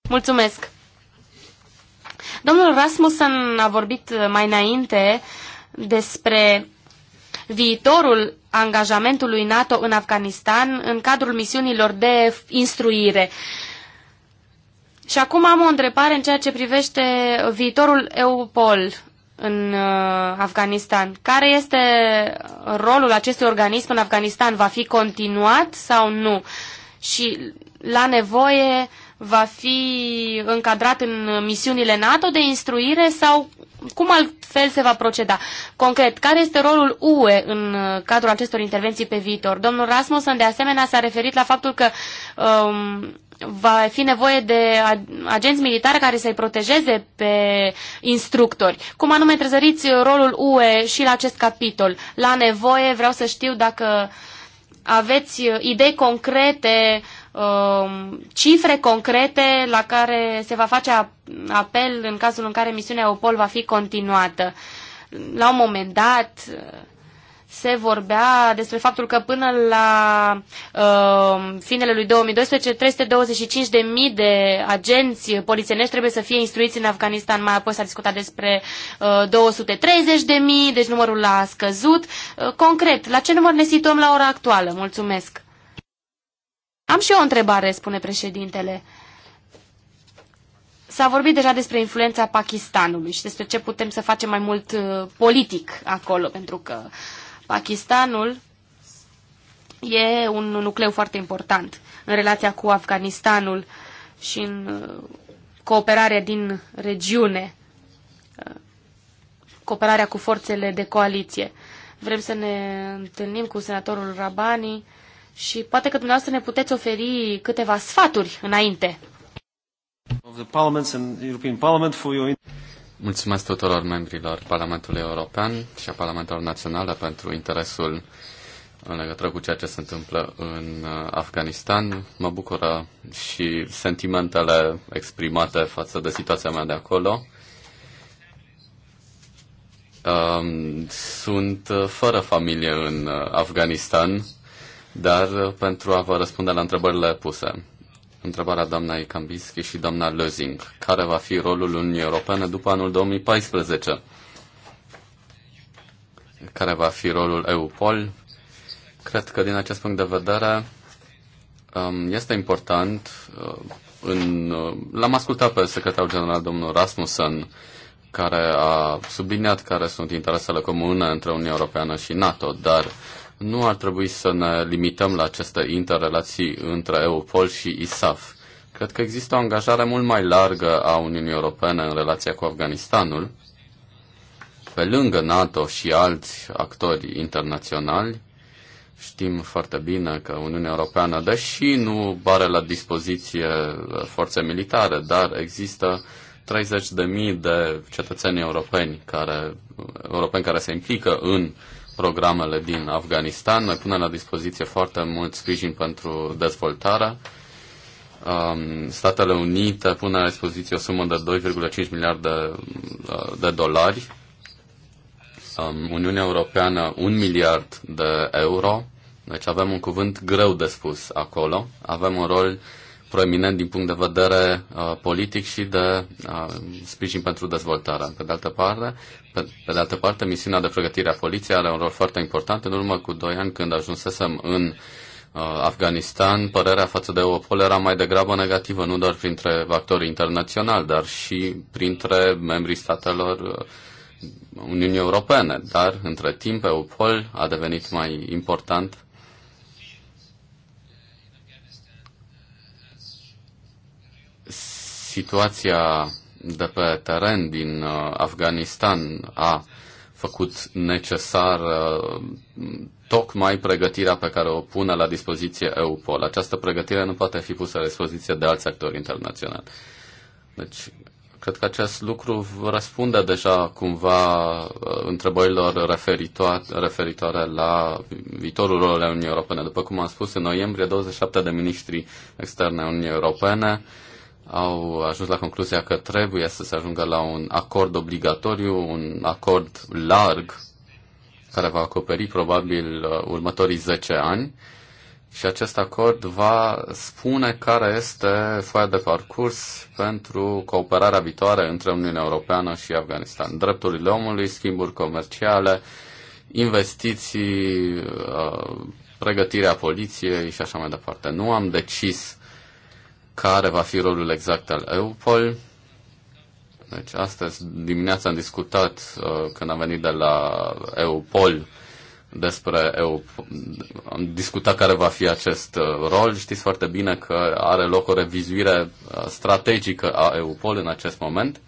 Mulțumesc. Domnul Rasmussen a vorbit mai înainte despre viitorul angajamentului NATO în Afganistan în cadrul misiunilor de instruire. Și acum am o întrebare în ceea ce privește viitorul EUPOL în uh, Afganistan. Care este rolul acestui organism în Afganistan? Va fi continuat sau nu? Și la nevoie va fi încadrat în misiunile NATO de instruire sau cum altfel se va proceda? Concret, care este rolul UE în uh, cadrul acestor intervenții pe viitor? Domnul Rasmussen, de asemenea, s-a referit la faptul că um, va fi nevoie de agenți militari care să-i protejeze pe instructori. Cum anume trezăriți rolul UE și la acest capitol? La nevoie vreau să știu dacă aveți idei concrete uh, Um, cifre concrete la care se va face apel în cazul în care misiunea Opol va fi continuată. La un moment dat uh, se vorbea despre faptul că până la uh, finele lui 2012 325.000 de agenți polițienești trebuie să fie instruiți în Afganistan. Mai apoi s-a discutat despre uh, 230.000, deci numărul a scăzut. Uh, concret, la ce număr ne situăm la ora actuală? Mulțumesc! Am și eu o întrebare, spune președintele. S-a vorbit deja despre influența Pakistanului și despre ce putem să facem mai mult uh, politic acolo, pentru că Pakistanul e un nucleu foarte important în relația cu Afganistanul și în uh, cooperarea din regiune, uh, cooperarea cu forțele de coaliție. Vrem să ne întâlnim cu senatorul Rabani și poate că dumneavoastră ne puteți oferi câteva sfaturi înainte. Mulțumesc tuturor membrilor Parlamentului European și a Parlamentelor Naționale pentru interesul în legătură cu ceea ce se întâmplă în uh, Afganistan. Mă bucură și sentimentele exprimate față de situația mea de acolo. Um, sunt uh, fără familie în uh, Afganistan dar uh, pentru a vă răspunde la întrebările puse. Întrebarea doamnei Cambischi și doamna Lözing. Care va fi rolul Uniunii Europene după anul 2014? Care va fi rolul EUPOL? Cred că din acest punct de vedere um, este important. Uh, în, uh, l-am ascultat pe secretarul general domnul Rasmussen care a subliniat care sunt interesele comune între Uniunea Europeană și NATO, dar uh, nu ar trebui să ne limităm la aceste interrelații între EUPOL și ISAF. Cred că există o angajare mult mai largă a Uniunii Europene în relația cu Afganistanul, pe lângă NATO și alți actori internaționali, Știm foarte bine că Uniunea Europeană, deși nu are la dispoziție forțe militare, dar există 30.000 de cetățeni europeni care, europeni care se implică în programele din Afganistan. Noi punem la dispoziție foarte mult sprijin pentru dezvoltare. Um, Statele Unite pune la dispoziție o sumă de 2,5 miliarde uh, de dolari. Um, Uniunea Europeană 1 miliard de euro. Deci avem un cuvânt greu de spus acolo. Avem un rol uh, proeminent din punct de vedere uh, politic și de uh, sprijin pentru dezvoltare. Pe de altă parte, pe, pe de altă parte, misiunea de pregătire a poliției are un rol foarte important. În urmă cu doi ani, când ajunsesem în uh, Afganistan, părerea față de Europol era mai degrabă negativă, nu doar printre actorii internaționali, dar și printre membrii statelor uh, Uniunii Europene. Dar, între timp, Europol a devenit mai important situația de pe teren din uh, Afganistan a făcut necesar uh, tocmai pregătirea pe care o pune la dispoziție EUPOL. Această pregătire nu poate fi pusă la dispoziție de alți actori internaționali. Deci, cred că acest lucru răspunde deja cumva uh, întrebărilor referitoare, referitoare la viitorul rolului Uniunii Europene. După cum am spus, în noiembrie 27 de miniștri externe Uniunii Europene au ajuns la concluzia că trebuie să se ajungă la un acord obligatoriu, un acord larg care va acoperi probabil uh, următorii 10 ani și acest acord va spune care este foaia de parcurs pentru cooperarea viitoare între Uniunea Europeană și Afganistan. Drepturile omului, schimburi comerciale, investiții, uh, pregătirea poliției și așa mai departe. Nu am decis care va fi rolul exact al EUPOL. Deci astăzi dimineața am discutat uh, când am venit de la EUPOL despre Eu, Am discutat care va fi acest uh, rol. Știți foarte bine că are loc o revizuire uh, strategică a EUPOL în acest moment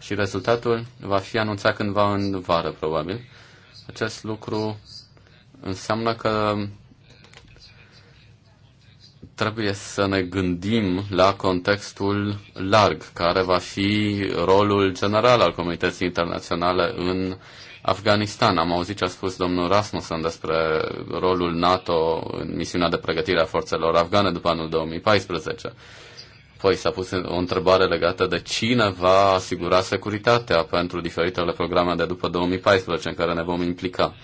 și rezultatul va fi anunțat cândva în vară, probabil. Acest lucru înseamnă că trebuie să ne gândim la contextul larg, care va fi rolul general al comunității internaționale în Afganistan. Am auzit ce a spus domnul Rasmussen despre rolul NATO în misiunea de pregătire a forțelor afgane după anul 2014. Păi s-a pus o întrebare legată de cine va asigura securitatea pentru diferitele programe de după 2014 în care ne vom implica.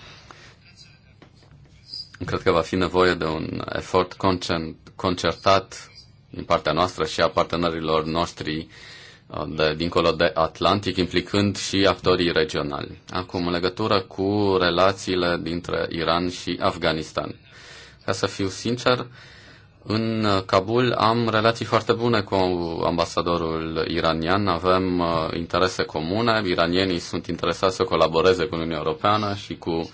Cred că va fi nevoie de un efort concentrat concertat din partea noastră și a partenerilor noștri uh, de, dincolo de Atlantic, implicând și actorii regionali. Acum, în legătură cu relațiile dintre Iran și Afganistan. Ca să fiu sincer, în Kabul am relații foarte bune cu ambasadorul iranian, avem uh, interese comune, iranienii sunt interesați să colaboreze cu Uniunea Europeană și cu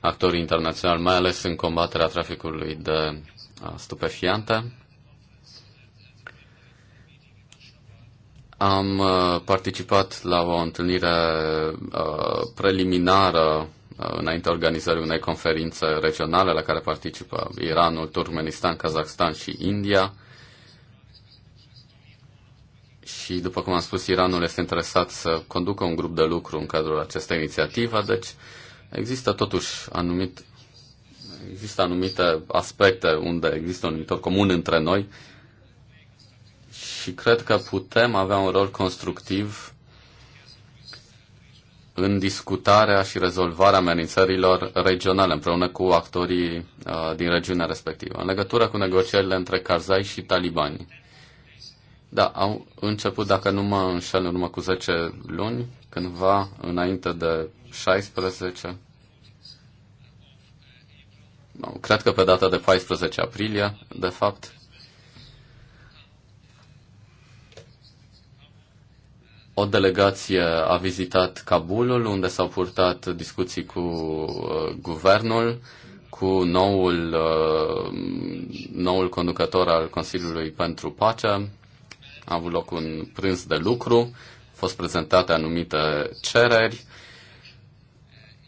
actorii internaționali, mai ales în combaterea traficului de stupefiante. Am uh, participat la o întâlnire uh, preliminară uh, înaintea organizării unei conferințe regionale la care participă Iranul, Turkmenistan, Kazakhstan și India. Și, după cum am spus, Iranul este interesat să conducă un grup de lucru în cadrul acestei inițiative, deci există totuși anumit, există anumite aspecte unde există un numitor comun între noi și cred că putem avea un rol constructiv în discutarea și rezolvarea amenințărilor regionale împreună cu actorii uh, din regiunea respectivă, în legătură cu negocierile între Karzai și talibani. Da, au început, dacă nu mă înșel, în urmă cu 10 luni, cândva înainte de 16 cred că pe data de 14 aprilie, de fapt, o delegație a vizitat Kabulul, unde s-au purtat discuții cu uh, guvernul, cu noul, uh, noul conducător al Consiliului pentru Pace. A avut loc un prânz de lucru, au fost prezentate anumite cereri.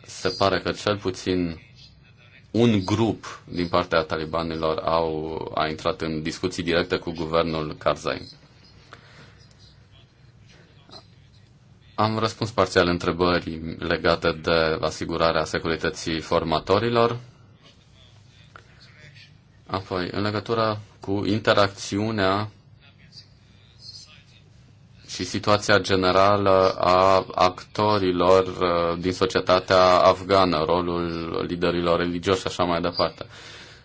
Se pare că cel puțin un grup din partea talibanilor au, a intrat în discuții directe cu guvernul Karzai. Am răspuns parțial întrebării legate de asigurarea securității formatorilor. Apoi, în legătură cu interacțiunea și situația generală a actorilor uh, din societatea afgană, rolul liderilor religioși și așa mai departe.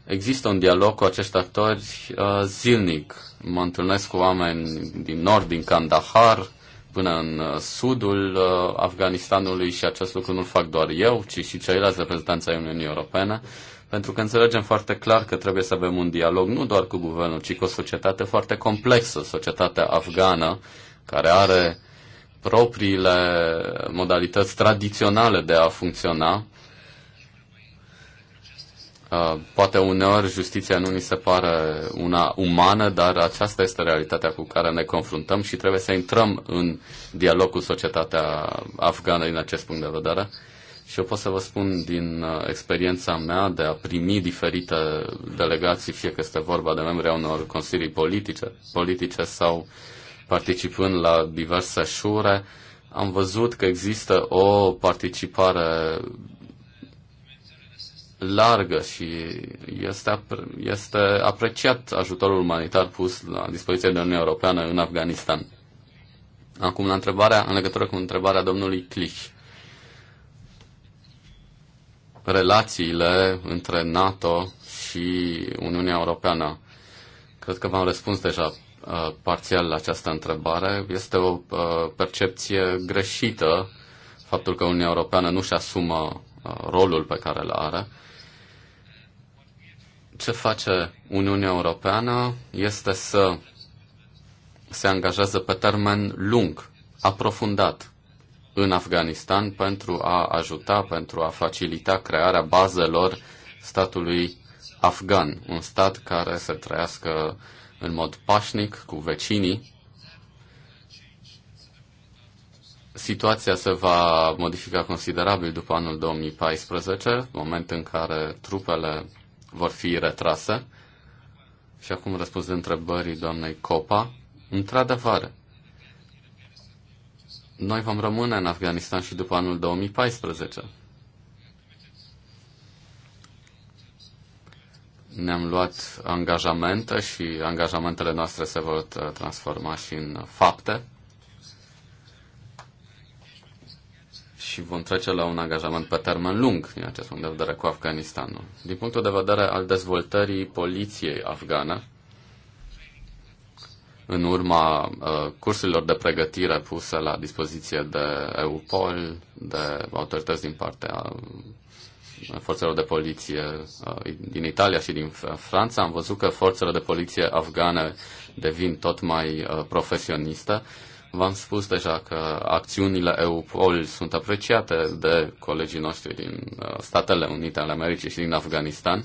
Există un dialog cu acești actori uh, zilnic. Mă întâlnesc cu oameni din nord, din Kandahar, până în uh, sudul Afganistanului și acest lucru nu-l fac doar eu, ci și ceilalți reprezentanți ai Uniunii Europene, pentru că înțelegem foarte clar că trebuie să avem un dialog nu doar cu guvernul, ci cu o societate foarte complexă, societatea afgană, uh, care are propriile modalități tradiționale de a funcționa. Uh, poate uneori justiția nu ni se pare una umană, dar aceasta este realitatea cu care ne confruntăm și trebuie să intrăm în dialog cu societatea afgană din acest punct de vedere. Și eu pot să vă spun din uh, experiența mea de a primi diferite delegații, fie că este vorba de membri a unor consilii politice, politice sau uh, participând la diverse șure, am văzut că există o participare largă și este, apre- este apreciat ajutorul umanitar pus la dispoziție de Uniunea Europeană în Afganistan. Acum, la întrebarea, în legătură cu întrebarea domnului Clich, relațiile între NATO și Uniunea Europeană. Cred că v-am răspuns deja Uh, parțial la această întrebare. Este o uh, percepție greșită faptul că Uniunea Europeană nu-și asumă uh, rolul pe care îl are. Ce face Uniunea Europeană este să se angajează pe termen lung, aprofundat, în Afganistan pentru a ajuta, pentru a facilita crearea bazelor statului afgan, un stat care să trăiască în mod pașnic cu vecinii. Situația se va modifica considerabil după anul 2014, moment în care trupele vor fi retrase. Și acum răspuns de întrebării doamnei Copa. Într-adevăr, noi vom rămâne în Afganistan și după anul 2014. ne-am luat angajamente și angajamentele noastre se vor uh, transforma și în fapte. Și vom trece la un angajament pe termen lung, din acest punct de vedere, cu Afganistanul. Din punctul de vedere al dezvoltării poliției afgane, în urma uh, cursurilor de pregătire puse la dispoziție de EUPOL, de autorități din partea forțelor de poliție uh, din Italia și din Franța, am văzut că forțele de poliție afgane devin tot mai uh, profesioniste. V-am spus deja că acțiunile EUPOL sunt apreciate de colegii noștri din uh, Statele Unite ale Americii și din Afganistan.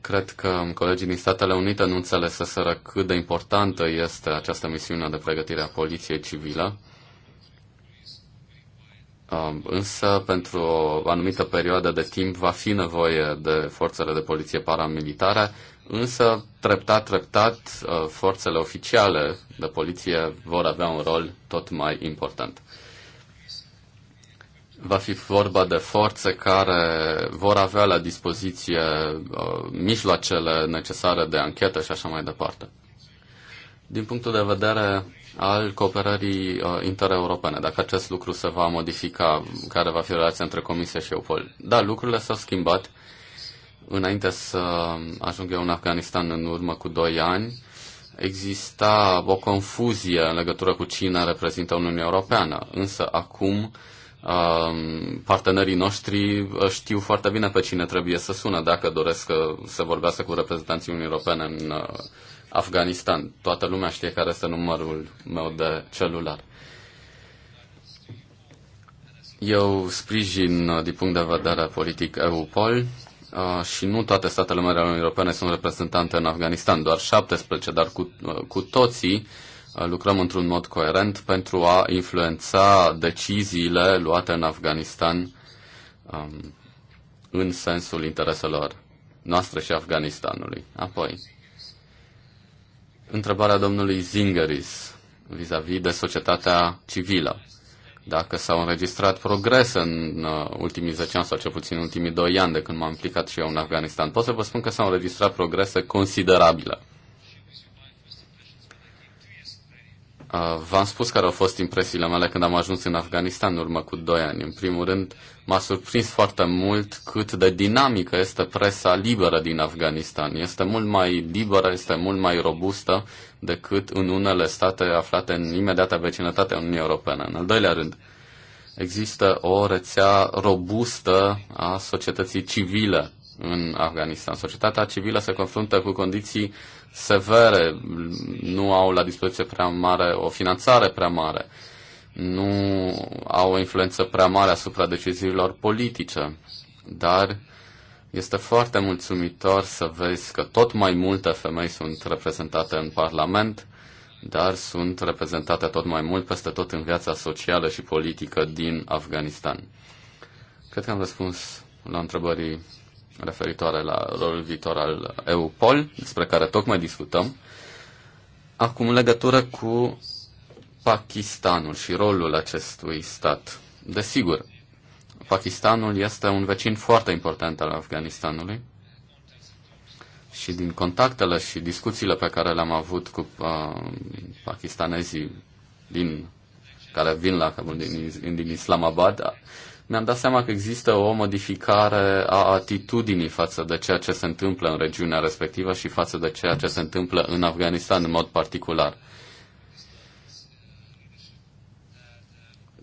Cred că colegii din Statele Unite nu înțeleseseră cât de importantă este această misiune de pregătire a poliției civilă Um, însă pentru o anumită perioadă de timp va fi nevoie de forțele de poliție paramilitare, însă treptat, treptat, uh, forțele oficiale de poliție vor avea un rol tot mai important. Va fi vorba de forțe care vor avea la dispoziție uh, mijloacele necesare de anchetă și așa mai departe. Din punctul de vedere al cooperării uh, intereuropene, dacă acest lucru se va modifica, care va fi relația între Comisie și EUPOL. Da, lucrurile s-au schimbat. Înainte să ajung eu în Afganistan în urmă cu doi ani, exista o confuzie în legătură cu cine reprezintă Uniunea Europeană, însă acum um, partenerii noștri uh, știu foarte bine pe cine trebuie să sună dacă doresc să vorbească cu reprezentanții Uniunii Europene în uh, Afganistan. Toată lumea știe care este numărul meu de celular. Eu sprijin uh, din punct de vedere politic EUPOL uh, și nu toate statele membre ale Uniunii Europene sunt reprezentante în Afganistan, doar 17, dar cu, uh, cu toții lucrăm într-un mod coerent pentru a influența deciziile luate în Afganistan um, în sensul intereselor noastre și Afganistanului. Apoi, întrebarea domnului Zingeris vis-a-vis de societatea civilă. Dacă s-au înregistrat progrese în uh, ultimii 10 ani sau cel puțin în ultimii 2 ani de când m-am implicat și eu în Afganistan, pot să vă spun că s-au înregistrat progrese considerabile. Uh, v-am spus care au fost impresiile mele când am ajuns în Afganistan în urmă cu doi ani. În primul rând, m-a surprins foarte mult cât de dinamică este presa liberă din Afganistan. Este mult mai liberă, este mult mai robustă decât în unele state aflate în imediată vecinătatea Uniunii Europene. În al doilea rând, există o rețea robustă a societății civile în Afganistan. Societatea civilă se confruntă cu condiții uh, severe, nu au la dispoziție prea mare, o finanțare prea mare, nu au o influență prea mare asupra deciziilor politice, dar este foarte mulțumitor să vezi că tot mai multe femei sunt reprezentate în Parlament, dar sunt reprezentate tot mai mult peste tot în viața socială și politică din Afganistan. Cred că am răspuns la întrebării referitoare la rolul viitor al EUPOL, despre care tocmai discutăm. Acum, în legătură cu Pakistanul și rolul acestui stat. Desigur, Pakistanul este un vecin foarte important al Afganistanului și din contactele și discuțiile pe care le-am avut cu uh, pakistanezii din, care vin la Kabul din, din Islamabad, ne-am dat seama că există o modificare a atitudinii față de ceea ce se întâmplă în regiunea respectivă și față de ceea ce se întâmplă în Afganistan în mod particular.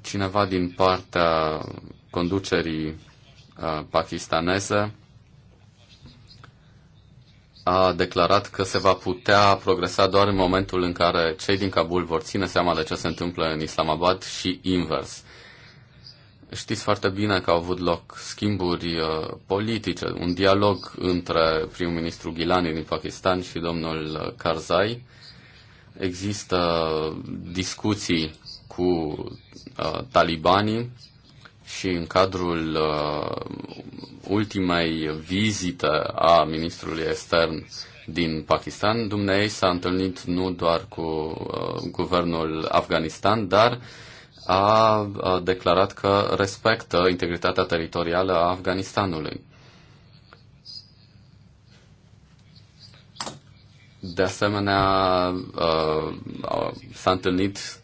Cineva din partea conducerii uh, pakistaneze a declarat că se va putea progresa doar în momentul în care cei din Kabul vor ține seama de ce se întâmplă în Islamabad și invers. Știți foarte bine că au avut loc schimburi uh, politice, un dialog între prim-ministru Ghilani din Pakistan și domnul uh, Karzai. Există discuții cu uh, talibanii și în cadrul uh, ultimei vizite a ministrului extern din Pakistan, dumneei s-a întâlnit nu doar cu uh, guvernul Afganistan, dar uh, a declarat că respectă integritatea teritorială a Afganistanului. De asemenea, s-a întâlnit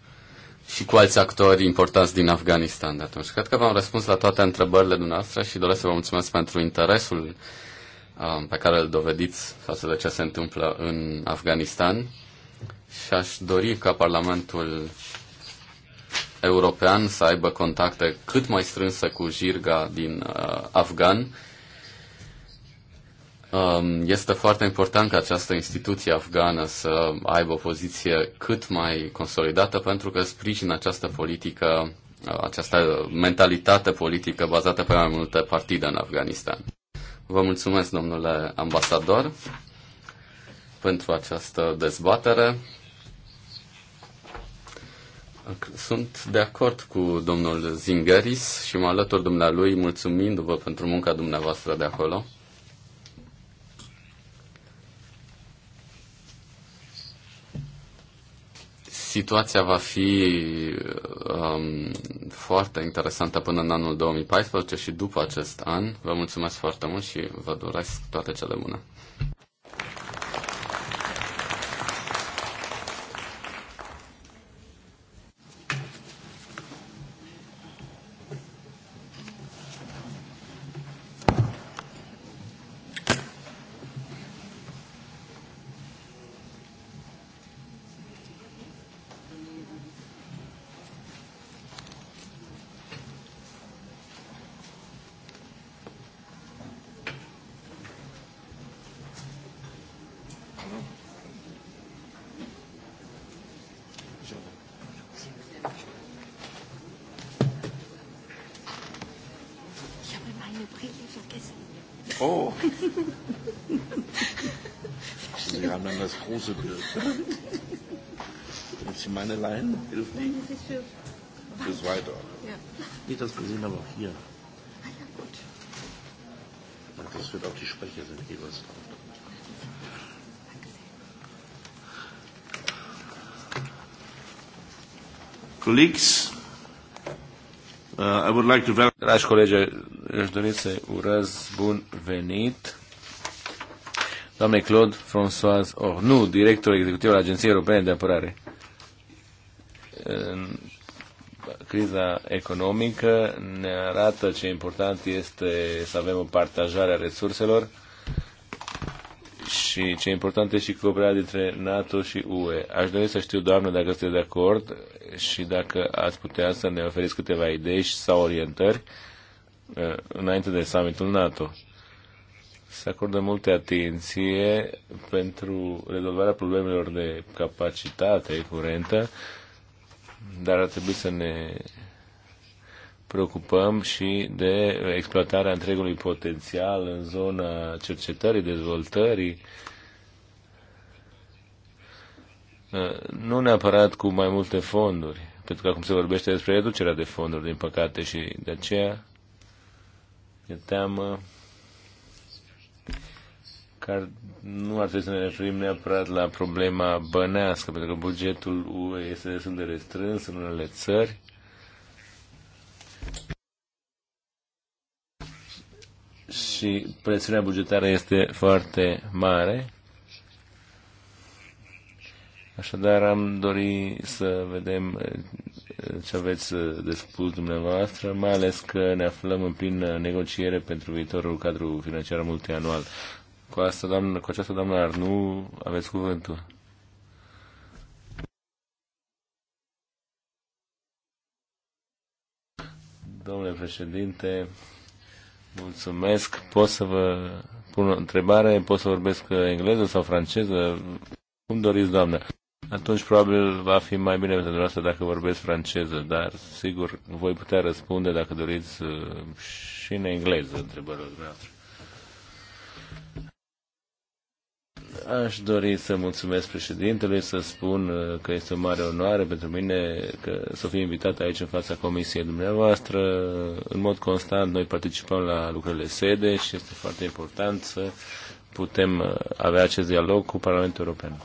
și cu alți actori importanți din Afganistan de atunci. Cred că v-am răspuns la toate întrebările dumneavoastră și doresc să vă mulțumesc pentru interesul pe care îl dovediți față de ce se întâmplă în Afganistan și aș dori ca Parlamentul european să aibă contacte cât mai strânse cu jirga din uh, Afgan. Um, este foarte important ca această instituție afgană să aibă o poziție cât mai consolidată pentru că sprijină această politică, uh, această mentalitate politică bazată pe mai multe partide în Afganistan. Vă mulțumesc, domnule ambasador, pentru această dezbatere. Sunt de acord cu domnul Zingaris și mă alătur dumnealui mulțumindu-vă pentru munca dumneavoastră de acolo. situația va fi um, foarte interesantă până în anul 2014 și după acest an. Vă mulțumesc foarte mult și vă doresc toate cele bune. Peters, wir sind aber auch hier. Ah, das wird auch die Sprecher sind jeweils drauf. Colleagues, uh, I would like to Dragi colegi, aș dori să urez bun venit Doamne Claude François Ornu, director executiv al Agenției Europene de Apărare. În criza economică ne arată ce important este să avem o partajare a resurselor și ce important este și cooperarea dintre NATO și UE. Aș dori să știu, doamnă, dacă sunteți de acord și dacă ați putea să ne oferiți câteva idei sau orientări uh, înainte de summitul NATO. Se acordă multe atenție pentru rezolvarea problemelor de capacitate curentă dar ar trebui să ne preocupăm și de exploatarea întregului potențial în zona cercetării, dezvoltării, nu neapărat cu mai multe fonduri, pentru că acum se vorbește despre reducerea de fonduri, din păcate, și de aceea e teamă că ar nu ar trebui să ne referim neapărat la problema bănească, pentru că bugetul UE este destul de restrâns în unele țări. Și presiunea bugetară este foarte mare. Așadar, am dori să vedem eh, ce aveți eh, de spus dumneavoastră, mai ales că ne aflăm în plină negociere pentru viitorul cadru financiar multianual. Cu, asta, doamnă, cu această doamnă Arnu aveți cuvântul. Domnule președinte, mulțumesc. Pot să vă pun o întrebare? Pot să vorbesc engleză sau franceză? Cum doriți, doamnă? Atunci probabil va fi mai bine pentru dumneavoastră dacă vorbesc franceză, dar sigur voi putea răspunde dacă doriți uh, și în engleză întrebările dumneavoastră. Aș dori să mulțumesc președintele, să spun uh, că este o mare onoare pentru mine că să fiu invitat aici în fața comisiei dumneavoastră. În mod constant noi participăm la lucrările sede și este foarte important să putem uh, avea acest dialog cu Parlamentul European.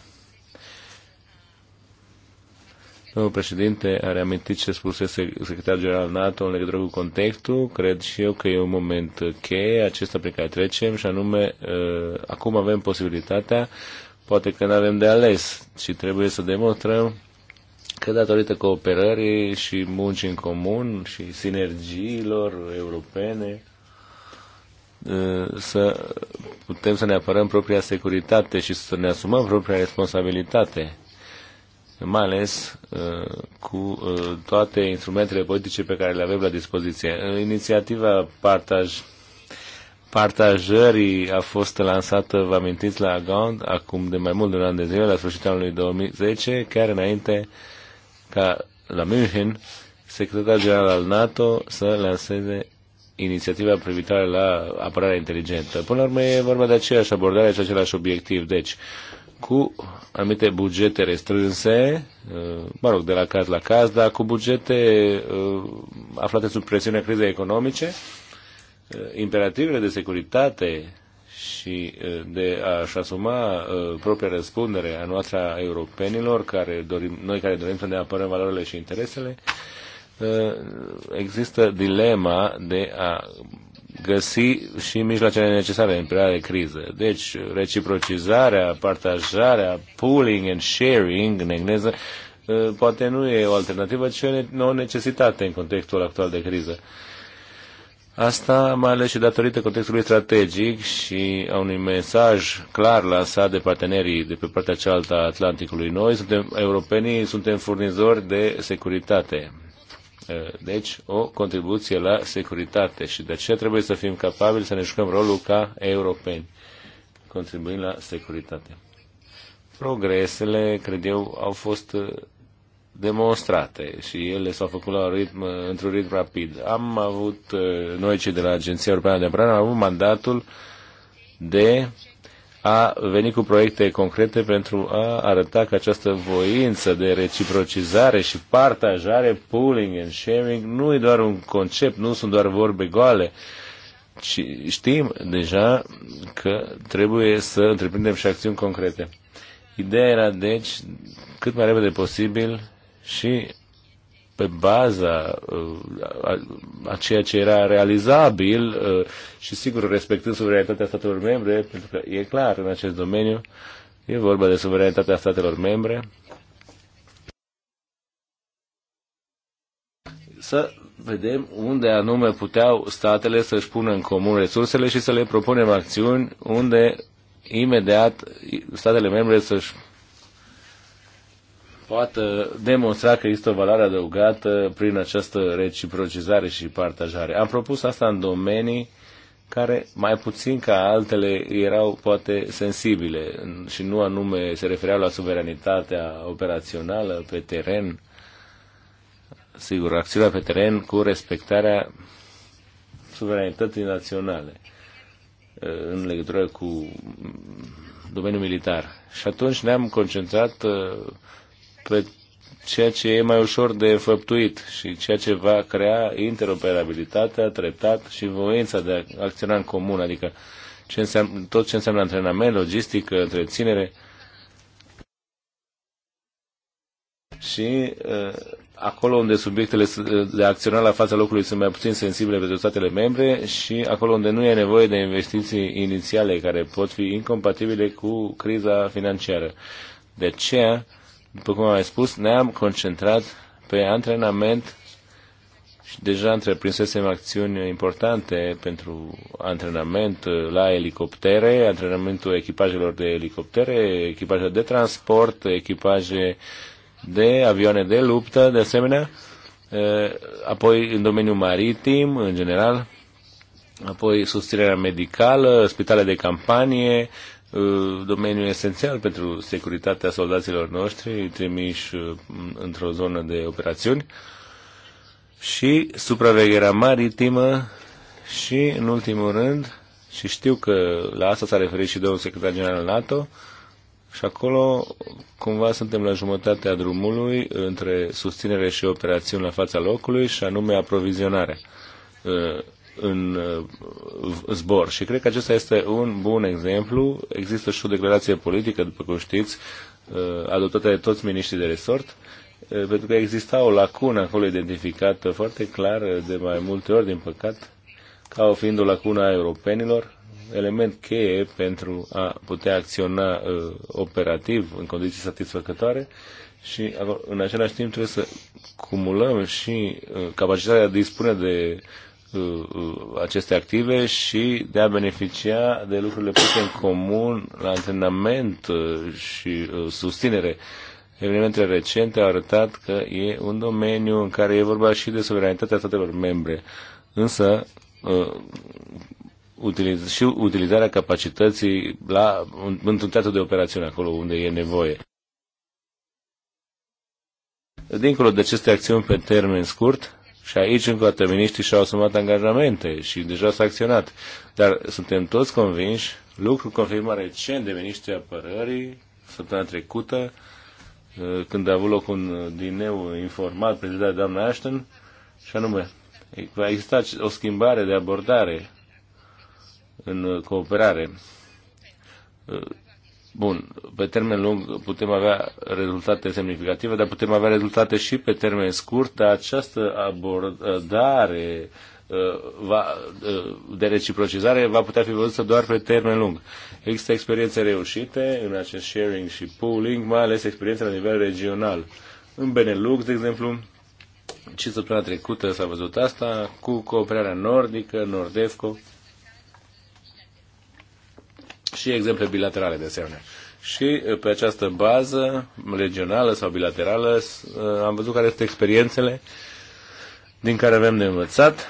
Domnul președinte a reamintit ce spuse secretarul general NATO în legătură cu contextul. Cred și eu că e un moment cheie acesta pe care trecem și anume uh, acum avem posibilitatea, poate că nu avem de ales și trebuie să demonstrăm că datorită cooperării și muncii în comun și sinergiilor europene uh, să putem să ne apărăm propria securitate și să ne asumăm propria responsabilitate mai ales uh, cu uh, toate instrumentele politice pe care le avem la dispoziție. Uh, inițiativa partaj, partajării a fost lansată, vă amintiți, la Gond, acum de mai mult de un an de zile, la sfârșitul anului 2010, chiar înainte ca la München secretarul general al NATO să lanseze inițiativa privitoare la apărarea inteligentă. Până la urmă e vorba de aceeași abordare și același obiectiv. Deci, uh, cu anumite bugete restrânse, uh, mă rog, de la caz la caz, dar cu bugete uh, aflate sub presiunea crizei economice, uh, imperativele de securitate și de a-și asuma propria răspundere a noastră a europenilor, care dorim, noi care dorim să ne apărăm valorile și interesele, există dilema de a găsi și mijloacele necesare în perioada de criză. Deci, reciprocizarea, partajarea, pooling and sharing în engleză, ă, poate nu e o alternativă, ci o necesitate în contextul actual de criză. Asta mai ales și datorită contextului strategic și a unui mesaj clar lansat de partenerii de pe partea cealaltă a Atlanticului. Noi, suntem europenii, suntem furnizori de securitate Eh, deci, o contribuție la securitate și de ce trebuie să fim capabili să ne jucăm rolul ca europeni, contribuind la securitate. Progresele, cred eu, au fost eh, demonstrate și ele s-au făcut la un ritm, eh, într-un ritm rapid. Am avut, noi cei de la Agenția Europeană de Apărare, am avut mandatul de a venit cu proiecte concrete pentru a arăta că această voință de reciprocizare și partajare, pooling and sharing, nu e doar un concept, nu sunt doar vorbe goale, ci știm deja că trebuie să întreprindem și acțiuni concrete. Ideea era, deci, cât mai repede posibil și pe baza uh, a ceea ce era realizabil uh, și sigur respectând suveranitatea statelor membre, pentru că e clar în acest domeniu, e vorba de suveranitatea statelor membre, să vedem unde anume puteau statele să-și pună în comun resursele și să le propunem acțiuni unde imediat statele membre să-și poată demonstra că există o valoare adăugată prin această reciprocizare și partajare. Am propus asta în domenii care mai puțin ca altele erau poate sensibile și nu anume se refereau la suveranitatea operațională pe teren, sigur, acțiunea pe teren cu respectarea suveranității naționale uh, în legătură cu mm, domeniul militar. Și atunci ne-am concentrat uh, ceea ce e mai ușor de făptuit și ceea ce va crea interoperabilitatea, treptat și voința de a acționa în comun, adică ce înseamnă, tot ce înseamnă antrenament, logistică, întreținere. Și uh, acolo unde subiectele uh, de acționare la fața locului sunt mai puțin sensibile pentru statele membre și acolo unde nu e nevoie de investiții inițiale care pot fi incompatibile cu criza financiară. De aceea, după cum am mai spus, ne-am concentrat pe antrenament și deja întreprinsesem acțiuni importante pentru antrenament la elicoptere, antrenamentul echipajelor de elicoptere, echipaje de transport, echipaje de avioane de luptă, de asemenea, apoi în domeniul maritim, în general, apoi susținerea medicală, spitale de campanie, Uh, domeniu esențial pentru securitatea soldaților noștri trimiși uh, într-o zonă de operațiuni și supravegherea maritimă și, în ultimul rând, și știu că la asta s-a referit și domnul secretar general NATO, și acolo cumva suntem la jumătatea drumului între susținere și operațiuni la fața locului și anume aprovizionarea uh, în uh, zbor. Și cred că acesta este un bun exemplu. Există și o declarație politică, după cum știți, uh, adoptată de toți miniștrii de resort, uh, pentru că exista o lacună acolo identificată foarte clar de mai multe ori, din păcat, ca fiind o lacună a europenilor, element cheie pentru a putea acționa uh, operativ în condiții satisfăcătoare și în același timp trebuie să cumulăm și uh, capacitatea de a dispune de Uh, uh, aceste active și de a beneficia de lucrurile puse în comun la antrenament uh, și susținere. Evenimentele recente au arătat că e un domeniu în care e vorba și de suveranitatea statelor membre. Însă, utiliz- și utilizarea capacității la, într-un teatru de operațiune, acolo unde e nevoie. Dincolo de aceste acțiuni pe termen scurt, și aici încă o dată miniștrii și-au asumat angajamente și deja s-a acționat. Dar suntem toți convinși, lucru confirmat recent de miniștrii apărării, săptămâna trecută, uh, când a avut loc un uh, dineu informat prezidat de doamna Ashton, și anume, va exista o schimbare de abordare în uh, cooperare Bun, pe termen lung putem avea rezultate semnificative, dar putem avea rezultate și pe termen scurt, dar această abordare uh, va, uh, de reciprocizare va putea fi văzută doar pe termen lung. Există experiențe reușite în acest sharing și pooling, mai ales experiențe la nivel regional. În Benelux, de exemplu, și săptămâna trecută s-a văzut asta cu cooperarea nordică, Nordefco, și exemple bilaterale de asemenea. Și eh, pe această bază regională sau bilaterală eh, am văzut care sunt experiențele din care avem de învățat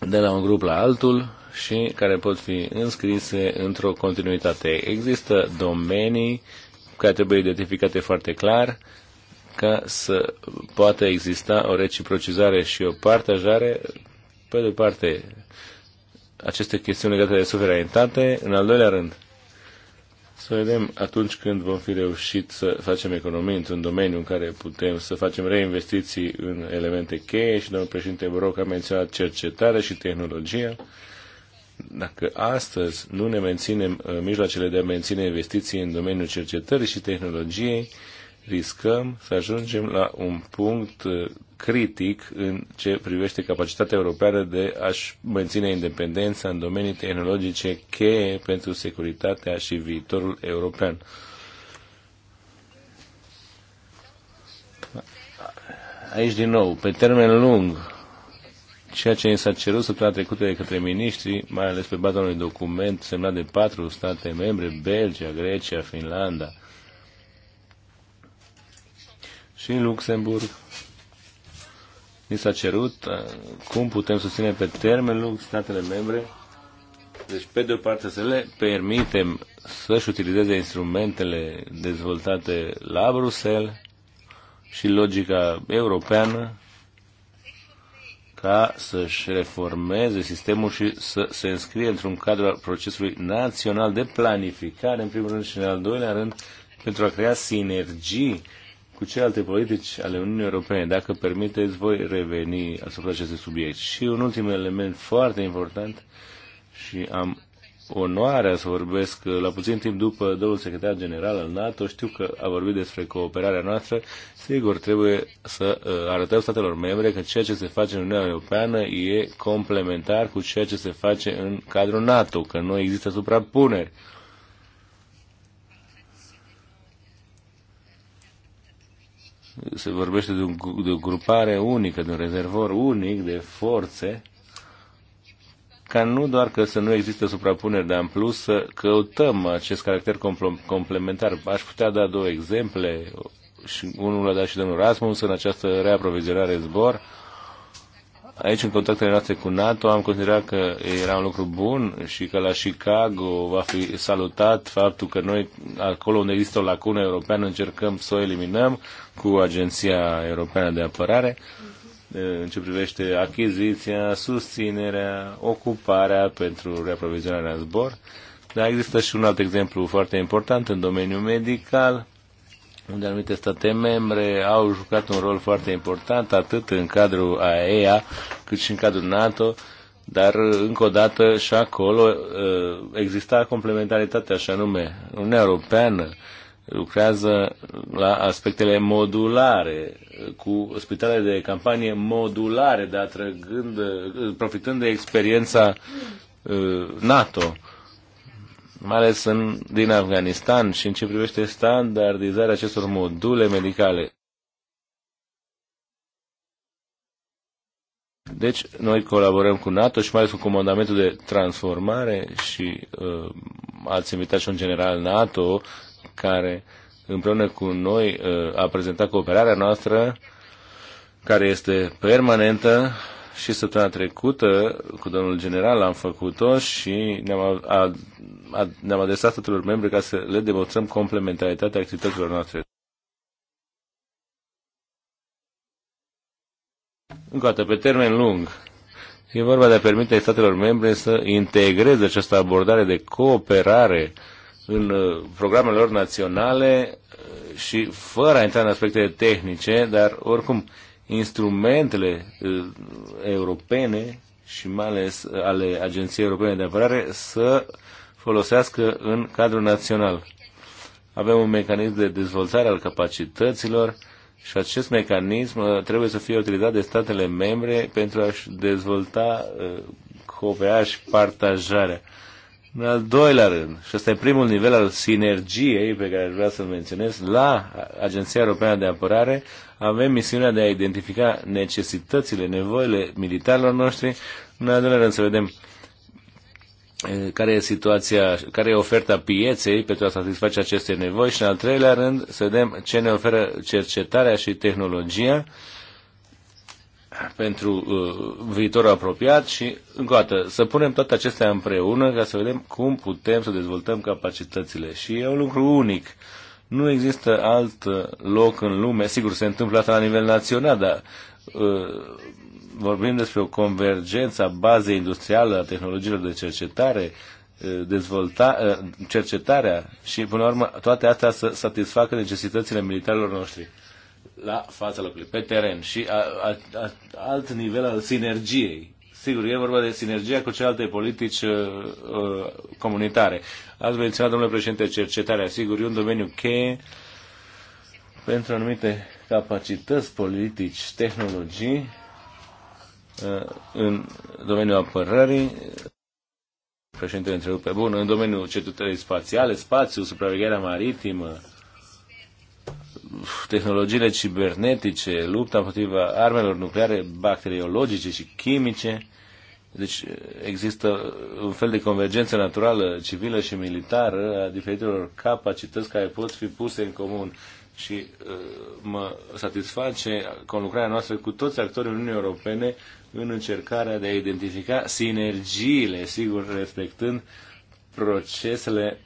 de la un grup la altul și care pot fi înscrise într-o continuitate. Există domenii care trebuie identificate foarte clar ca să poată exista o reciprocizare și o partajare, pe de parte aceste chestiuni legate de suveranitate. În al doilea rând, să vedem atunci când vom fi reușit să facem economii într-un domeniu în care putem să facem reinvestiții în elemente cheie și domnul președinte Broc a menționat cercetare și tehnologia. Dacă astăzi nu ne menținem uh, mijloacele de a menține investiții în domeniul cercetării și tehnologiei, riscăm să ajungem la un punct uh, critic în ce privește capacitatea europeană de a-și menține independența în domenii tehnologice cheie pentru securitatea și viitorul european. Aici, din nou, pe termen lung, ceea ce s-a cerut săptămâna trecută de către miniștri, mai ales pe baza unui document semnat de patru state membre, Belgia, Grecia, Finlanda, și în Luxemburg. Ni s-a cerut uh, cum putem susține pe termen lung statele membre. Deci, pe de o parte, să le permitem să-și utilizeze instrumentele dezvoltate la Bruxelles și logica europeană ca să-și reformeze sistemul și să se înscrie într-un cadru al procesului național de planificare, în primul rând, și în al doilea rând, pentru a crea sinergii cu celelalte politici ale Uniunii Europene. Dacă permiteți, voi reveni asupra acestui subiect. Și un ultim element foarte important și am onoarea să vorbesc uh, la puțin timp după domnul secretar general al NATO. Știu că a vorbit despre cooperarea noastră. Sigur, trebuie să uh, arătăm statelor membre că ceea ce se face în Uniunea Europeană e complementar cu ceea ce se face în cadrul NATO, că nu există suprapuneri. se vorbește de, un, de o grupare unică, de un rezervor unic de forțe, ca nu doar că să nu există suprapuneri, dar în plus să căutăm acest caracter complementar. Aș putea da două exemple, și unul l-a dat și domnul Rasmus în această reaprovizionare zbor, Aici, în contactele noastre cu NATO, am considerat că era un lucru bun și că la Chicago va fi salutat faptul că noi, acolo unde există o lacună europeană, încercăm să o eliminăm cu Agenția Europeană de Apărare mhm. în ce privește achiziția, susținerea, ocuparea pentru reaprovizionarea în zbor. Dar există și un alt exemplu foarte important în domeniul medical, unde anumite state membre au jucat un rol foarte important, atât în cadrul AEA, cât și în cadrul NATO, dar încă o dată și acolo uh, exista complementaritate, așa nume. Uniunea Europeană lucrează la aspectele modulare, cu spitale de campanie modulare, de atrăgând, profitând de experiența uh, NATO mai ales în, din Afganistan și în ce privește standardizarea acestor module medicale. Deci, noi colaborăm cu NATO și mai ales cu Comandamentul de Transformare și uh, ați invitat și un general NATO care împreună cu noi uh, a prezentat cooperarea noastră care este permanentă și săptămâna trecută cu domnul general am făcut-o și ne-am ne-am adresat statelor membre ca să le demonstrăm complementaritatea activităților noastre. Încă o dată, pe termen lung, e vorba de a permite statelor membre să integreze această abordare de cooperare în uh, programele lor naționale uh, și fără a intra în aspectele tehnice, dar oricum instrumentele uh, europene și mai ales ale Agenției Europene de Apărare să folosească în cadrul național. Avem un mecanism de dezvoltare al capacităților și acest mecanism uh, trebuie să fie utilizat de statele membre pentru a-și dezvolta uh, cooperarea și partajarea. În al doilea rând, și ăsta e primul nivel al sinergiei pe care vreau să-l menționez, la Agenția Europeană de Apărare avem misiunea de a identifica necesitățile, nevoile militarilor noștri. În al doilea rând, să vedem care e situația, care e oferta pieței pentru a satisface aceste nevoi și, în al treilea rând, să vedem ce ne oferă cercetarea și tehnologia pentru uh, viitorul apropiat și, încă o dată, să punem toate acestea împreună ca să vedem cum putem să dezvoltăm capacitățile. Și e un lucru unic. Nu există alt uh, loc în lume, sigur, se întâmplă asta la nivel național, dar uh, vorbim despre o convergență a bazei industriale a tehnologiilor de cercetare, eh, dezvolta, eh, cercetarea și, până la urmă, toate astea să satisfacă necesitățile militarilor noștri la fața locului, pe teren și a, a, a, alt nivel al sinergiei. Sigur, e vorba de sinergia cu celelalte politici uh, comunitare. Ați menționat, domnule președinte, cercetarea. Sigur, e un domeniu cheie pentru anumite capacități politici, tehnologii Uh, în domeniul apărării, președintele pe bun, în domeniul cercetării spațiale, spațiu, supravegherea maritimă, tehnologiile cibernetice, lupta împotriva armelor nucleare, bacteriologice și chimice. Deci uh, există un fel de convergență naturală, civilă și militară a diferitelor capacități care pot fi puse în comun. Și uh, mă satisface conlucrarea noastră cu toți actorii Uniunii Europene în încercarea de a identifica sinergiile, sigur, respectând procesele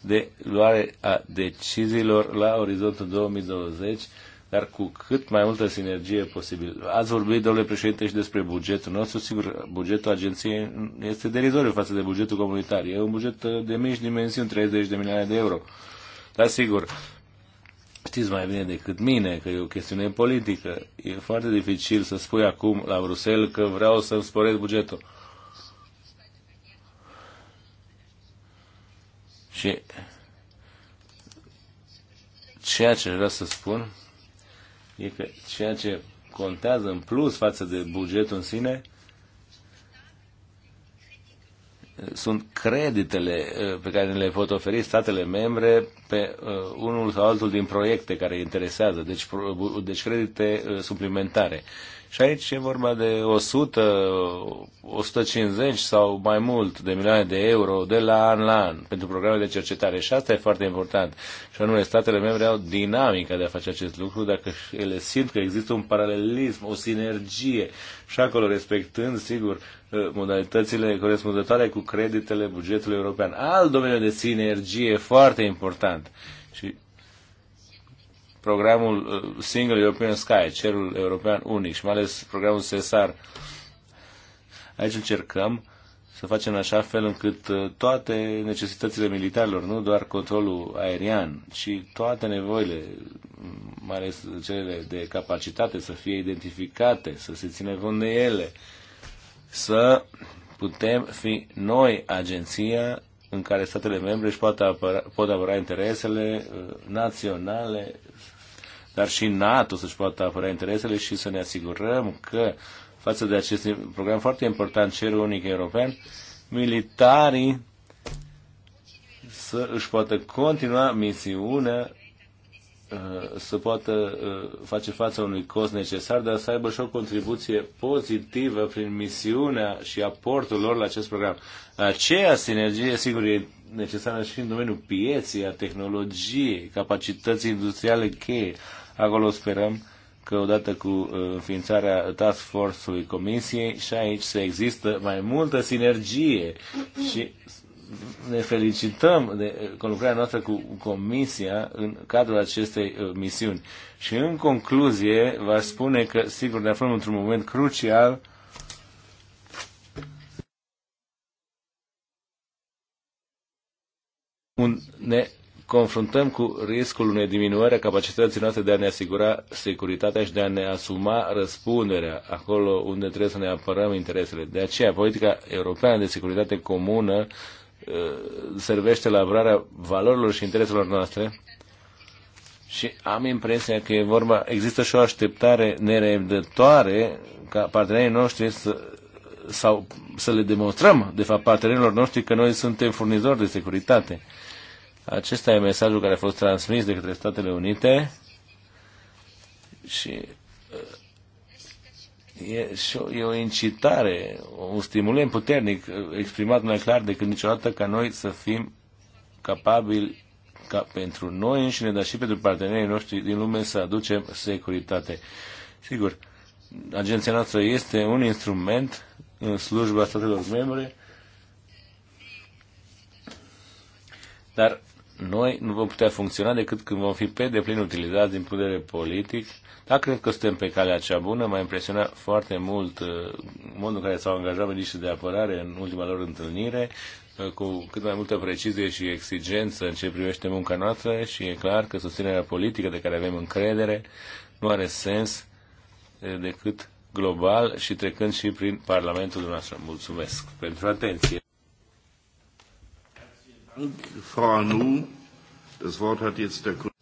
de luare a deciziilor la orizontul 2020, dar cu cât mai multă sinergie posibil. Ați vorbit, domnule președinte, și despre bugetul nostru. Sigur, bugetul agenției este derizoriu față de bugetul comunitar. E un buget de mici dimensiuni, 30 de milioane de euro. Dar sigur, Știți mai bine decât mine că e o chestiune politică. E foarte dificil să spui acum la Bruxelles că vreau să-mi sporez bugetul. Și ceea ce vreau să spun e că ceea ce contează în plus față de bugetul în sine sunt creditele uh, pe care le pot oferi statele membre pe uh, unul sau altul din proiecte care îi interesează, deci, deci credite uh, suplimentare. Și aici e vorba de 100, 150 sau mai mult de milioane de euro de la an la an pentru programe de cercetare. Și asta e foarte important. Și anume, statele membre au dinamica de a face acest lucru dacă ele simt că există un paralelism, o sinergie. Și acolo, respectând, sigur, modalitățile corespunzătoare cu creditele bugetului european. Alt domeniu de sinergie foarte important programul uh, Single European Sky, cerul european unic și mai ales programul SESAR. Aici încercăm să facem în așa fel încât uh, toate necesitățile militarilor, nu doar controlul aerian, ci toate nevoile, mai ales cele de capacitate, să fie identificate, să se ține cont de ele, să putem fi noi agenția în care statele membre își pot apăra, pot apăra interesele uh, naționale dar și NATO să-și poată apăra interesele și să ne asigurăm că față de acest program foarte important, cerul unic european, militarii să își poată continua misiunea uh, să poată uh, face față unui cost necesar, dar să aibă și o contribuție pozitivă prin misiunea și aportul lor la acest program. Aceea sinergie, sigur, e necesară și în domeniul pieței, a tehnologiei, capacității industriale cheie. Acolo sperăm că odată cu uh, înființarea task force-ului comisiei și aici să există mai multă sinergie și ne felicităm de uh, conlucrarea noastră cu Comisia în cadrul acestei uh, misiuni. Și în concluzie, v-aș spune că, sigur, ne aflăm într-un moment crucial un, ne confruntăm cu riscul unei diminuări a capacității noastre de a ne asigura securitatea și de a ne asuma răspunderea acolo unde trebuie să ne apărăm interesele. De aceea, politica europeană de securitate comună uh, servește la apărarea valorilor și intereselor noastre și am impresia că e vorba, există și o așteptare nerebdătoare ca partenerii noștri să, sau să le demonstrăm, de fapt, partenerilor noștri că noi suntem furnizori de securitate. Uh, acesta e mesajul care a fost transmis de către Statele Unite și uh, e, și o, e o incitare, un stimulent puternic uh, exprimat mai clar decât niciodată ca noi să fim capabili ca pentru noi înșine, dar și pentru partenerii noștri din lume să aducem securitate. Sigur, agenția noastră este un instrument în slujba statelor membre, dar noi nu vom putea funcționa decât când vom fi pe deplin utilizați din putere politic. Dar cred că suntem pe calea cea bună. M-a impresionat foarte mult uh, modul în care s-au angajat ministrii de apărare în ultima lor întâlnire, uh, cu cât mai multă precizie și exigență în ce privește munca noastră și e clar că susținerea politică de care avem încredere nu are sens uh, decât global și trecând și prin Parlamentul nostru. Mulțumesc pentru atenție.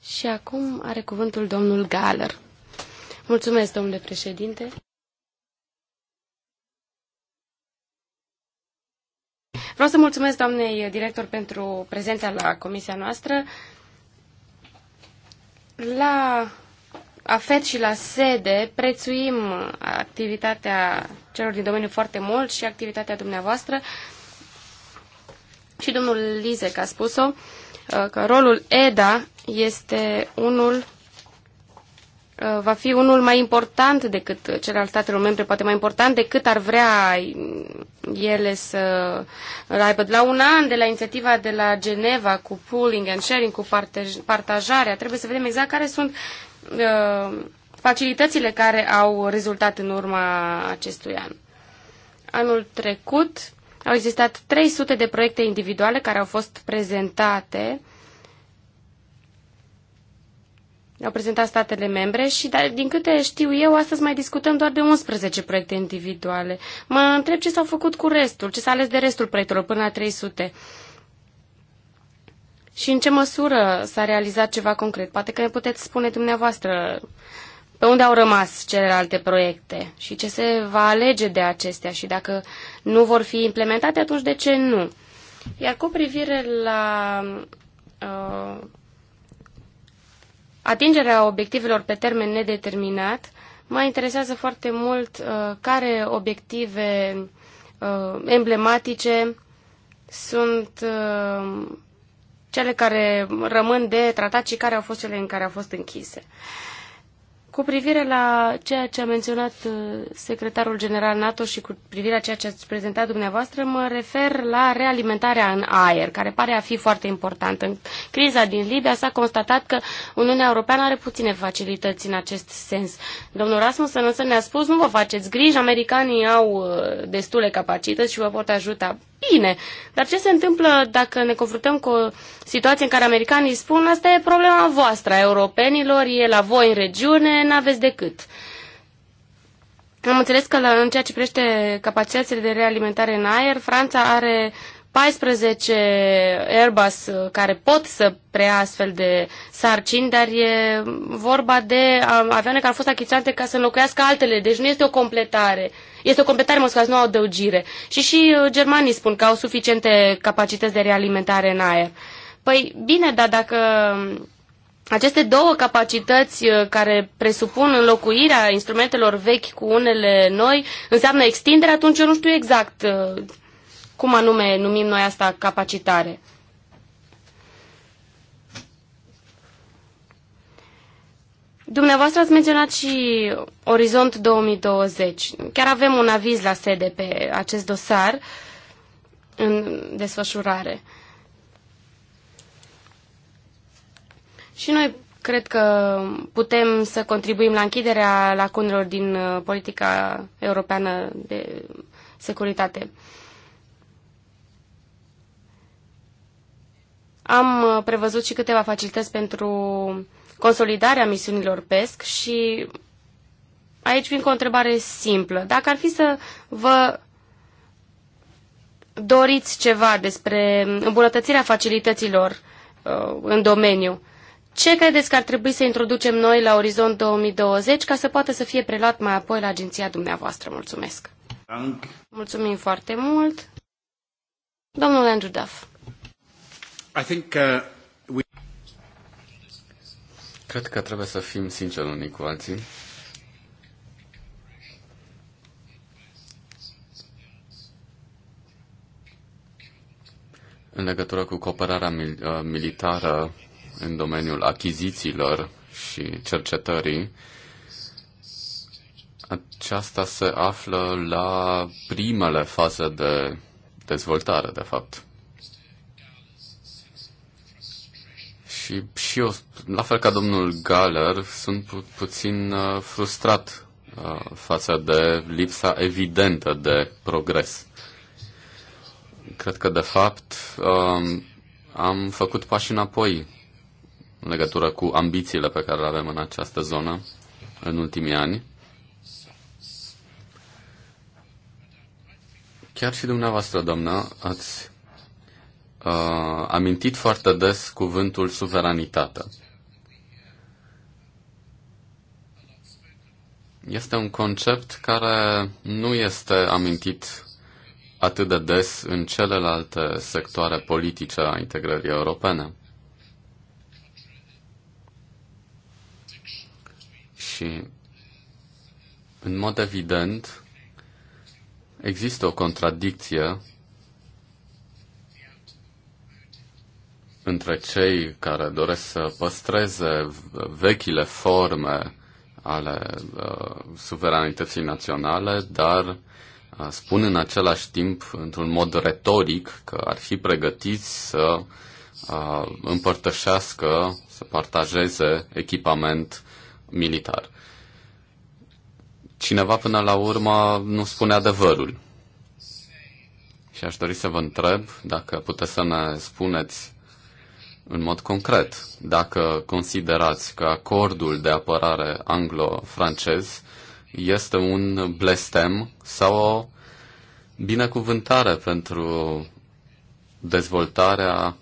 Și acum are cuvântul domnul Galler. Mulțumesc, domnule președinte. Vreau să mulțumesc doamnei director pentru prezența la comisia noastră. La AFET și la sede prețuim activitatea celor din domeniu foarte mult și activitatea dumneavoastră. Și domnul Lizec a spus-o uh, că rolul EDA este unul uh, va fi unul mai important decât cel al statelor membre, poate mai important decât ar vrea ele să aibă. La un an de la inițiativa de la Geneva cu pooling and sharing, cu partajarea, trebuie să vedem exact care sunt uh, facilitățile care au rezultat în urma acestui an. Anul trecut au existat 300 de proiecte individuale care au fost prezentate. Au prezentat statele membre și, dar, din câte știu eu, astăzi mai discutăm doar de 11 proiecte individuale. Mă întreb ce s-au făcut cu restul, ce s-a ales de restul proiectelor până la 300. Și în ce măsură s-a realizat ceva concret? Poate că ne puteți spune dumneavoastră pe unde au rămas celelalte proiecte și ce se va alege de acestea și dacă nu vor fi implementate, atunci de ce nu? Iar cu privire la uh, atingerea obiectivelor pe termen nedeterminat, mă interesează foarte mult uh, care obiective uh, emblematice sunt uh, cele care rămân de tratat și care au fost cele în care au fost închise. Uh, cu privire la ceea ce a menționat uh, secretarul general NATO și cu privire la ceea ce ați prezentat dumneavoastră, mă refer la realimentarea în aer, care pare a fi foarte importantă. În criza din Libia s-a constatat că Uniunea Europeană are puține facilități în acest sens. Domnul Rasmussen însă ne-a spus, nu vă faceți griji, americanii au uh, destule capacități și vă pot ajuta bine. Dar ce se întâmplă dacă ne confruntăm cu o situație în care americanii spun asta e problema voastră, a europenilor, e la voi în regiune, n-aveți decât. Am înțeles că la, în ceea ce privește capacitățile de realimentare în aer, Franța are 14 Airbus uh, care pot să preia astfel de sarcini, dar e vorba de um, avioane care au fost achiziționate ca să înlocuiască altele, deci nu este o completare. Este o completare, mă nu o adăugire. Și și uh, germanii spun că au suficiente capacități de realimentare în aer. Păi bine, dar dacă um, aceste două capacități uh, care presupun înlocuirea instrumentelor vechi cu unele noi înseamnă extindere, atunci eu nu știu exact uh, cum anume numim noi asta capacitare. Dumneavoastră ați menționat și Orizont 2020. Chiar avem un aviz la sede pe acest dosar în desfășurare. Și noi cred că putem să contribuim la închiderea lacunelor din uh, politica europeană de securitate. Am uh, prevăzut și câteva facilități pentru consolidarea misiunilor PESC și aici vin cu o întrebare simplă. Dacă ar fi să vă doriți ceva despre îmbunătățirea facilităților uh, în domeniu, ce credeți că ar trebui să introducem noi la Orizont 2020 ca să poată să fie preluat mai apoi la agenția dumneavoastră? Mulțumesc! Thank. Mulțumim foarte mult! Domnul Andrew Duff. I think, uh... Cred că trebuie să fim sinceri unii cu alții. În legătură cu cooperarea mil- uh, militară în domeniul achizițiilor și cercetării, aceasta se află la primele faze de dezvoltare, de fapt. Și, și eu la fel ca domnul Galer, sunt pu- puțin uh, frustrat uh, față de lipsa evidentă de progres. Cred că, de fapt, uh, am făcut pași înapoi în legătură cu ambițiile pe care le avem în această zonă în ultimii ani. Chiar și dumneavoastră, doamnă, ați uh, amintit foarte des cuvântul suveranitate. Este un concept care nu este amintit atât de des în celelalte sectoare politice a integrării europene. Și, în mod evident, există o contradicție între cei care doresc să păstreze vechile forme ale uh, suveranității naționale, dar uh, spun în același timp, într-un mod retoric, că ar fi pregătiți să uh, împărtășească, să partajeze echipament militar. Cineva până la urmă nu spune adevărul. Și aș dori să vă întreb dacă puteți să ne spuneți în mod concret. Dacă considerați că acordul de apărare anglo-francez este un blestem sau o binecuvântare pentru dezvoltarea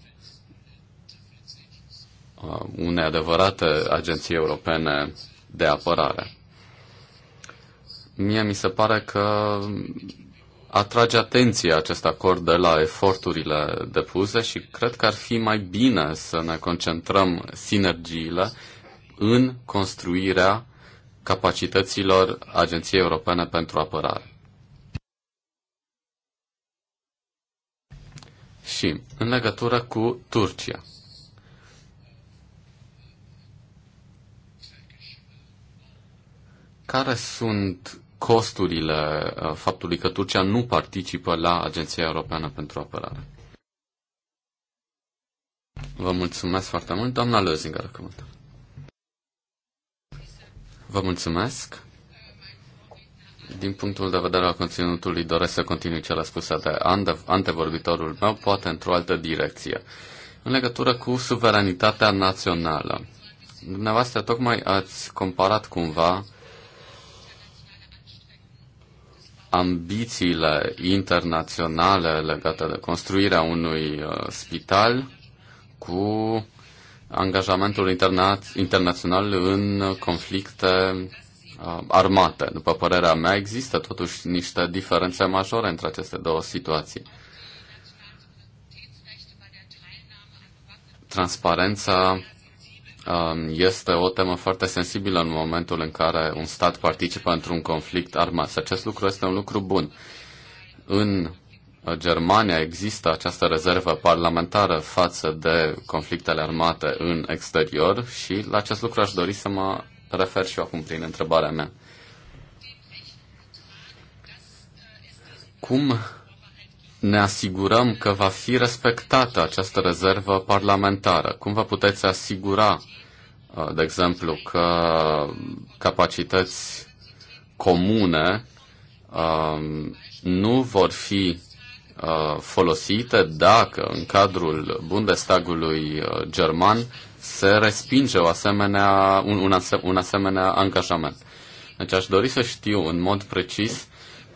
uh, unei adevărate agenții europene de apărare. Mie mi se pare că atrage atenția acest acord de la eforturile depuse și cred că ar fi mai bine să ne concentrăm sinergiile în construirea capacităților Agenției Europene pentru Apărare. Și în legătură cu Turcia. Care sunt costurile uh, faptului că Turcia nu participă la Agenția Europeană pentru Apărare. Vă mulțumesc foarte mult, doamna Lăzinger, acum. Vă mulțumesc. Din punctul de vedere al conținutului, doresc să continui l-a spus de antevorbitorul meu, poate într-o altă direcție. În legătură cu suveranitatea națională, dumneavoastră tocmai ați comparat cumva ambițiile internaționale legate de construirea unui uh, spital cu angajamentul interna- internațional în conflicte uh, armate. După părerea mea, există totuși niște diferențe majore între aceste două situații. Transparența Um, este o temă foarte sensibilă în momentul în care un stat participă într-un conflict armat. Și acest lucru este un lucru bun. În uh, Germania există această rezervă parlamentară față de conflictele armate în exterior și la acest lucru aș dori să mă refer și eu acum prin întrebarea mea. Cum ne asigurăm că va fi respectată această rezervă parlamentară? Cum vă puteți asigura, uh, de exemplu, că capacități comune um, nu vor fi uh, folosite dacă în cadrul Bundestagului uh, german se respinge o asemenea, un, un, asemenea angajament. Deci aș dori să știu în mod precis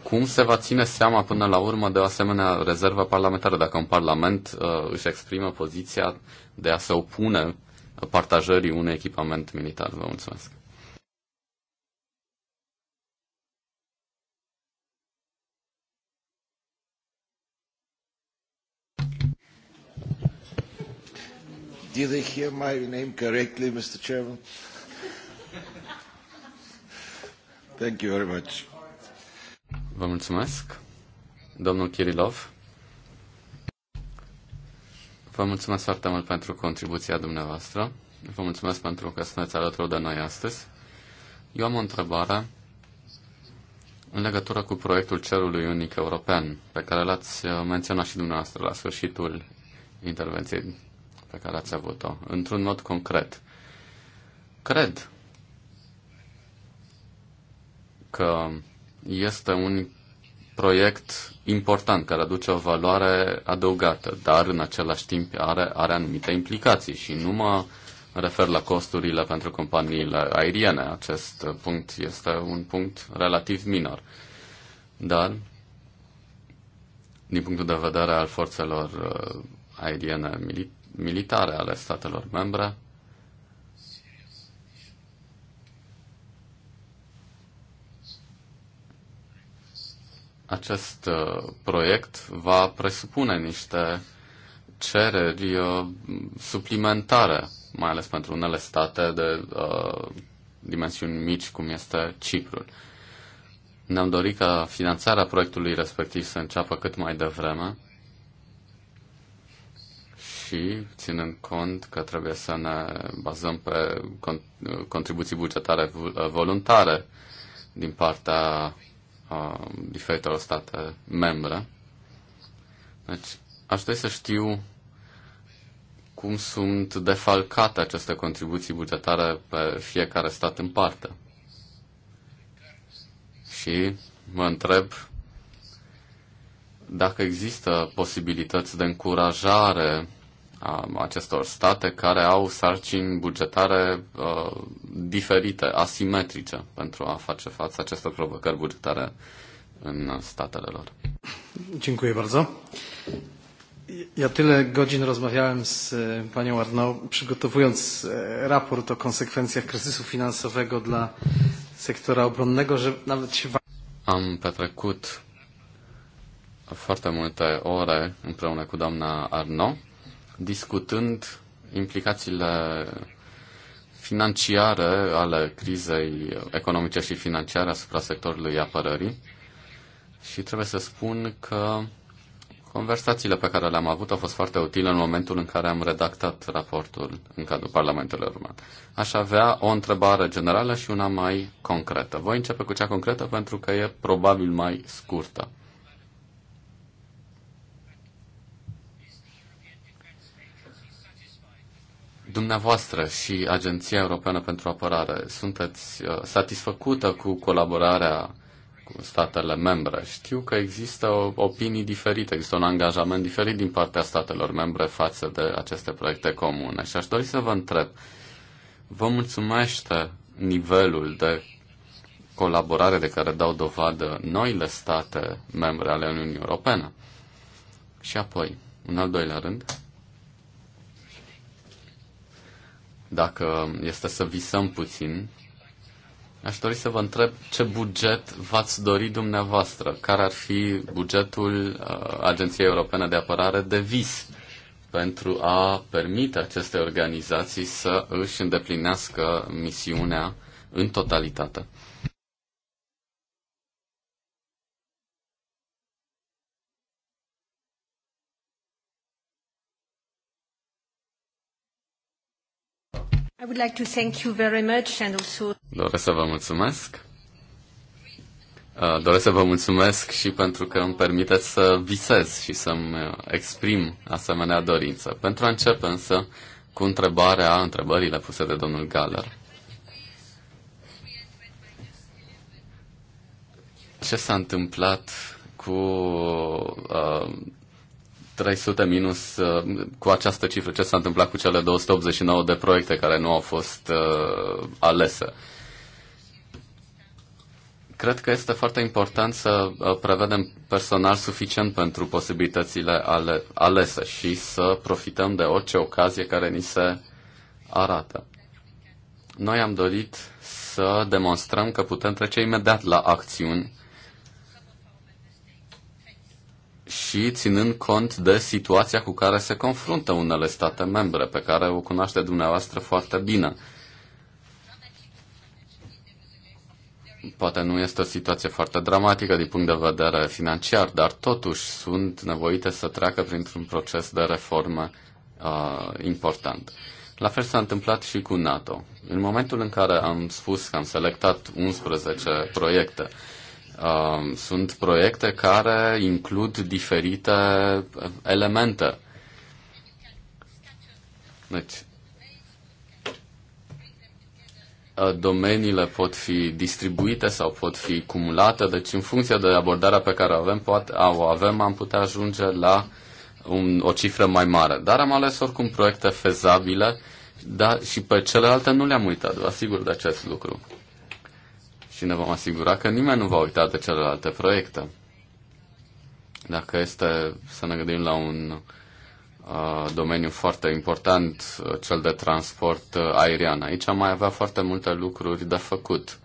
cum se va ține seama până la urmă de o asemenea rezervă parlamentară, dacă un parlament uh, își exprimă poziția de a se opune partajării unui echipament militar. Vă mulțumesc. Did they hear my name correctly, Mr. Chairman? Thank you very much. Vă mulțumesc. Domnul Kirilov. Vă mulțumesc foarte mult pentru contribuția dumneavoastră. Vă mulțumesc pentru că sunteți alături de noi astăzi. Eu am o întrebare în legătură cu proiectul Cerului Unic European, pe care l-ați uh, menționat și dumneavoastră la sfârșitul intervenției pe care ați avut-o, într-un mod concret. Cred că este un proiect important care aduce o valoare adăugată, dar în același timp are, are anumite implicații și nu mă refer la costurile pentru companiile aeriene. Acest punct este un punct relativ minor. Dar, din punctul de vedere al forțelor uh, aeriene militare ale statelor membre, acest uh, proiect va presupune niște cereri uh, suplimentare, mai ales pentru unele state de uh, dimensiuni mici, cum este Ciprul. Ne-am dorit ca finanțarea proiectului respectiv să înceapă cât mai devreme și ținând cont că trebuie să ne bazăm pe contribuții bugetare voluntare din partea a diferitelor state membre. Deci, aș dori să știu cum sunt defalcate aceste contribuții bugetare pe fiecare stat în parte. Și mă întreb dacă există posibilități de încurajare acestor state care au sarcini bugetare uh, diferite, asimetrice, pentru a face față acestor provocări bugetare în statele lor. Dziękuję bardzo. Ja tyle godzin rozmawiałem z panią Arnaud, przygotowując raport o konsekwencjach kryzysu finansowego dla sektora obronnego, że nawet się... Am petrecut foarte multe ore împreună cu doamna Arno, discutând implicațiile financiare ale crizei economice și financiare asupra sectorului apărării și trebuie să spun că conversațiile pe care le-am avut au fost foarte utile în momentul în care am redactat raportul în cadrul Parlamentului Român. Aș avea o întrebare generală și una mai concretă. Voi începe cu cea concretă pentru că e probabil mai scurtă. Dumneavoastră și Agenția Europeană pentru Apărare, sunteți uh, satisfăcută cu colaborarea cu statele membre? Știu că există opinii diferite, există un angajament diferit din partea statelor membre față de aceste proiecte comune. Și aș dori să vă întreb, vă mulțumește nivelul de colaborare de care dau dovadă noile state membre ale Uniunii Europene? Și apoi, în al doilea rând, dacă este să visăm puțin, aș dori să vă întreb ce buget v-ați dori dumneavoastră, care ar fi bugetul uh, Agenției Europene de Apărare de vis pentru a permite acestei organizații să își îndeplinească misiunea în totalitate. Doresc să vă mulțumesc. Uh, doresc să vă mulțumesc și pentru că îmi permiteți să visez și să-mi uh, exprim asemenea dorință. Pentru a începe însă cu întrebarea, întrebările puse de domnul Galler. Ce s-a întâmplat cu uh, 300 minus uh, cu această cifră, ce s-a întâmplat cu cele 289 de proiecte care nu au fost uh, alese? Cred că este foarte important să uh, prevedem personal suficient pentru posibilitățile ale, alese și să profităm de orice ocazie care ni se arată. Noi am dorit să demonstrăm că putem trece imediat la acțiuni și ținând cont de situația cu care se confruntă unele state membre, pe care o cunoaște dumneavoastră foarte bine. Poate nu este o situație foarte dramatică din punct de vedere financiar, dar totuși sunt nevoite să treacă printr-un proces de reformă uh, important. La fel s-a întâmplat și cu NATO. În momentul în care am spus că am selectat 11 proiecte, Um, sunt proiecte care includ diferite elemente. Deci, uh, domeniile pot fi distribuite sau pot fi cumulate, deci în funcție de abordarea pe care avem, poate, o avem, am putea ajunge la un, o cifră mai mare. Dar am ales oricum proiecte fezabile da, și pe celelalte nu le-am uitat, vă asigur de acest lucru și ne vom asigura că nimeni nu va uita de celelalte proiecte. Dacă este să ne gândim la un uh, domeniu foarte important, uh, cel de transport uh, aerian, aici am mai avea foarte multe lucruri de făcut.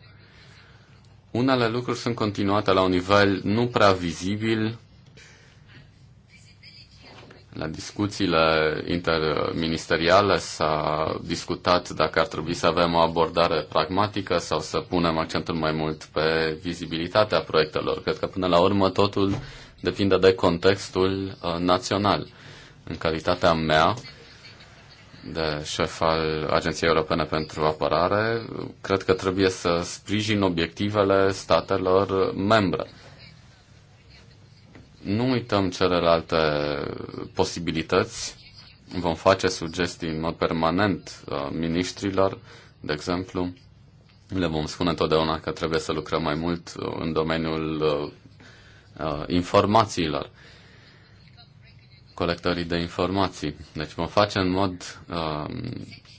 Unele lucruri sunt continuate la un nivel nu prea vizibil, la discuțiile interministeriale s-a discutat dacă ar trebui să avem o abordare pragmatică sau să punem accentul mai mult pe vizibilitatea proiectelor. Cred că până la urmă totul depinde de contextul uh, național. În calitatea mea de șef al Agenției Europene pentru Apărare, cred că trebuie să sprijin obiectivele statelor membre nu uităm celelalte posibilități. Vom face sugestii în mod permanent uh, ministrilor, de exemplu. Le vom spune întotdeauna că trebuie să lucrăm mai mult uh, în domeniul uh, informațiilor, colectării de informații. Deci vom face în mod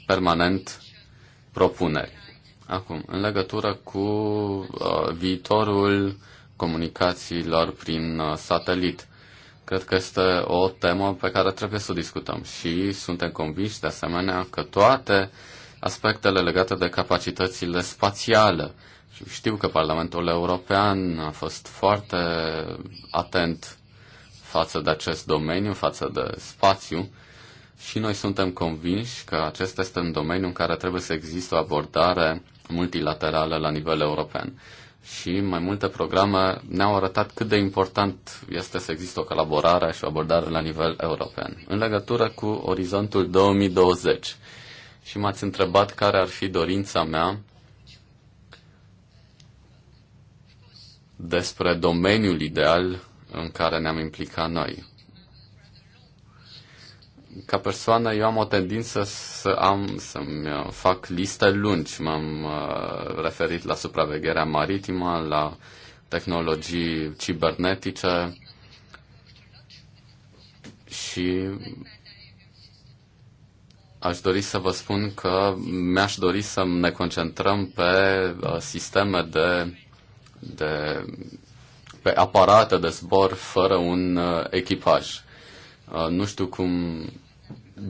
permanent propuneri. Acum, în legătură cu viitorul comunicațiilor prin uh, satelit. Cred că este o temă pe care trebuie să o discutăm și suntem convinși de asemenea că toate aspectele legate de capacitățile spațiale. Și Știu că Parlamentul European a fost foarte atent față de acest domeniu, față de spațiu și noi suntem convinși că acesta este un domeniu în care trebuie să existe o abordare multilaterală la nivel european și mai multe programe ne-au arătat cât de important este să există o colaborare și o abordare la nivel european. În legătură cu orizontul 2020 și m-ați întrebat care ar fi dorința mea despre domeniul ideal în care ne-am implicat noi ca persoană eu am o tendință să am, să-mi uh, fac liste lungi. M-am uh, referit la supravegherea maritimă, la tehnologii cibernetice și aș dori să vă spun că mi-aș dori să ne concentrăm pe uh, sisteme de, de pe aparate de zbor fără un echipaj. Nu știu cum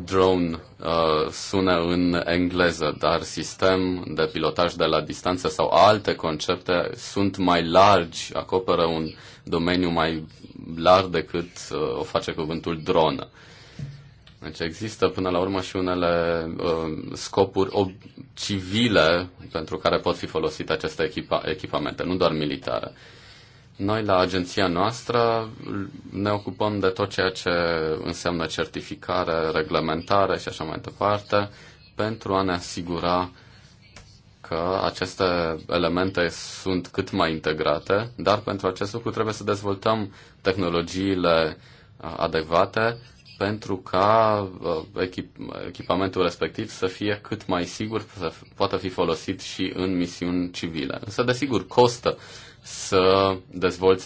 drone uh, sună în engleză, dar sistem de pilotaj de la distanță sau alte concepte sunt mai largi, acoperă un domeniu mai larg decât uh, o face cuvântul dronă. Deci există până la urmă și unele uh, scopuri ob- civile pentru care pot fi folosite aceste echipa- echipamente, nu doar militare. Uh, noi, la agenția noastră, ne ocupăm de tot ceea ce înseamnă certificare, reglementare și așa mai departe, pentru a ne asigura că aceste elemente sunt cât mai integrate, dar pentru acest lucru trebuie să dezvoltăm tehnologiile uh, adecvate pentru ca uh, echip, echipamentul respectiv să fie cât mai sigur, să poată fi folosit și în misiuni civile. Însă, desigur, costă uh, să dezvolți,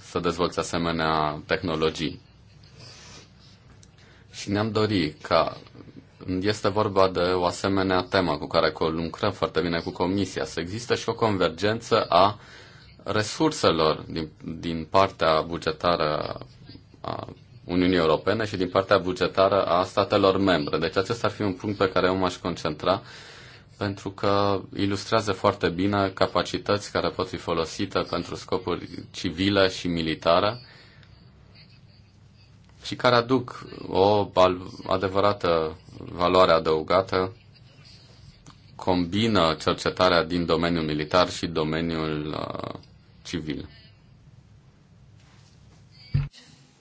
să dezvolți asemenea tehnologii. Și ne-am dorit ca este vorba de o asemenea temă cu care lucrăm foarte bine cu Comisia, să există și o convergență a resurselor din, din partea bugetară a Uniunii Europene și din partea bugetară a statelor membre. Deci acesta ar fi un punct pe care eu m-aș concentra pentru că ilustrează foarte bine capacități care pot fi folosite pentru scopuri civile și militare și care aduc o adevărată valoare adăugată, combină cercetarea din domeniul militar și domeniul uh, civil.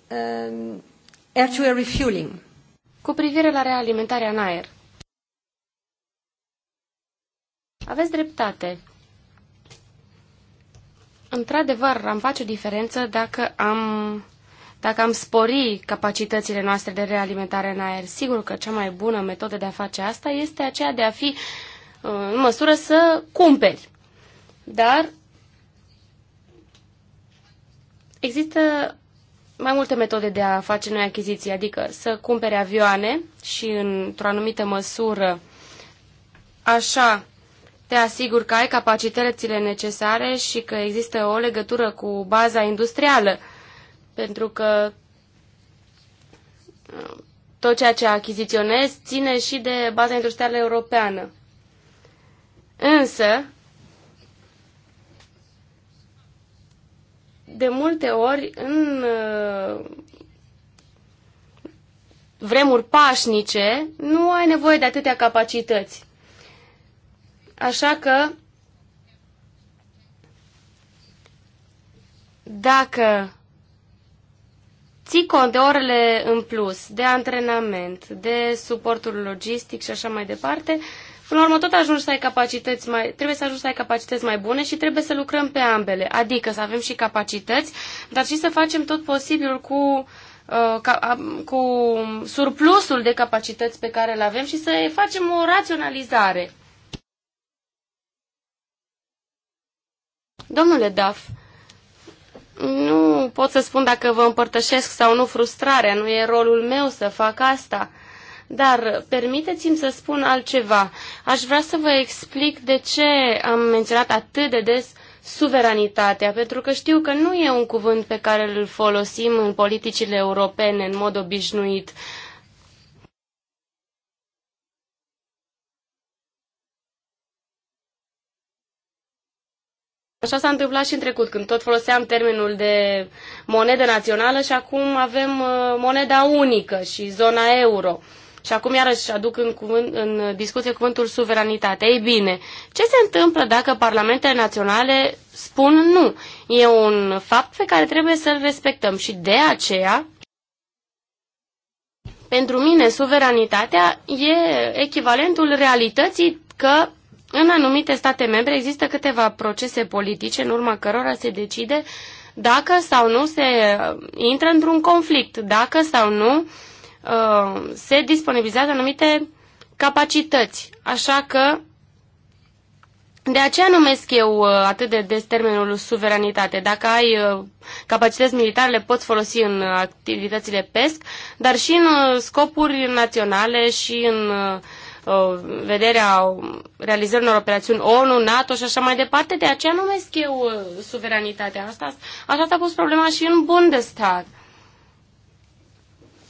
Um, air to air refueling. Cu privire la realimentarea în aer, Aveți dreptate. Într-adevăr, am face o diferență dacă am, dacă am spori capacitățile noastre de realimentare în aer. Sigur că cea mai bună metodă de a face asta este aceea de a fi uh, în măsură să cumperi. Dar există mai multe metode de a face noi achiziții, adică să cumpere avioane și într-o anumită măsură așa te asigur că ai capacitățile necesare și că există o legătură cu baza industrială, pentru că um, tot ceea ce achiziționezi ține și de baza industrială europeană. Însă, de multe ori, în uh, vremuri pașnice, nu ai nevoie de atâtea capacități. Așa că dacă ții cont de orele în plus, de antrenament, de suportul logistic și așa mai departe, până la urmă tot ajungi să ai capacități mai, trebuie să ajungi să ai capacități mai bune și trebuie să lucrăm pe ambele, adică să avem și capacități, dar și să facem tot posibilul cu uh, ca, cu surplusul de capacități pe care le avem și să facem o raționalizare. Domnule Duff, nu pot să spun dacă vă împărtășesc sau nu frustrarea, nu e rolul meu să fac asta. Dar permiteți-mi să spun altceva. Aș vrea să vă explic de ce am menționat atât de des suveranitatea, pentru că știu că nu e un cuvânt pe care îl folosim în politicile europene în mod obișnuit. Așa s-a întâmplat și în trecut, când tot foloseam termenul de monedă națională și acum avem uh, moneda unică și zona euro. Și acum iarăși aduc în, cuvânt, în discuție cuvântul suveranitate. Ei bine, ce se întâmplă dacă parlamentele naționale spun nu? E un fapt pe care trebuie să-l respectăm și de aceea, pentru mine, suveranitatea e echivalentul realității că în anumite state membre există câteva procese politice în urma cărora se decide dacă sau nu se uh, intră într-un conflict, dacă sau nu uh, se disponibilizează anumite capacități. Așa că de aceea numesc eu uh, atât de des termenul suveranitate. Dacă ai capacități militare, le poți folosi în activitățile PESC, dar și în scopuri naționale și în vederea realizărilor operațiuni ONU, NATO și așa mai departe. De aceea numesc eu uh, suveranitatea asta. Așa s-a pus problema și în Bundestag.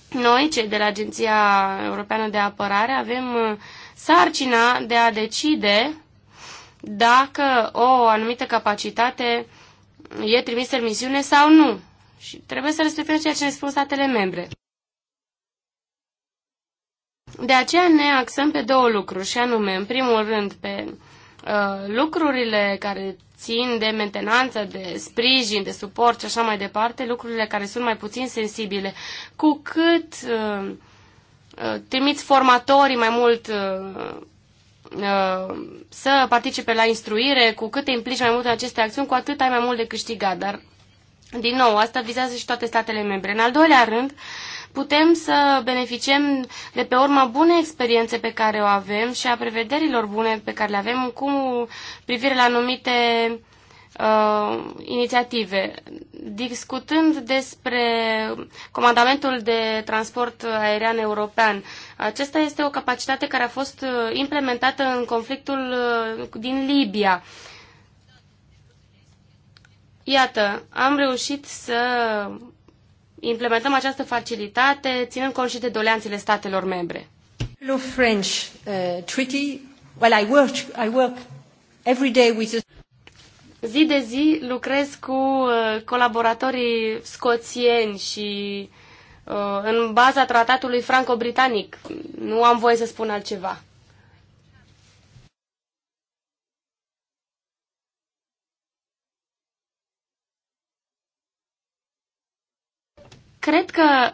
Noi, cei de la Agenția Europeană de Apărare, avem uh, sarcina de a decide dacă o anumită capacitate e trimisă în misiune sau nu. Și trebuie să respectăm ceea ce ne spun statele membre. De aceea ne axăm pe două lucruri și anume, în primul rând, pe uh, lucrurile care țin de mentenanță, de sprijin, de suport și așa mai departe, lucrurile care sunt mai puțin sensibile. Cu cât uh, uh trimiți formatorii mai mult uh, uh, să participe la instruire, cu cât te implici mai mult în aceste acțiuni, cu atât ai mai mult de câștigat. Dar, din nou, asta vizează și toate statele membre. În al doilea rând, uh, putem să beneficiem de pe urma bune experiențe pe care o avem și a prevederilor bune pe care le avem cu privire la anumite uh, inițiative. Discutând despre comandamentul de transport aerian european, acesta este o capacitate care a fost uh, implementată în conflictul uh, din Libia. Iată, am reușit să implementăm această facilitate, ținând cont și de doleanțele statelor membre. Uh, zi de zi lucrez cu uh, colaboratorii scoțieni și uh, în baza tratatului franco-britanic. Nu am voie să spun altceva. Cred că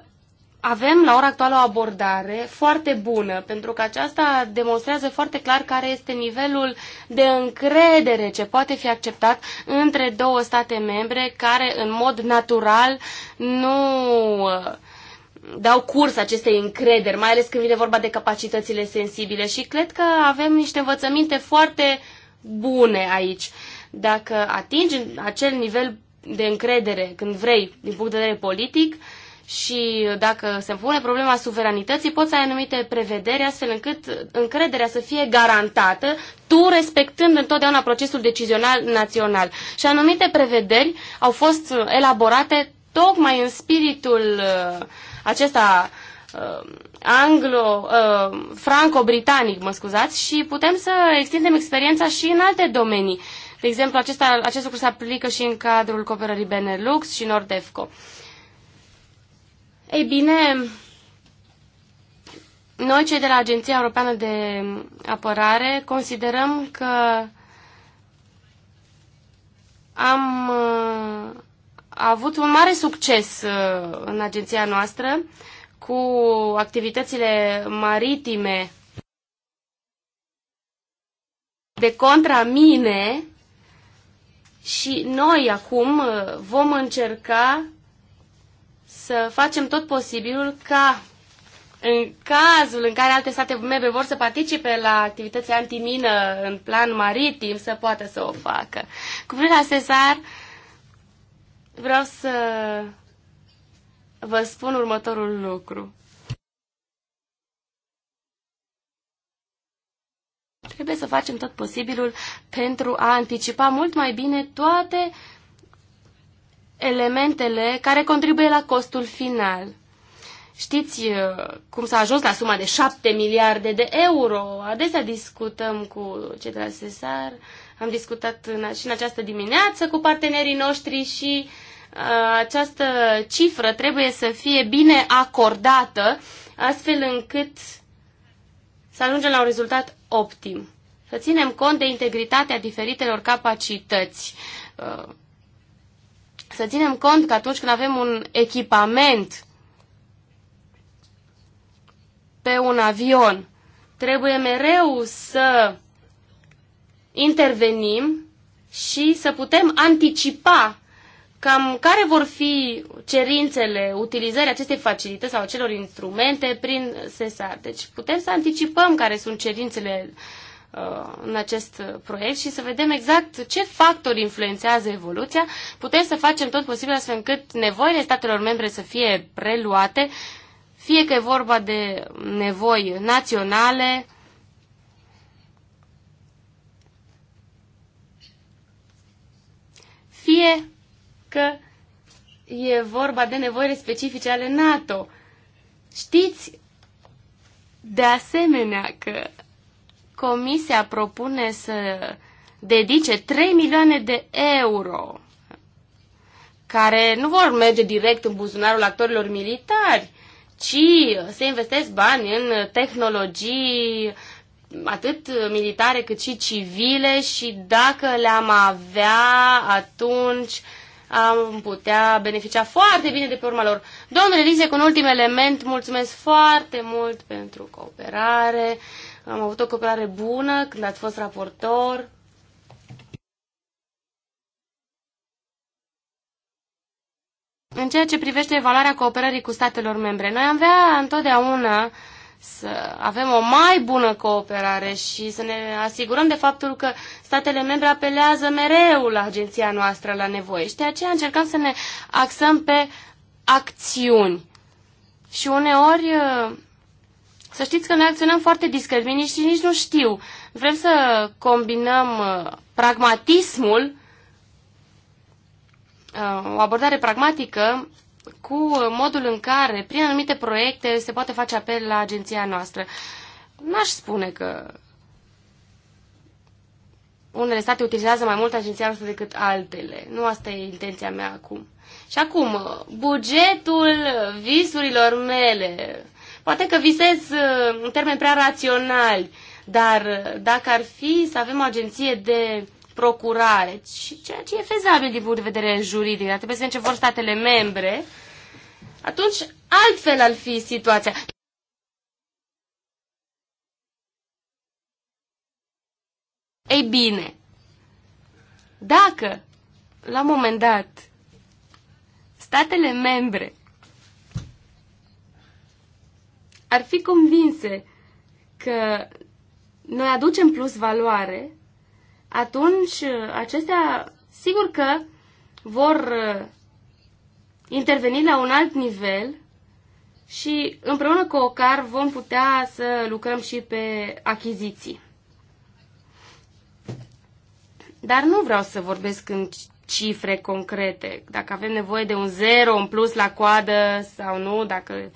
avem la ora actuală o abordare foarte bună, pentru că aceasta demonstrează foarte clar care este nivelul de încredere ce poate fi acceptat între două state membre care în mod natural nu uh, dau curs acestei încrederi, mai ales când vine vorba de capacitățile sensibile și cred că avem niște învățăminte foarte bune aici. Dacă atingi acel nivel de încredere când vrei din punct de vedere politic, și dacă se pune problema suveranității, poți să ai anumite prevederi astfel încât încrederea să fie garantată, tu respectând întotdeauna procesul decizional național. Și anumite prevederi au fost uh, elaborate tocmai în spiritul uh, acesta uh, anglo, franco-britanic, mă scuzați, și putem să extindem experiența și în alte domenii. De exemplu, acesta, acest lucru se aplică și în cadrul cooperării Benelux și Nordefco. Uh, ei bine, noi cei de la Agenția Europeană de Apărare considerăm că am uh, avut un mare succes uh, în agenția noastră cu activitățile maritime de contra mine și noi acum uh, vom încerca să facem tot posibilul ca în cazul în care alte state membre vor să participe la activități antimină în plan maritim, să poată să o facă. Cu privire la Cezar, vreau să vă spun următorul lucru. Trebuie să facem tot posibilul pentru a anticipa mult mai bine toate elementele care contribuie la costul final. Știți uh, cum s-a ajuns la suma de 7 miliarde de euro? Adesea discutăm cu cei de la SESAR, am discutat în, și în această dimineață cu partenerii noștri și uh, această cifră trebuie să fie bine acordată, astfel încât să ajungem la un rezultat optim. Să ținem cont de integritatea diferitelor capacități. Uh, să ținem cont că atunci când avem un echipament pe un avion, trebuie mereu să intervenim și să putem anticipa cam care vor fi cerințele utilizării acestei facilități sau acelor instrumente prin SESAR. Deci putem să anticipăm care sunt cerințele Uh, în acest proiect și să vedem exact ce factori influențează evoluția. Putem să facem tot posibil astfel încât nevoile statelor membre să fie preluate, fie că e vorba de nevoi naționale, fie că e vorba de nevoile specifice ale NATO. Știți de asemenea că Comisia propune să dedice 3 milioane de euro care nu vor merge direct în buzunarul actorilor militari, ci se investesc bani în tehnologii atât militare cât și civile și dacă le-am avea, atunci am putea beneficia foarte bine de pe urma lor. Domnule Rize, cu un ultim element, mulțumesc foarte mult pentru cooperare am avut o cooperare bună când ați fost raportor. În ceea ce privește evaluarea cooperării cu statelor membre, noi am vrea întotdeauna să avem o mai bună cooperare și să ne asigurăm de faptul că statele membre apelează mereu la agenția noastră la nevoie și de aceea încercăm să ne axăm pe acțiuni. Și uneori să știți că noi acționăm foarte discret, și nici nu știu. Vrem să combinăm uh, pragmatismul, uh, o abordare pragmatică, cu uh, modul în care, prin anumite proiecte, se poate face apel la agenția noastră. N-aș spune că unele state utilizează mai mult agenția noastră decât altele. Nu asta e intenția mea acum. Și acum, bugetul visurilor mele Poate că visez uh, în termeni prea raționali, dar uh, dacă ar fi să avem o agenție de procurare, ceea ce e fezabil din punct de vedere juridic, dar trebuie să vedem ce vor statele membre, atunci altfel ar fi situația. Ei bine, dacă la un moment dat statele membre ar fi convinse că noi aducem plus valoare, atunci uh, acestea sigur că vor uh, interveni la un alt nivel și împreună cu OCAR vom putea să lucrăm și pe achiziții. Dar nu vreau să vorbesc în cifre concrete, dacă avem nevoie de un zero în plus la coadă sau nu, dacă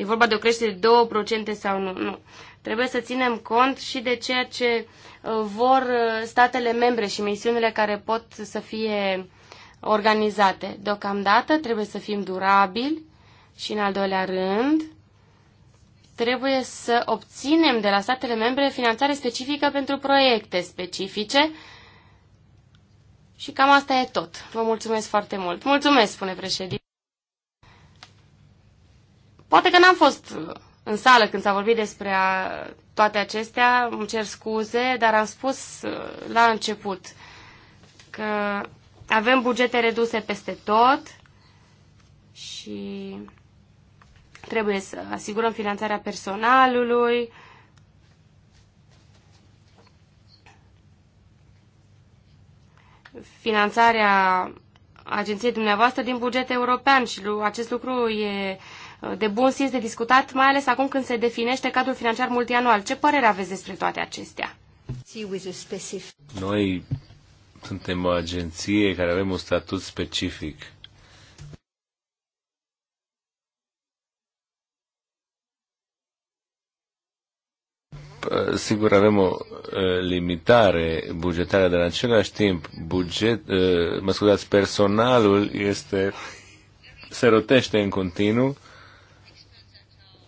e vorba de o creștere de 2% sau nu. Nu. Trebuie să ținem cont și de ceea ce uh, vor uh, statele membre și misiunile care pot să fie organizate. Deocamdată trebuie să fim durabili și, în al doilea rând, trebuie să obținem de la statele membre finanțare specifică pentru proiecte specifice și cam asta e tot. Vă mulțumesc foarte mult. Mulțumesc, spune președinte. Poate că n-am fost uh, în sală când s-a vorbit despre a, toate acestea, îmi cer scuze, dar am spus uh, la început că avem bugete reduse peste tot și trebuie să asigurăm finanțarea personalului. finanțarea agenției dumneavoastră din buget european și acest lucru e uh, de bun simț de discutat, mai ales acum când se definește cadrul financiar multianual. Ce părere aveți despre toate acestea? Noi suntem o agenție care avem un statut specific. sigur avem o limitare bugetară, dar în același timp buget, mă scuzați, personalul este se rotește în continuu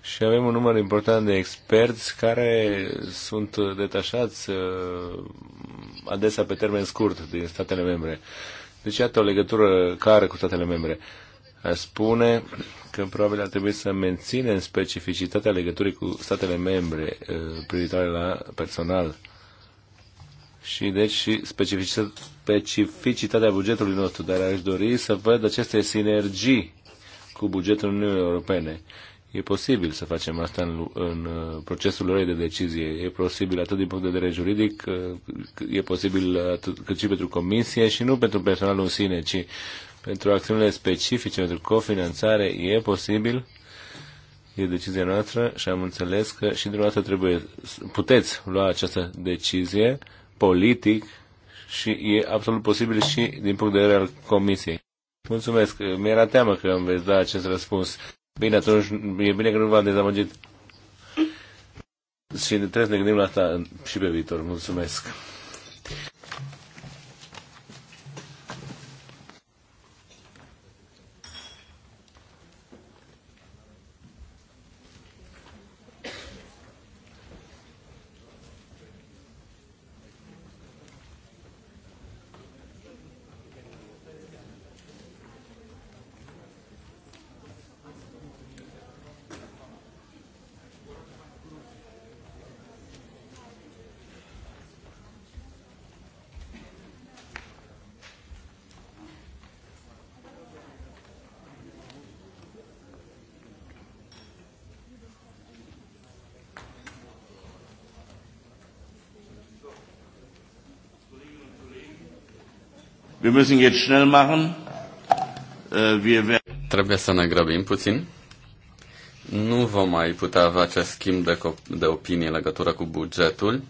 și avem un număr important de experți care sunt detașați uh, adesea pe termen scurt din statele membre. Deci iată o legătură clară cu statele membre. Aș spune că probabil ar trebui să menținem specificitatea legăturii cu statele membre uh, privitoare la personal și deci și specificitatea bugetului nostru, dar aș dori să văd aceste sinergii cu bugetul Uniunii Europene E posibil să facem asta în, în uh, procesul lor de decizie. E posibil atât din punct de vedere juridic, uh, e posibil atât, cât și pentru comisie și nu pentru personalul în sine, ci pentru acțiunile specifice, pentru cofinanțare, e posibil, e decizia noastră și am înțeles că și dumneavoastră trebuie, puteți lua această decizie politic și e absolut posibil și din punct de vedere al comisiei. Mulțumesc, mi-era teamă că îmi veți da acest răspuns. Bine, atunci e bine că nu v-am dezamăgit. Și trebuie să ne gândim la asta și pe viitor. Mulțumesc! Wir müssen jetzt schnell machen. Äh, wir werden... Trebuie să ne grăbim puțin. Nu vom mai putea avea acest schimb de, de opinie în legătură cu bugetul,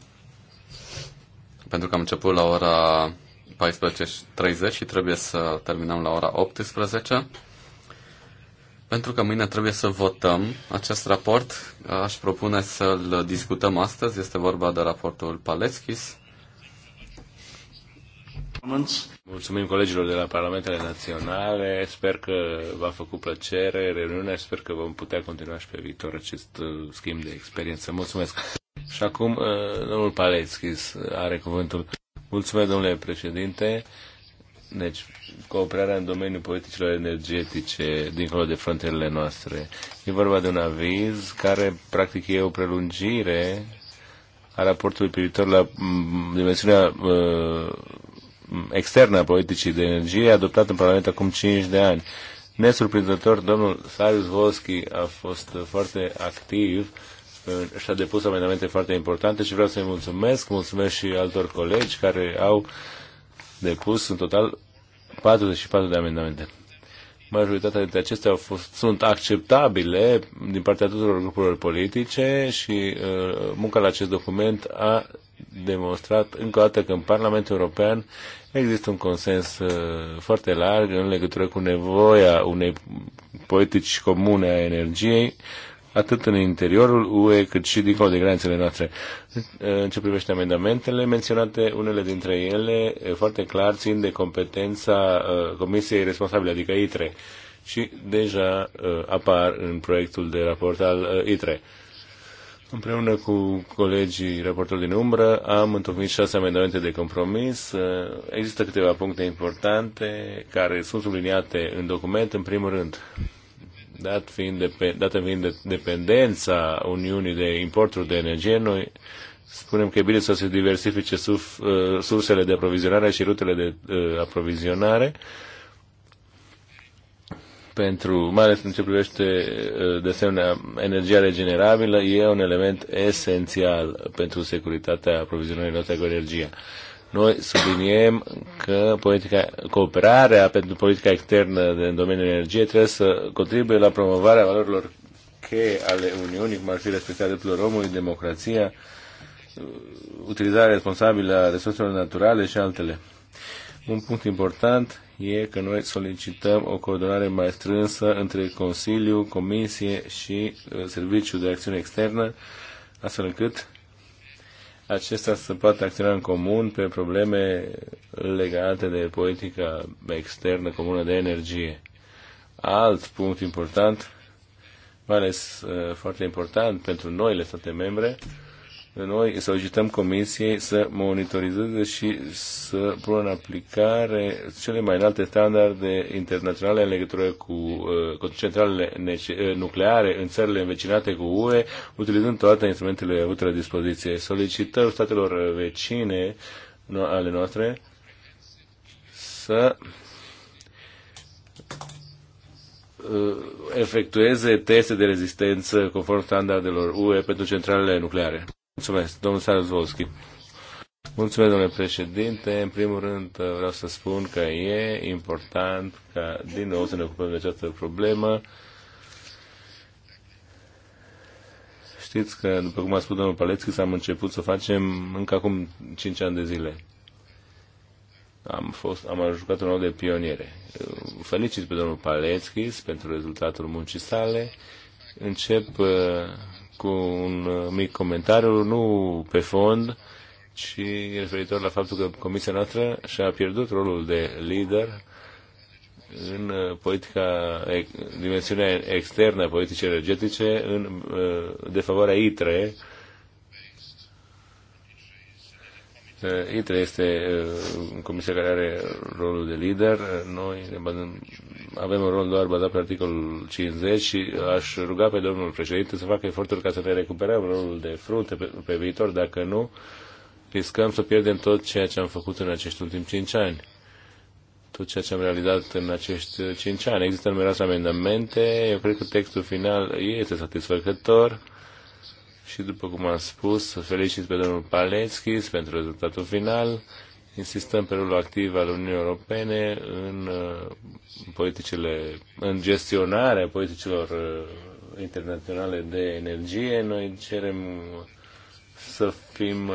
pentru că am început la ora 14.30 și trebuie să terminăm la ora 18. Pentru că mâine trebuie să votăm acest raport, aș propune să-l discutăm astăzi. Este vorba de raportul Paleschis Mulțumim colegilor de la Parlamentele Naționale. Sper că v-a făcut plăcere reuniunea și sper că vom putea continua și pe viitor acest uh, schimb de experiență. Mulțumesc! Și acum uh, domnul Paleschis are cuvântul. Mulțumesc, domnule președinte. Deci, cooperarea în domeniul politicilor energetice, dincolo de frontierele noastre. E vorba de un aviz care, practic, e o prelungire a raportului privitor la mm, dimensiunea uh, externă a politicii de energie adoptat în Parlament acum 5 de ani. Nesurprinzător, domnul Sarius Volski a fost foarte activ și a depus amendamente foarte importante și vreau să-i mulțumesc, mulțumesc și altor colegi care au depus în total 44 de amendamente. Majoritatea dintre acestea au fost, sunt acceptabile din partea tuturor grupurilor politice și uh, munca la acest document a demonstrat încă o dată că în Parlamentul European Există un consens uh, foarte larg în legătură cu nevoia unei poetici comune a energiei, atât în interiorul UE, cât și dincolo de granițele noastre. În uh, ce privește amendamentele menționate, unele dintre ele uh, foarte clar țin de competența Comisiei responsabile, adică ITRE, și deja apar în proiectul de raport al ITRE. Împreună cu colegii raportori din umbră am întocmit șase amendamente de compromis. Există câteva puncte importante care sunt subliniate în document. În primul rând, dat fiind, dată fiind dependența Uniunii de importuri de energie, noi spunem că e bine să se diversifice uh, sursele de aprovizionare și rutele de uh, aprovizionare. Uh, pentru, mai ales în ce privește de asemenea energia regenerabilă, e un element esențial pentru securitatea aprovizionării noastre cu energie. Noi subliniem că politica, cooperarea pentru politica externă în domeniul energiei trebuie să contribuie la promovarea valorilor cheie ale Uniunii, cum ar fi respectarea drepturilor omului, democrația, utilizarea responsabilă a resurselor naturale și altele. Un punct important e că noi solicităm o coordonare mai strânsă între Consiliu, Comisie și uh, Serviciul de Acțiune Externă, astfel încât acesta să poată acționa în comun pe probleme legate de politica externă comună de energie. Alt punct important, mai ales uh, foarte important pentru noile state membre, noi solicităm Comisiei să monitorizeze și să pună în aplicare cele mai înalte standarde internaționale în legătură cu uh, cu centralele uh, nucleare în țările învecinate cu UE, utilizând toate instrumentele avute la dispoziție. Solicităm statelor vecine ale noastre să uh, efectueze teste de rezistență conform standardelor UE pentru centralele nucleare. Mulțumesc, domnul Mulțumesc, domnule președinte. În primul rând uh, vreau să spun că e important ca din nou să ne ocupăm de această problemă. Știți că, după cum a spus domnul Palețchi, am început să facem încă acum 5 ani de zile. Am, fost, am jucat un rol de pioniere. Uh, felicit pe domnul Palețchi pentru rezultatul muncii sale. Încep uh, cu un mic comentariu, nu pe fond, ci referitor la faptul că Comisia noastră și-a pierdut rolul de lider în uh, politica, dimensiunea externă a politicii energetice în uh, defavoarea ITRE, ITRE este uh, comisar care are rolul de lider. Noi ne avem un rol doar bazat pe articolul 50 și aș ruga pe domnul președinte să facă eforturi ca să ne recuperăm rolul de frunte pe, pe viitor. Dacă nu, riscăm să pierdem tot ceea ce am făcut în acești ultimi 5 ani tot ceea ce am realizat în acești 5 ani. Există numeroase amendamente, eu cred că textul final este satisfăcător și, după cum am spus, să felicit pe domnul Paleckis pentru rezultatul final. Insistăm pe rolul activ al Uniunii Europene în uh, politicile, în gestionarea politicilor uh, internaționale de energie. Noi cerem să fim uh,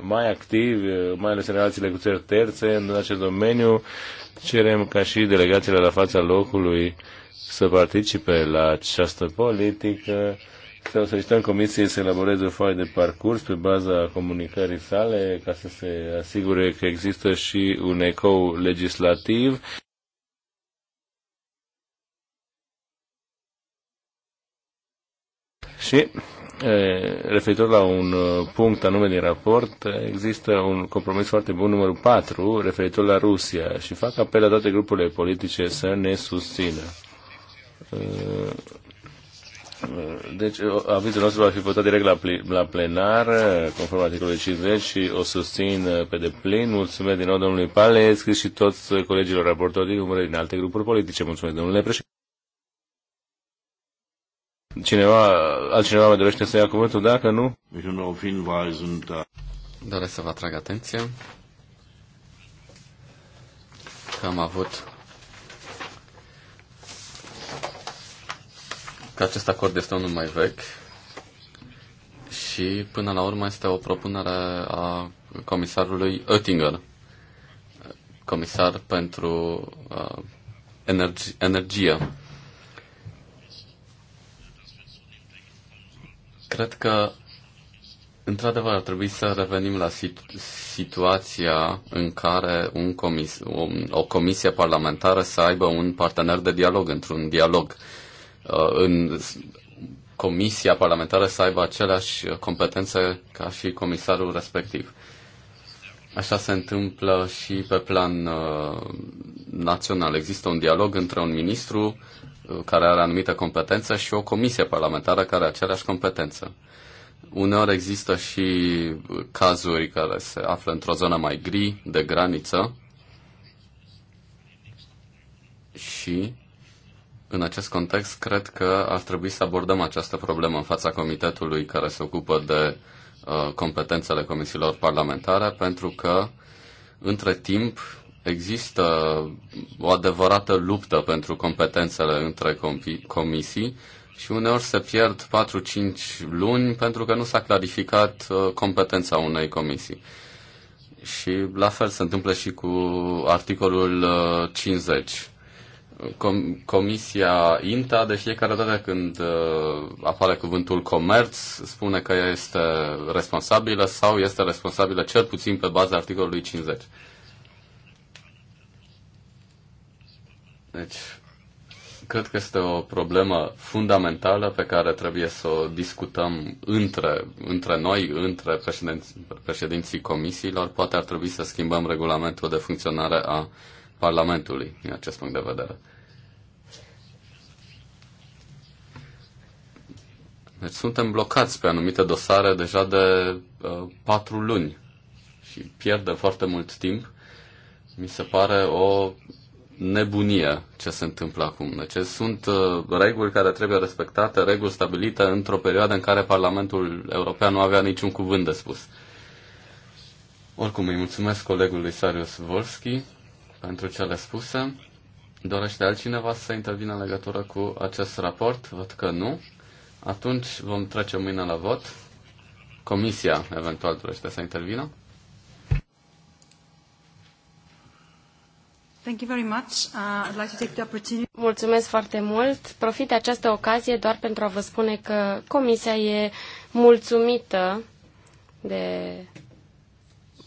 mai activi, mai ales în relațiile cu țări terțe în acest domeniu. Cerem ca și delegațiile la fața locului să participe la această politică sau solicităm comisiei să elaboreze o foaie de parcurs pe baza comunicării sale ca să se asigure că există și un ecou legislativ. Și referitor la un punct anume din raport, există un compromis foarte bun, numărul 4, referitor la Rusia și fac apel la toate grupurile politice să ne susțină. Deci, avizul nostru va fi votat direct la, la plenar, conform articolului 50 și o susțin pe deplin. Mulțumesc din nou domnului Palescu și toți colegilor raportori din umbră din alte grupuri politice. Mulțumesc, domnule președinte. Cineva, altcineva mai dorește să ia cuvântul? Dacă nu... Deci, Doresc să vă atrag atenția că am avut că acest acord este unul mai vechi și până la urmă este o propunere a comisarului Oettinger, comisar pentru uh, energi- energie. Cred că Într-adevăr, ar trebui să revenim la situația în care un comis, o, o comisie parlamentară să aibă un partener de dialog într-un dialog Uh, în comisia parlamentară să aibă aceleași competențe ca și comisarul respectiv. Așa se întâmplă și pe plan uh, național. Există un dialog între un ministru uh, care are anumită competență și o comisie parlamentară care are aceleași competență. Uneori există și cazuri care se află într-o zonă mai gri de graniță și în acest context, cred că ar trebui să abordăm această problemă în fața comitetului care se ocupă de uh, competențele comisiilor parlamentare, pentru că, între timp, există o adevărată luptă pentru competențele între comisii și uneori se pierd 4-5 luni pentru că nu s-a clarificat uh, competența unei comisii. Și la fel se întâmplă și cu articolul 50 uh, com- Comisia INTA, de fiecare dată când uh, apare cuvântul comerț, spune că este responsabilă sau este responsabilă cel puțin pe baza articolului 50. Deci, cred că este o problemă fundamentală pe care trebuie să o discutăm între, între noi, între președinții, președinții comisiilor. Poate ar trebui să schimbăm regulamentul de funcționare a Parlamentului din acest punct de vedere. Deci suntem blocați pe anumite dosare deja de uh, patru luni și pierde foarte mult timp. Mi se pare o nebunie ce se întâmplă acum. Deci sunt uh, reguli care trebuie respectate, reguli stabilite într-o perioadă în care Parlamentul European nu avea niciun cuvânt de spus. Oricum, îi mulțumesc colegului Sarius Volski pentru cele spuse. Dorește altcineva să intervină în legătură cu acest raport? Văd că nu. Atunci vom trece mâine la vot. Comisia eventual dorește să intervină. Thank you very much. Uh, I'd like to take the opportunity. Mulțumesc foarte mult. Profit de această ocazie doar pentru a vă spune că Comisia e mulțumită de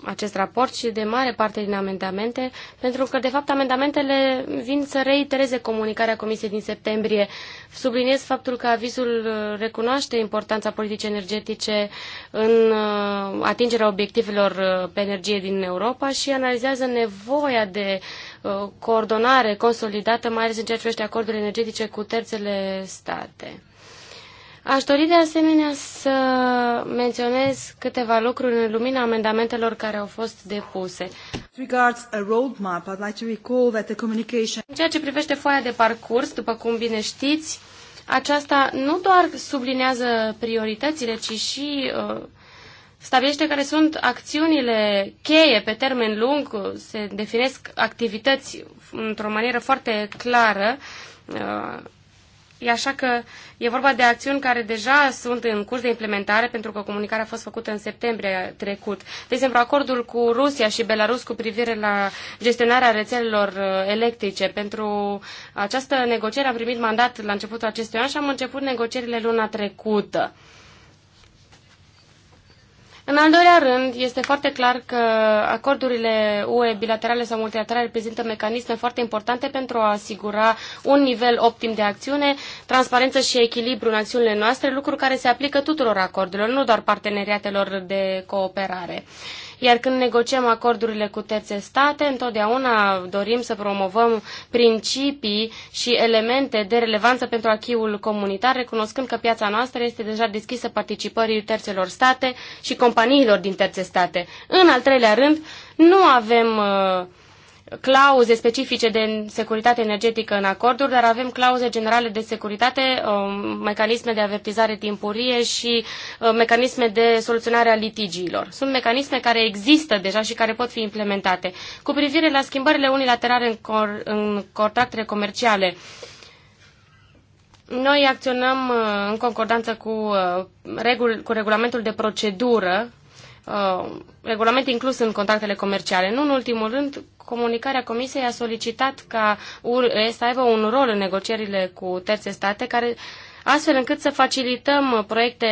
acest raport și de mare parte din amendamente, pentru că, de fapt, amendamentele vin să reitereze comunicarea Comisiei din septembrie. Subliniez faptul că avizul uh, recunoaște importanța politicii energetice în uh, atingerea obiectivelor uh, pe energie din Europa și analizează nevoia de coordonare consolidată, mai ales în ceea ce privește acordurile energetice cu terțele state. Aș dori de asemenea să menționez câteva lucruri în lumina amendamentelor care au fost depuse. În ceea ce privește foaia de parcurs, după cum bine știți, aceasta nu doar sublinează prioritățile, ci și uh, stabilește care sunt acțiunile cheie pe termen lung, se definesc activități într-o manieră foarte clară, uh, E așa că e vorba de acțiuni care deja sunt în curs de implementare, pentru că comunicarea a fost făcută în septembrie trecut. De exemplu, acordul cu Rusia și Belarus cu privire la gestionarea rețelelor uh, electrice. Pentru această negociere am primit mandat la începutul acestui an și am început negocierile luna trecută. În al doilea rând, este foarte clar că acordurile UE bilaterale sau multilaterale reprezintă mecanisme foarte importante pentru a asigura un nivel optim de acțiune, transparență și echilibru în acțiunile noastre, lucru care se aplică tuturor acordurilor, nu doar parteneriatelor de cooperare. Iar când negociem acordurile cu terțe state, întotdeauna dorim să promovăm principii și elemente de relevanță pentru achiul comunitar, recunoscând că piața noastră este deja deschisă participării terțelor state și companiilor din terțe state. În al treilea rând, nu avem uh, clauze specifice de securitate energetică în acorduri, dar avem clauze generale de securitate, um, mecanisme de avertizare timpurie și uh, mecanisme de soluționare a litigiilor. Sunt mecanisme care există deja și care pot fi implementate. Cu privire la schimbările unilaterale în, cor- în contractele comerciale, noi acționăm uh, în concordanță cu, uh, regul, cu regulamentul de procedură Uh, regulament inclus în contactele comerciale. Nu în ultimul rând, comunicarea Comisiei a solicitat ca UE să aibă un rol în negocierile cu terțe state care astfel încât să facilităm proiecte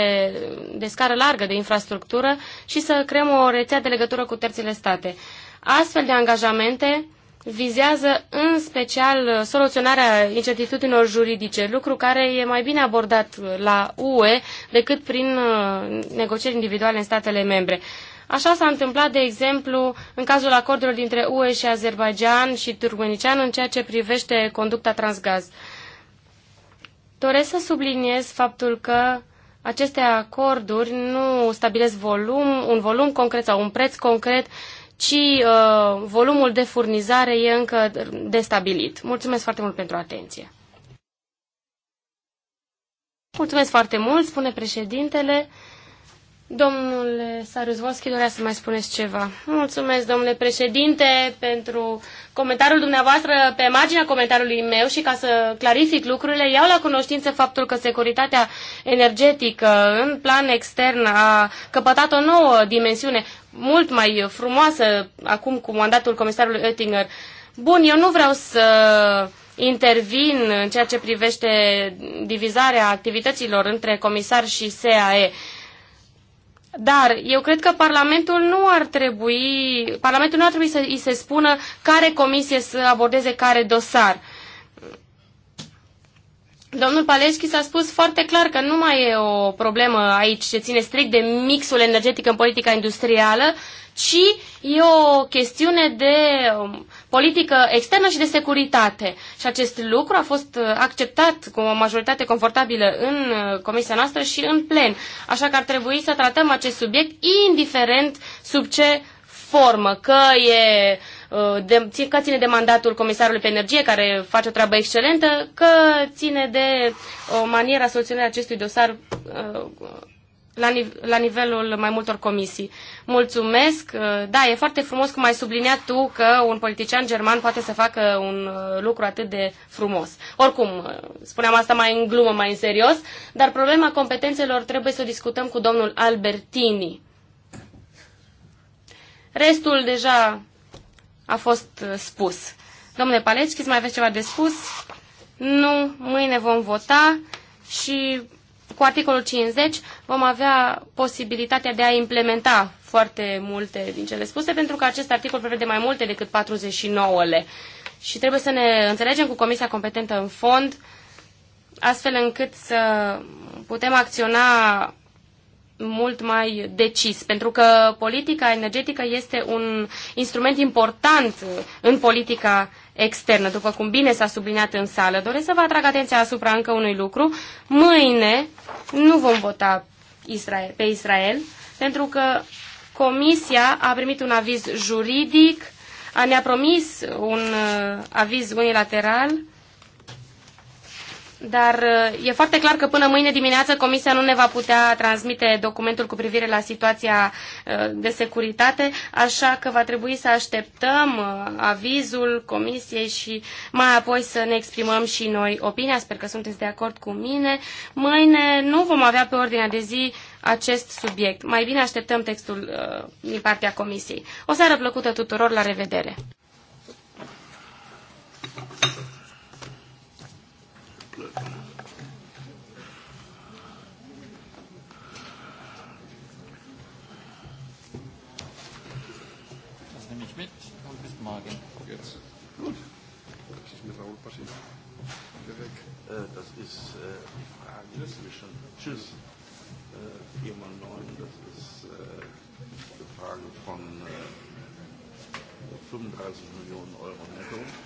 de scară largă de infrastructură și să creăm o rețea de legătură cu terțele state. Astfel de angajamente vizează în special uh, soluționarea incertitudinilor juridice, lucru care e mai bine abordat uh, la UE decât prin uh, negocieri individuale în statele membre. Așa s-a întâmplat, de exemplu, în cazul acordurilor dintre UE și Azerbaijan și Turkmenistan în ceea ce privește conducta transgaz. Doresc să subliniez faptul că aceste acorduri nu stabilesc volum, un volum concret sau un preț concret ci uh, volumul de furnizare e încă destabilit. Mulțumesc foarte mult pentru atenție. Mulțumesc foarte mult, spune președintele. Domnule Sarus dorea să mai spuneți ceva. Mulțumesc, domnule președinte, pentru comentariul dumneavoastră pe marginea comentariului meu și ca să clarific lucrurile, iau la cunoștință faptul că securitatea energetică în plan extern a căpătat o nouă dimensiune mult mai frumoasă acum cu mandatul comisarului Oettinger. Bun, eu nu vreau să intervin în ceea ce privește divizarea activităților între comisar și SAE. Dar eu cred că Parlamentul nu ar trebui, Parlamentul nu ar trebui să îi se spună care comisie să abordeze care dosar. Domnul Paleschi s-a spus foarte clar că nu mai e o problemă aici ce ține strict de mixul energetic în politica industrială, ci e o chestiune de um, politică externă și de securitate. Și acest lucru a fost uh, acceptat cu o majoritate confortabilă în uh, comisia noastră și în plen. Așa că ar trebui să tratăm acest subiect indiferent sub ce formă, că e uh, de, că ține de mandatul comisarului pe energie, care face o treabă excelentă, că ține de o manieră a soluționării acestui dosar la, la nivelul mai multor comisii. Mulțumesc! Uh, da, e foarte frumos cum ai subliniat tu că un politician german poate să facă un uh, lucru atât de frumos. Oricum, uh, spuneam asta mai în glumă, mai în serios, dar problema competențelor trebuie să o discutăm cu domnul Albertini. Restul deja a fost spus. Domnule Paleci, mai aveți ceva de spus? Nu, mâine vom vota și cu articolul 50 vom avea posibilitatea de a implementa foarte multe din cele spuse, pentru că acest articol prevede mai multe decât 49-le. Și trebuie să ne înțelegem cu Comisia Competentă în fond, astfel încât să putem acționa mult mai decis, pentru că politica energetică este un instrument important în politica externă. După cum bine s-a subliniat în sală, doresc să vă atrag atenția asupra încă unui lucru. Mâine nu vom vota Israel, pe Israel, pentru că Comisia a primit un aviz juridic, ne-a promis un uh, aviz unilateral dar uh, e foarte clar că până mâine dimineață Comisia nu ne va putea transmite documentul cu privire la situația uh, de securitate, așa că va trebui să așteptăm uh, avizul Comisiei și mai apoi să ne exprimăm și noi opinia. Sper că sunteți de acord cu mine. Mâine nu vom avea pe ordinea de zi acest subiect. Mai bine așteptăm textul din partea Comisiei. O seară plăcută tuturor, la revedere! 35 Millionen Euro netto.